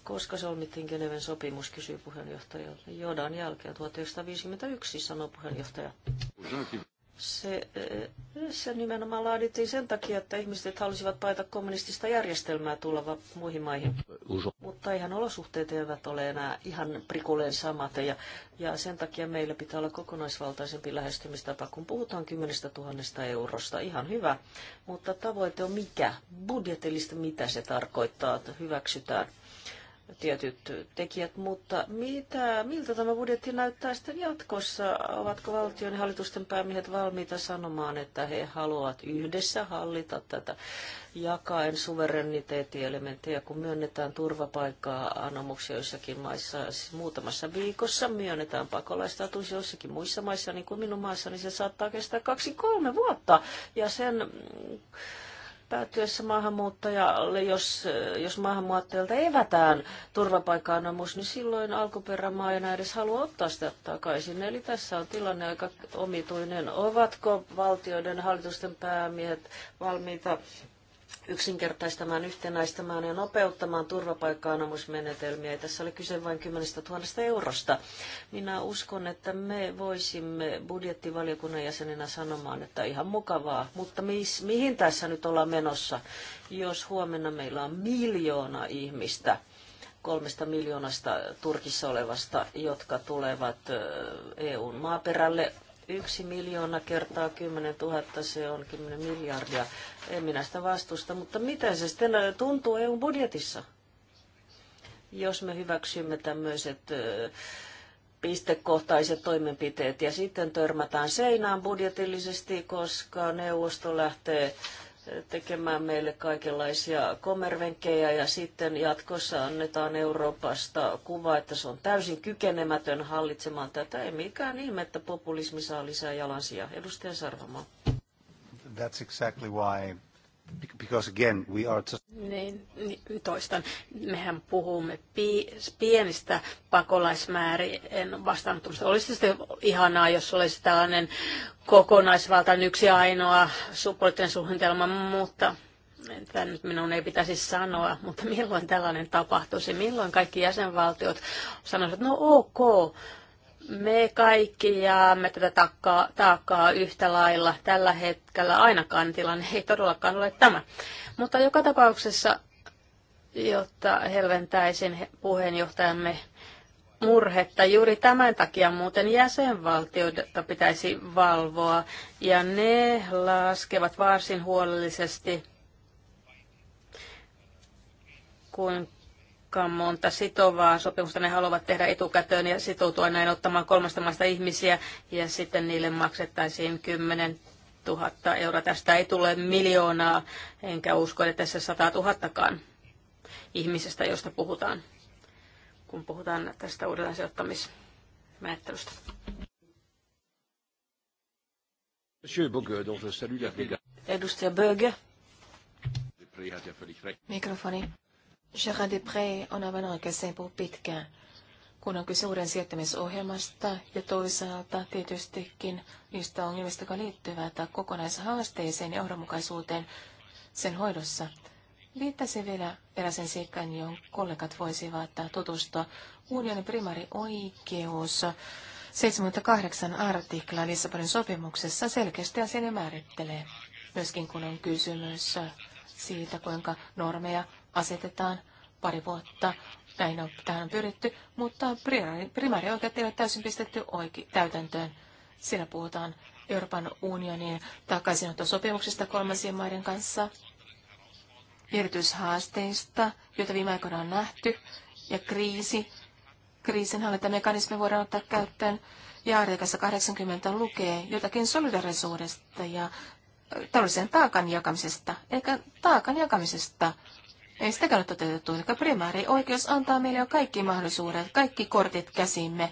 Koska solmittiin Geneven sopimus, kysyy puheenjohtaja. Jodan jälkeen 1951, sanoo puheenjohtaja. Se, eh, se nimenomaan laadittiin sen takia, että ihmiset halusivat paita kommunistista järjestelmää tulla muihin maihin. Mutta ihan olosuhteet eivät ole enää ihan prikuleen samat. Ja, ja sen takia meillä pitää olla kokonaisvaltaisempi lähestymistapa, kun puhutaan 10 000 eurosta. Ihan hyvä. Mutta tavoite on mikä? Budjetillista mitä se tarkoittaa, että hyväksytään tietyt tekijät, mutta mitä, miltä tämä budjetti näyttää sitten jatkossa? Ovatko valtion ja hallitusten päämiehet valmiita sanomaan, että he haluavat yhdessä hallita tätä jakaen suvereniteettielementtejä, kun myönnetään turvapaikkaa anomuksia joissakin maissa siis muutamassa viikossa, myönnetään pakolaistatus joissakin muissa maissa, niin kuin minun maassani, niin se saattaa kestää kaksi-kolme vuotta, ja sen päätyessä maahanmuuttajalle, jos, jos maahanmuuttajalta evätään turvapaikanomus, niin silloin alkuperämaa ei enää edes halua ottaa sitä takaisin. Eli tässä on tilanne aika omituinen. Ovatko valtioiden hallitusten päämiehet valmiita yksinkertaistamaan, yhtenäistämään ja nopeuttamaan turvapaikka-anomusmenetelmiä. Tässä oli kyse vain 10 000 eurosta. Minä uskon, että me voisimme budjettivaliokunnan jäsenenä sanomaan, että ihan mukavaa, mutta mis, mihin tässä nyt ollaan menossa, jos huomenna meillä on miljoona ihmistä kolmesta miljoonasta Turkissa olevasta, jotka tulevat EUn maaperälle. Yksi miljoona kertaa 10 000, se on 10 miljardia. En minä sitä vastusta, mutta miten se sitten äh, tuntuu EU-budjetissa? Jos me hyväksymme tämmöiset äh, pistekohtaiset toimenpiteet ja sitten törmätään seinään budjetillisesti, koska neuvosto lähtee äh, tekemään meille kaikenlaisia kommervenkejä ja sitten jatkossa annetaan Euroopasta kuva, että se on täysin kykenemätön hallitsemaan tätä. Ei mikään ihme, että populismi saa lisää jalansia. Edustaja Sarvamaa. That's exactly why Because again, we are just... Niin, niin toistan. Mehän puhumme pi- pienistä pakolaismäärien vastaanottamista. Olisi sitten ihanaa, jos olisi tällainen kokonaisvaltainen yksi ainoa suppoliittinen suunnitelma, mutta tämä nyt minun ei pitäisi sanoa, mutta milloin tällainen tapahtuisi, milloin kaikki jäsenvaltiot sanoisivat, että no ok, me kaikki jaamme tätä taakkaa, taakkaa yhtä lailla. Tällä hetkellä ainakaan tilanne ei todellakaan ole tämä. Mutta joka tapauksessa, jotta helventäisin puheenjohtajamme murhetta. Juuri tämän takia muuten jäsenvaltioita pitäisi valvoa, ja ne laskevat varsin huolellisesti, kuinka kovinkaan monta sitovaa sopimusta. Ne haluavat tehdä etukäteen ja sitoutua näin ottamaan kolmesta maasta ihmisiä ja sitten niille maksettaisiin 10 000 euroa. Tästä ei tule miljoonaa, enkä usko, että tässä 100 000 ihmisestä, josta puhutaan, kun puhutaan tästä uudelleen sijoittamismenettelystä. Edustaja Böge. Mikrofoni. Gerard Prey on aivan oikeassa, ei puhu pitkään, kun on kyse uuden sijoittamisohjelmasta ja toisaalta tietystikin niistä ongelmista, jotka liittyvät kokonaishaasteeseen ja johdonmukaisuuteen sen hoidossa. Viittasin vielä eräsen seikkaan, johon kollegat voisivat tutustua. Unionin oikeus 78 artikla Lissabonin sopimuksessa selkeästi asian määrittelee, myöskin kun on kysymys siitä, kuinka normeja asetetaan pari vuotta. Näin on, tähän on pyritty, mutta primäärioikeudet ei ole täysin pistetty oike- täytäntöön. Siinä puhutaan Euroopan unionin takaisinottosopimuksista kolmansien maiden kanssa, erityishaasteista, joita viime aikoina on nähty, ja kriisi. Kriisinhallintamekanismi voidaan ottaa käyttöön. Ja artikassa 80 lukee jotakin solidarisuudesta ja taloudellisen taakan jakamisesta, eikä taakan jakamisesta ei kannata ole toteutettu, primaari oikeus antaa meille jo kaikki mahdollisuudet, kaikki kortit käsimme,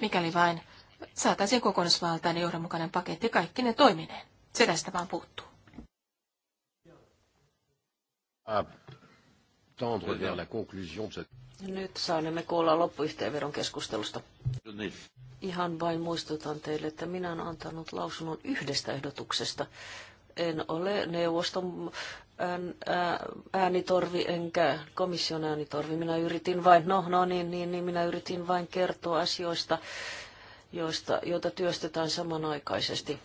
mikäli vain saataisiin kokonaisvaltainen johdonmukainen paketti kaikki ne toimineen. Se tästä vaan puuttuu. Nyt saanemme kuulla loppuyhteenvedon keskustelusta. Ihan vain muistutan teille, että minä olen antanut lausunnon yhdestä ehdotuksesta. En ole neuvoston äänitorvi enkä komission äänitorvi. Minä yritin vain, no, no niin, niin, niin, minä yritin vain kertoa asioista, joista, joita työstetään samanaikaisesti.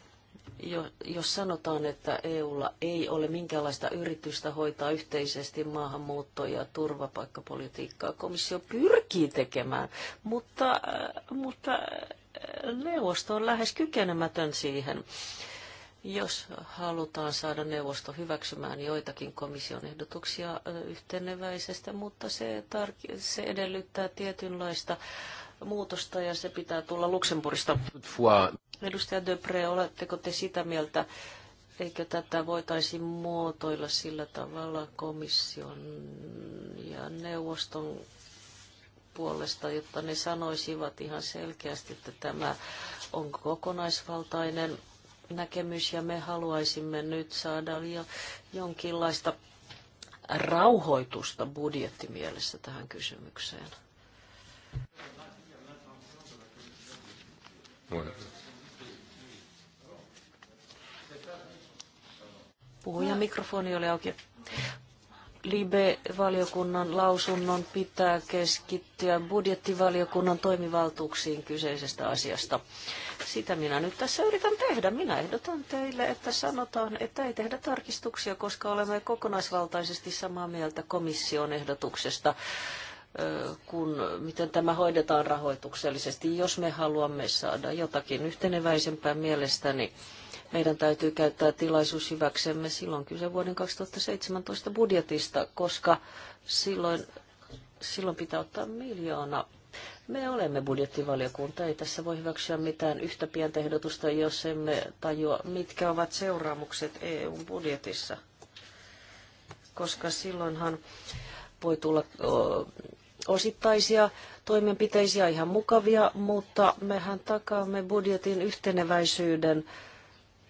Jo, jos sanotaan, että EUlla ei ole minkäänlaista yritystä hoitaa yhteisesti maahanmuutto- ja turvapaikkapolitiikkaa, komissio pyrkii tekemään, mutta, mutta neuvosto on lähes kykenemätön siihen. Jos halutaan saada neuvosto hyväksymään joitakin komission ehdotuksia yhteneväisestä, mutta se, tar- se edellyttää tietynlaista muutosta ja se pitää tulla Luxemburgista. Edustaja Depre, oletteko te sitä mieltä, eikö tätä voitaisi muotoilla sillä tavalla komission ja neuvoston puolesta, jotta ne sanoisivat ihan selkeästi, että tämä on kokonaisvaltainen näkemys ja me haluaisimme nyt saada jo jonkinlaista rauhoitusta budjettimielessä tähän kysymykseen. Puhuja mikrofoni oli auki. Libe-valiokunnan lausunnon pitää keskittyä budjettivaliokunnan toimivaltuuksiin kyseisestä asiasta. Sitä minä nyt tässä yritän tehdä. Minä ehdotan teille, että sanotaan, että ei tehdä tarkistuksia, koska olemme kokonaisvaltaisesti samaa mieltä komission ehdotuksesta kun, miten tämä hoidetaan rahoituksellisesti. Jos me haluamme saada jotakin yhteneväisempää mielestäni, niin meidän täytyy käyttää tilaisuus hyväksemme silloin kyse vuoden 2017 budjetista, koska silloin, silloin pitää ottaa miljoona me olemme budjettivaliokunta, ei tässä voi hyväksyä mitään yhtä pientä ehdotusta, jos emme tajua, mitkä ovat seuraamukset EUn budjetissa. Koska silloinhan voi tulla osittaisia toimenpiteisiä ihan mukavia, mutta mehän takaamme budjetin yhteneväisyyden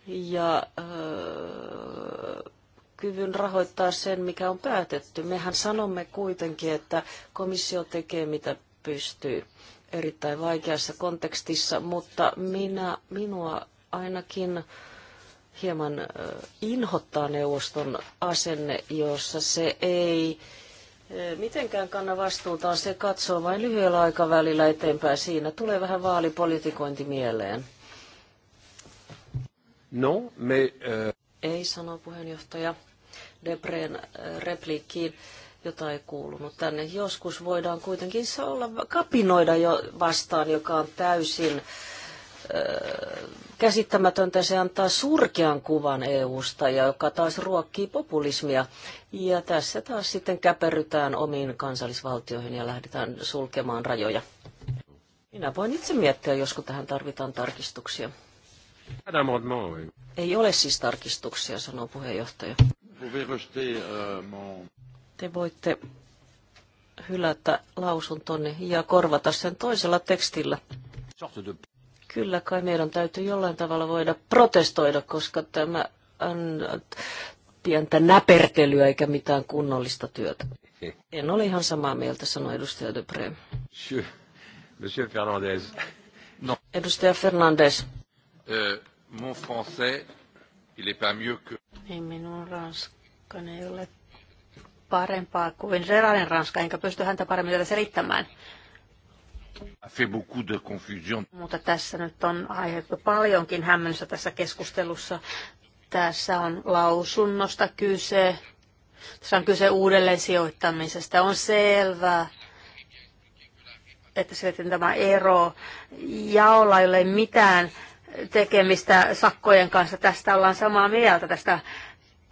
ja öö, kyvyn rahoittaa sen, mikä on päätetty. Mehän sanomme kuitenkin, että komissio tekee mitä pystyy erittäin vaikeassa kontekstissa, mutta minä, minua ainakin hieman inhottaa neuvoston asenne, jossa se ei mitenkään kanna vastuutaan, se katsoo vain lyhyellä aikavälillä eteenpäin. Siinä tulee vähän vaalipolitikointi mieleen. No, me, uh... Ei, sanoo puheenjohtaja Debreen repliikkiin jota ei kuulunut tänne. Joskus voidaan kuitenkin olla kapinoida jo vastaan, joka on täysin käsittämätöntä se antaa surkean kuvan EUsta, ja joka taas ruokkii populismia. Ja tässä taas sitten käperrytään omiin kansallisvaltioihin ja lähdetään sulkemaan rajoja. Minä voin itse miettiä, josko tähän tarvitaan tarkistuksia. Ei ole siis tarkistuksia, sanoo puheenjohtaja. Te voitte hylätä lausuntonne ja korvata sen toisella tekstillä. Kyllä kai meidän täytyy jollain tavalla voida protestoida, koska tämä on pientä näpertelyä eikä mitään kunnollista työtä. En ole ihan samaa mieltä, sanoi edustaja Depré. Monsieur, Fernandez. No. Edustaja Fernandez. Euh, mon français, il est pas mieux que... Ei niin minun ranskani ei ole parempaa kuin Gerardin Ranska, enkä pysty häntä paremmin tätä selittämään. Mutta tässä nyt on aiheutettu paljonkin hämmennystä tässä keskustelussa. Tässä on lausunnosta kyse. Tässä on kyse uudelleen sijoittamisesta. On selvää, että sitten tämä ero jaolla ei ole mitään tekemistä sakkojen kanssa. Tästä ollaan samaa mieltä tästä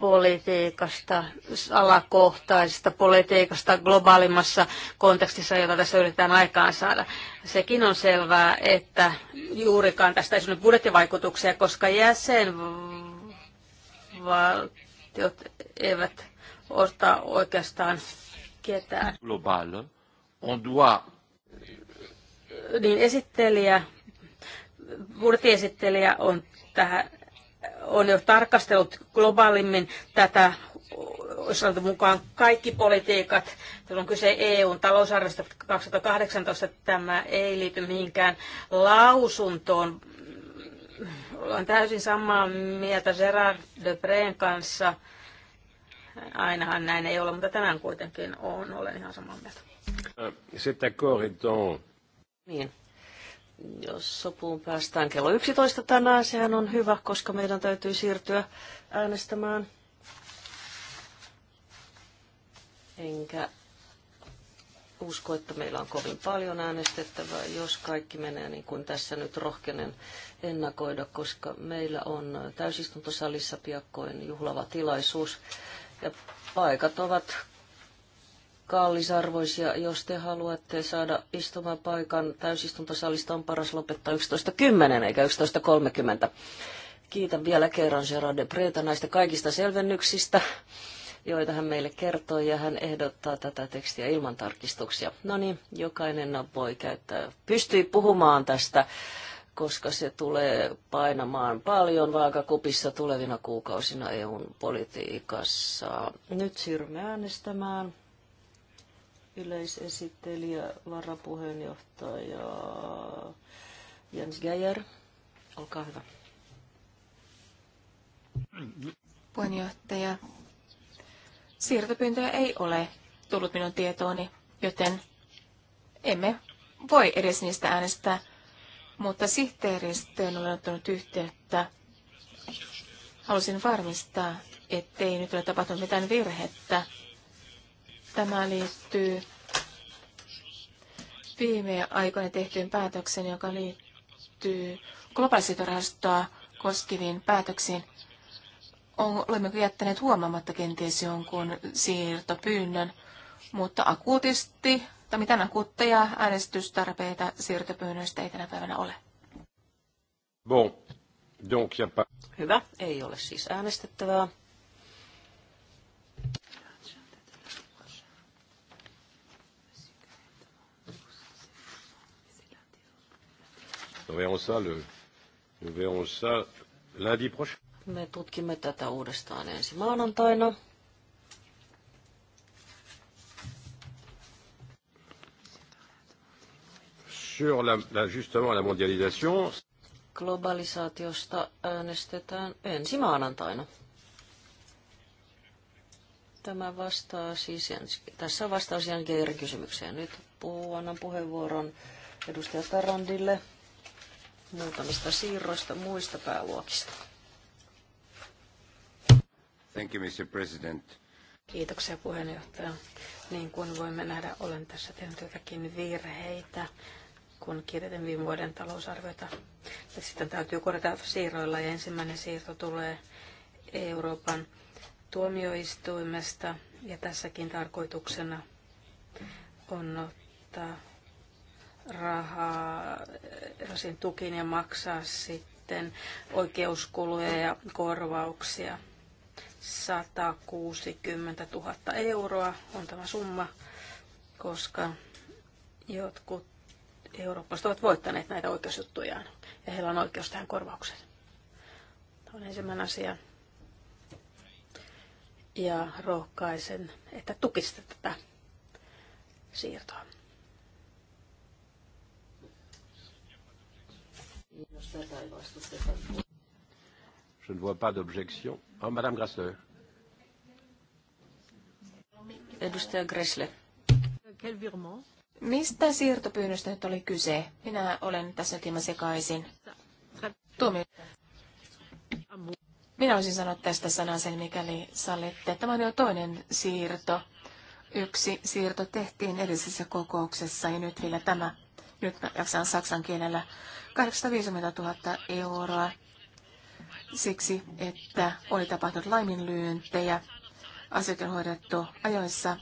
politiikasta, alakohtaisesta politiikasta globaalimmassa kontekstissa, jota tässä yritetään aikaansaada. Sekin on selvää, että juurikaan tästä ei synny budjettivaikutuksia, koska jäsenvaltiot eivät osta oikeastaan ketään. Global, on doit... Niin esittelijä, budjettiesittelijä on tähän on jo tarkastellut globaalimmin tätä osalta mukaan kaikki politiikat. Tässä on kyse EUn talousarvosta 2018. Tämä ei liity mihinkään lausuntoon. Olen täysin samaa mieltä Gerard de Breen kanssa. Ainahan näin ei ole, mutta tänään kuitenkin on. Olen ihan samaa mieltä. Sitten Niin. Jos sopuun päästään kello 11 tänään, sehän on hyvä, koska meidän täytyy siirtyä äänestämään. Enkä usko, että meillä on kovin paljon äänestettävää, jos kaikki menee niin kuin tässä nyt rohkenen ennakoida, koska meillä on täysistuntosalissa piakkoin juhlava tilaisuus ja paikat ovat kallisarvoisia. Jos te haluatte saada istumapaikan, täysistuntosalista on paras lopettaa 11.10 eikä 11.30. Kiitän vielä kerran Gerard de Preta näistä kaikista selvennyksistä, joita hän meille kertoi, ja hän ehdottaa tätä tekstiä ilman tarkistuksia. No niin, jokainen voi käyttää, pystyi puhumaan tästä, koska se tulee painamaan paljon vaakakupissa tulevina kuukausina EUn politiikassa. Nyt siirrymme äänestämään yleisesittelijä, varapuheenjohtaja Jens Geijer. Olkaa hyvä. Puheenjohtaja, siirtopyyntöjä ei ole tullut minun tietooni, joten emme voi edes niistä äänestää, mutta sihteeristöön olen ottanut yhteyttä. Halusin varmistaa, ettei nyt ole tapahtunut mitään virhettä Tämä liittyy viime aikoina tehtyyn päätöksen, joka liittyy globaalisitorahastoa koskeviin päätöksiin. On, olemmeko jättäneet huomaamatta kenties jonkun siirtopyynnön, mutta akuutisti tai mitään akuutteja äänestystarpeita siirtopyynnöistä ei tänä päivänä ole. Bon. Donc, pas... Hyvä, ei ole siis äänestettävää. Nous verrons ça, le, nous verrons ça lundi prochain. Me tutkimme tätä uudestaan ensi maanantaina. Sur la, la, justement la mondialisation. Globalisaatiosta äänestetään ensi maanantaina. Tämä vastaa siis, tässä vastaa siis Jan kysymykseen. Nyt puhuu, annan puheenvuoron edustaja Tarandille muutamista siirroista muista pääluokista. Thank you, Mr. President. Kiitoksia puheenjohtaja. Niin kuin voimme nähdä, olen tässä tehnyt jotakin virheitä, kun kirjoitin viime vuoden talousarviota. sitten täytyy korjata siirroilla ja ensimmäinen siirto tulee Euroopan tuomioistuimesta ja tässäkin tarkoituksena on ottaa rahaa erilaisiin eh, tukiin ja maksaa sitten oikeuskuluja ja korvauksia. 160 000 euroa on tämä summa, koska jotkut eurooppalaiset ovat voittaneet näitä oikeusjuttujaan ja heillä on oikeus tähän korvaukseen. Tämä on ensimmäinen asia. Ja rohkaisen, että tukisitte tätä siirtoa. Je ne vois pas d'objection. Oh, Madame Grassler. Edustaja Gressle. Quel virement? Mistä siirtopyynnöstä nyt oli kyse? Minä olen tässä nyt hieman sekaisin. Tuomio. Minä olisin sanoa tästä sanan sen, mikäli sallitte. Tämä on jo toinen siirto. Yksi siirto tehtiin edellisessä kokouksessa ja nyt vielä tämä. Nyt jaksan saksan kielellä. 850 000 euroa siksi, että oli tapahtunut laiminlyöntejä, asiat on hoidettu ajoissa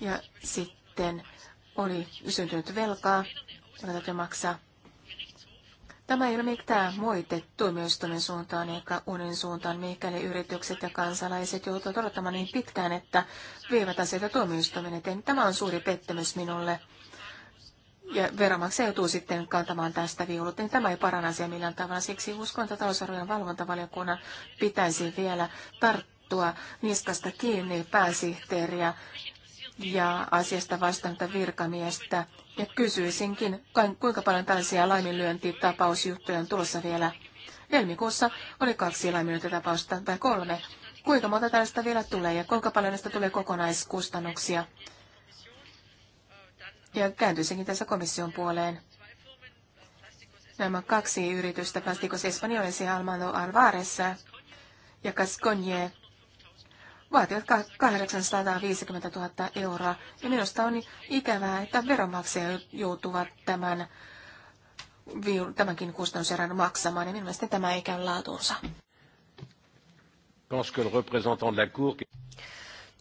ja sitten oli syntynyt velkaa, jota täytyy maksaa. Tämä ei ole mitään moite tuomioistuimen suuntaan eikä unen suuntaan, mikäli yritykset ja kansalaiset joutuvat odottamaan niin pitkään, että vievät asioita tuomioistuimen eteen. Niin tämä on suuri pettymys minulle ja veronmaksaja joutuu sitten kantamaan tästä viulut, niin tämä ei paranna asia millään tavalla. Siksi uskon, että talousarvojen valvontavaliokunnan pitäisi vielä tarttua niskasta kiinni pääsihteeriä ja asiasta vastannutta virkamiestä. Ja kysyisinkin, kuinka paljon tällaisia laiminlyöntitapausjuttuja on tulossa vielä. Helmikuussa oli kaksi laiminlyöntitapausta tai kolme. Kuinka monta tällaista vielä tulee ja kuinka paljon näistä tulee kokonaiskustannuksia? ja kääntyisinkin tässä komission puoleen. Nämä kaksi yritystä, Plasticos Espanioles ja Almano Alvarez ja Cascogne, vaativat 850 000 euroa. Ja minusta on ikävää, että veronmaksajat joutuvat tämän, tämänkin kustannuserän maksamaan, ja minun niin mielestäni tämä ei käy laatuunsa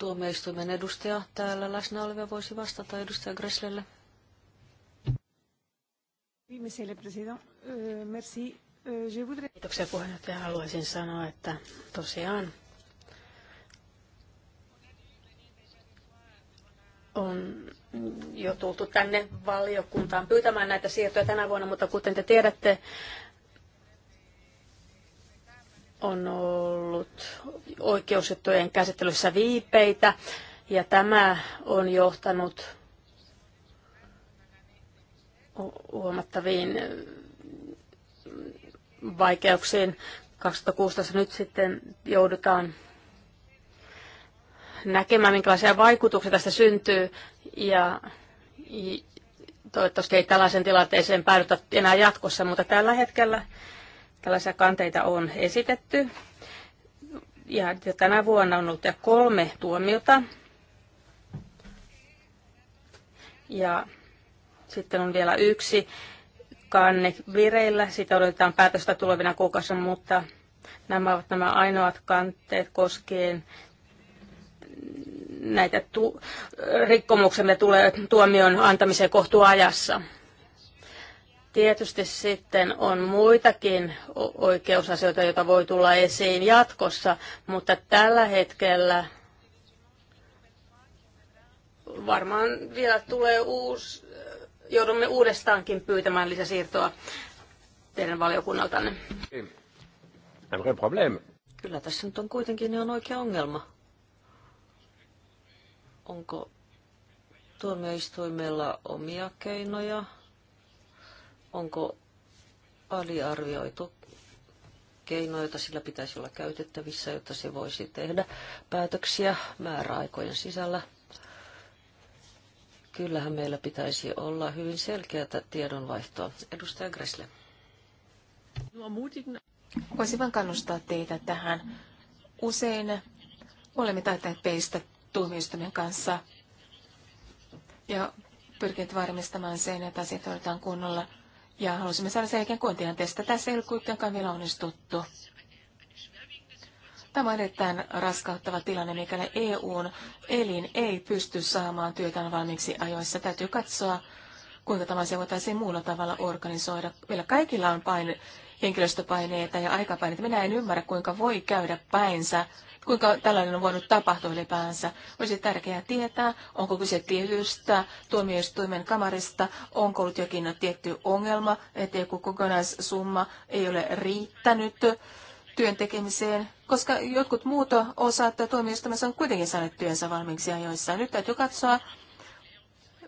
tuomioistuimen edustaja täällä läsnä oleva voisi vastata edustaja Gresslelle. Euh, euh, Kiitoksia puheenjohtaja. Haluaisin sanoa, että tosiaan on jo tultu tänne valiokuntaan pyytämään näitä siirtoja tänä vuonna, mutta kuten te tiedätte, on ollut oikeusjuttujen käsittelyssä viipeitä ja tämä on johtanut huomattaviin vaikeuksiin. 2016 nyt sitten joudutaan näkemään, minkälaisia vaikutuksia tästä syntyy ja toivottavasti ei tällaisen tilanteeseen päädytä enää jatkossa, mutta tällä hetkellä Tällaisia kanteita on esitetty. Ja tänä vuonna on ollut jo kolme tuomiota. Ja sitten on vielä yksi kanne vireillä. Sitä odotetaan päätöstä tulevina kuukausina, mutta nämä ovat nämä ainoat kanteet koskien näitä tu- rikkomuksemme tulee tuomion antamiseen kohtuajassa. Tietysti sitten on muitakin oikeusasioita, joita voi tulla esiin jatkossa, mutta tällä hetkellä varmaan vielä tulee uusi, joudumme uudestaankin pyytämään lisäsiirtoa teidän valiokunnaltanne. Kyllä tässä nyt on kuitenkin on oikea ongelma. Onko tuomioistuimella omia keinoja Onko aliarvioitu keinoita, sillä pitäisi olla käytettävissä, jotta se voisi tehdä päätöksiä määräaikojen sisällä? Kyllähän meillä pitäisi olla hyvin selkeätä tiedonvaihtoa. Edustaja Gressle. Voisin vain kannustaa teitä tähän. Usein olemme taitaneet peistä tuomioistuimen kanssa ja pyrkineet varmistamaan sen, että asiat hoidetaan kunnolla – ja halusimme saada selkeän kuun testa Tässä ei ole kuitenkaan vielä onnistuttu. Tämä on erittäin raskauttava tilanne, mikäli EUn elin ei pysty saamaan työtään valmiiksi ajoissa. Täytyy katsoa, kuinka tämä asia voitaisiin muulla tavalla organisoida. Meillä kaikilla on paine, henkilöstöpaineita ja aikapaineita. Minä en ymmärrä, kuinka voi käydä päinsä kuinka tällainen on voinut tapahtua ylipäänsä. Olisi tärkeää tietää, onko kyse tietystä tuomioistuimen kamarista, onko ollut jokin tietty ongelma, että joku kokonaissumma ei ole riittänyt työn tekemiseen, koska jotkut muut osat tuomioistuimessa on kuitenkin saaneet työnsä valmiiksi ajoissa. Nyt täytyy katsoa,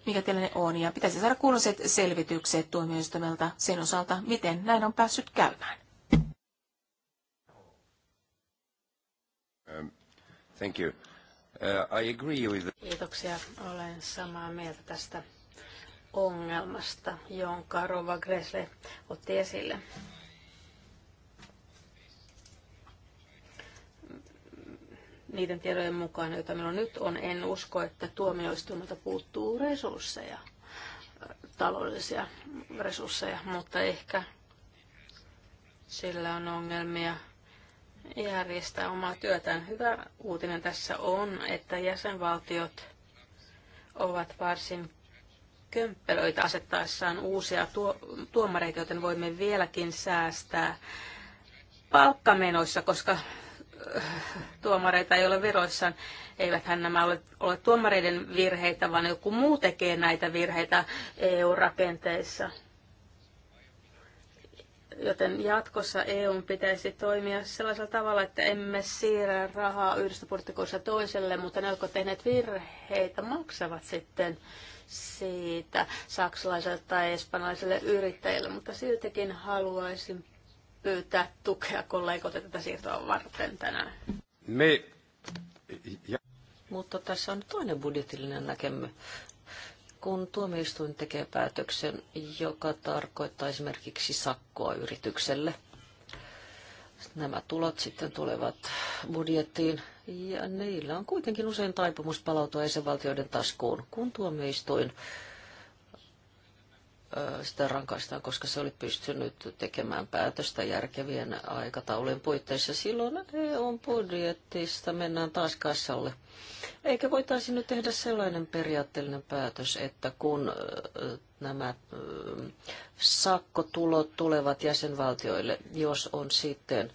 mikä tilanne on, ja pitäisi saada kuuluiset selvitykset tuomioistuimelta sen osalta, miten näin on päässyt käymään. Thank you. Uh, I agree with... Kiitoksia. Olen samaa mieltä tästä ongelmasta, jonka Rova Gresle otti esille. Niiden tietojen mukaan, joita meillä nyt on, en usko, että tuomioistuimelta puuttuu resursseja, taloudellisia resursseja, mutta ehkä sillä on ongelmia järjestää omaa työtään. Hyvä uutinen tässä on, että jäsenvaltiot ovat varsin kömppelöitä asettaessaan uusia tuo, tuomareita, joten voimme vieläkin säästää palkkamenoissa, koska äh, tuomareita ei ole veroissaan. Eiväthän nämä ole, ole tuomareiden virheitä, vaan joku muu tekee näitä virheitä EU-rakenteissa. Joten jatkossa EU pitäisi toimia sellaisella tavalla, että emme siirrä rahaa yhdestä budjettikohdasta toiselle, mutta ne, jotka tehneet virheitä, maksavat sitten siitä saksalaiselle tai espanjalaiselle yrittäjille. Mutta siltikin haluaisin pyytää tukea kollegoita tätä siirtoa varten tänään. Me... Ja... Mutta tässä on toinen budjetillinen näkemy, kun tuomioistuin tekee päätöksen, joka tarkoittaa esimerkiksi sakkoa yritykselle, nämä tulot sitten tulevat budjettiin ja niillä on kuitenkin usein taipumus palautua jäsenvaltioiden taskuun, kun tuomioistuin sitä rankaistaan, koska se oli pystynyt tekemään päätöstä järkevien aikataulujen puitteissa. Silloin EUn budjettista mennään taas kassalle. Eikä voitaisi nyt tehdä sellainen periaatteellinen päätös, että kun nämä sakkotulot tulevat jäsenvaltioille, jos on sitten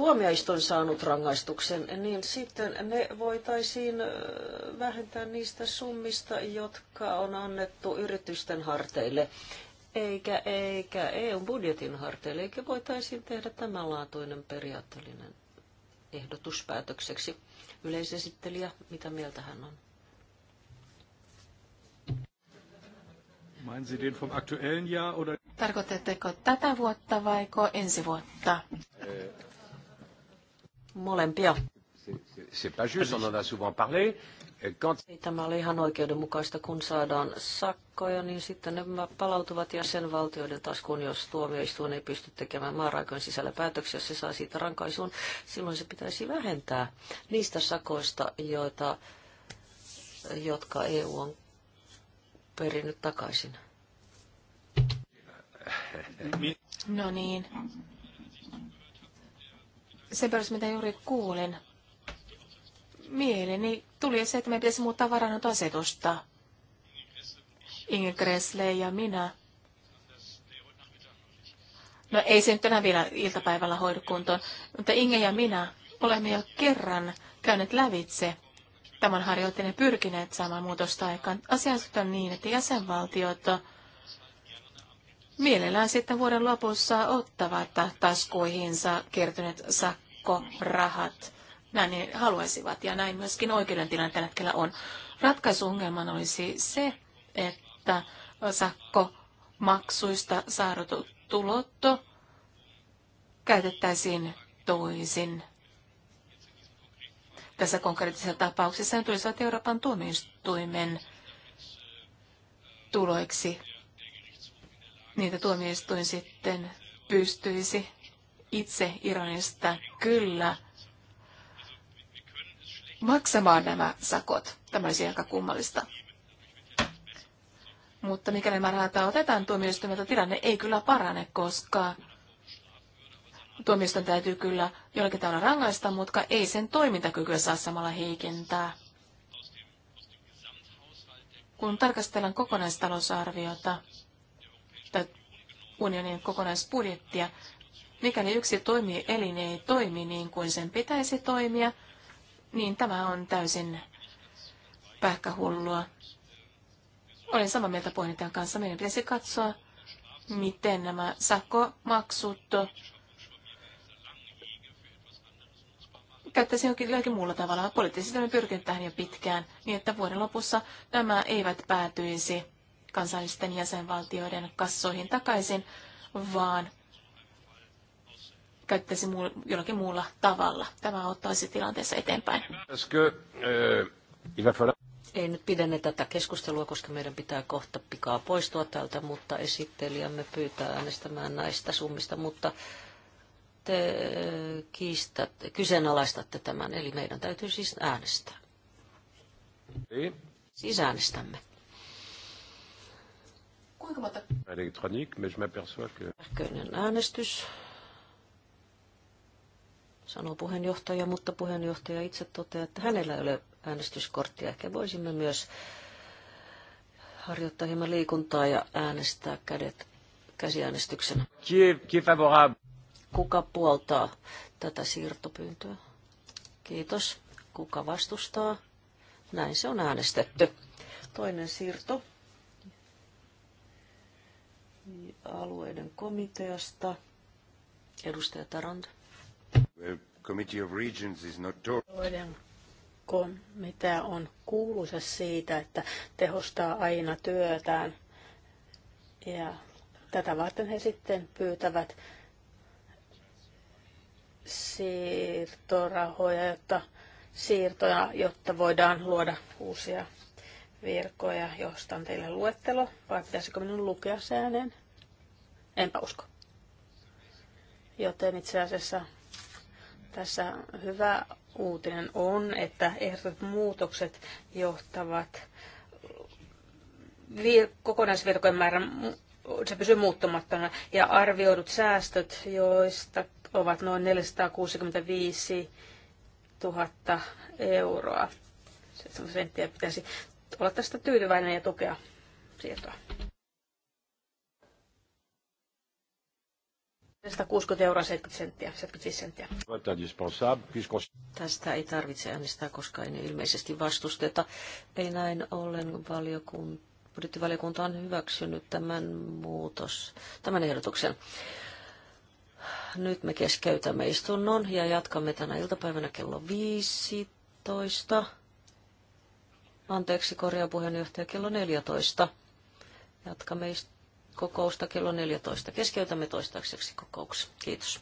tuomioistuin saanut rangaistuksen, niin sitten ne voitaisiin vähentää niistä summista, jotka on annettu yritysten harteille, eikä, eikä EU-budjetin harteille, eikä voitaisiin tehdä tämänlaatuinen periaatteellinen ehdotus päätökseksi. Yleisesittelijä, mitä mieltä hän on? Meinen Tarkoitatteko tätä vuotta vai ensi vuotta? Äh, molempia. Ei tämä ole ihan oikeudenmukaista, kun saadaan sakkoja, niin sitten ne palautuvat jäsenvaltioiden taskuun, jos tuomioistuin ei pysty tekemään maaraikojen sisällä päätöksiä, jos se saa siitä rankaisuun, silloin se pitäisi vähentää niistä sakoista, joita, jotka EU on perinnyt takaisin. No niin, sen perus, mitä juuri kuulin, mieleni tuli se, että me pitäisi muuttaa varannut Inge Gressle ja minä. No ei se nyt tänään vielä iltapäivällä hoidu kuntoon, mutta Inge ja minä olemme jo kerran käyneet lävitse tämän harjoitteen ja pyrkineet saamaan muutosta aikaan. Asiat on niin, että jäsenvaltiot mielellään sitten vuoden lopussa ottavat taskuihinsa kertyneet sakkorahat. Näin ne haluaisivat ja näin myöskin oikeudentilanne tällä hetkellä on. Ratkaisuongelman olisi se, että sakkomaksuista saadut tulot käytettäisiin toisin. Tässä konkreettisessa tapauksessa ne tulisivat Euroopan tuomioistuimen tuloiksi niitä tuomioistuin sitten pystyisi itse Iranista kyllä maksamaan nämä sakot. Tämä olisi aika kummallista. Mutta mikäli nämä rahat otetaan tuomioistuimelta, tilanne ei kyllä parane, koska tuomioistuin täytyy kyllä jollakin tavalla rangaista, mutta ei sen toimintakykyä saa samalla heikentää. Kun tarkastellaan kokonaistalousarviota, tai unionin kokonaisbudjettia. Mikäli yksi toimielin ei toimi niin kuin sen pitäisi toimia, niin tämä on täysin pähkähullua. Olen samaa mieltä puheenjohtajan kanssa. Meidän pitäisi katsoa, miten nämä sakkomaksut käyttäisiin jokin, jokin muulla tavalla. Poliittisesti me pyrkinyt tähän jo pitkään, niin että vuoden lopussa nämä eivät päätyisi kansallisten jäsenvaltioiden kassoihin takaisin, vaan käyttäisi muu, jollakin muulla tavalla. Tämä ottaisi tilanteessa eteenpäin. Eh, Ei nyt pidennä tätä keskustelua, koska meidän pitää kohta pikaa poistua täältä, mutta esittelijämme pyytää äänestämään näistä summista, mutta te kiistät, kyseenalaistatte tämän, eli meidän täytyy siis äänestää. Siis äänestämme kuinka monta? que... Sähköinen äänestys, sanoo puheenjohtaja, mutta puheenjohtaja itse toteaa, että hänellä ei ole äänestyskorttia. Ehkä voisimme myös harjoittaa hieman liikuntaa ja äänestää kädet käsiäänestyksenä. Kuka puoltaa tätä siirtopyyntöä? Kiitos. Kuka vastustaa? Näin se on äänestetty. Toinen siirto alueiden komiteasta. Edustaja Tarant. Well, committee of Regions is not Alueiden komitea on kuuluisa siitä, että tehostaa aina työtään. Ja tätä varten he sitten pyytävät siirtorahoja, jotta, siirtoja, jotta voidaan luoda uusia virkoja, josta on teille luettelo, vai pitäisikö minun lukea se ääneen? Enpä usko. Joten itse asiassa tässä hyvä uutinen on, että ehdotetut muutokset johtavat kokonaisvirkojen määrän, se pysyy muuttumattomana ja arvioidut säästöt, joista ovat noin 465 000 euroa. se Senttiä pitäisi olla tästä tyytyväinen ja tukea siirtoa. 160 euroa 70 senttiä, 75 senttiä. Tästä ei tarvitse äänestää, koska ei ne ilmeisesti vastusteta. Ei näin ollen valiokunta, budjettivaliokunta on hyväksynyt tämän muutos, tämän ehdotuksen. Nyt me keskeytämme istunnon ja jatkamme tänä iltapäivänä kello 15. Anteeksi, korjaa puheenjohtaja, kello 14. Jatkamme istunnon kokousta kello 14. Keskeytämme toistaiseksi kokouksen. Kiitos.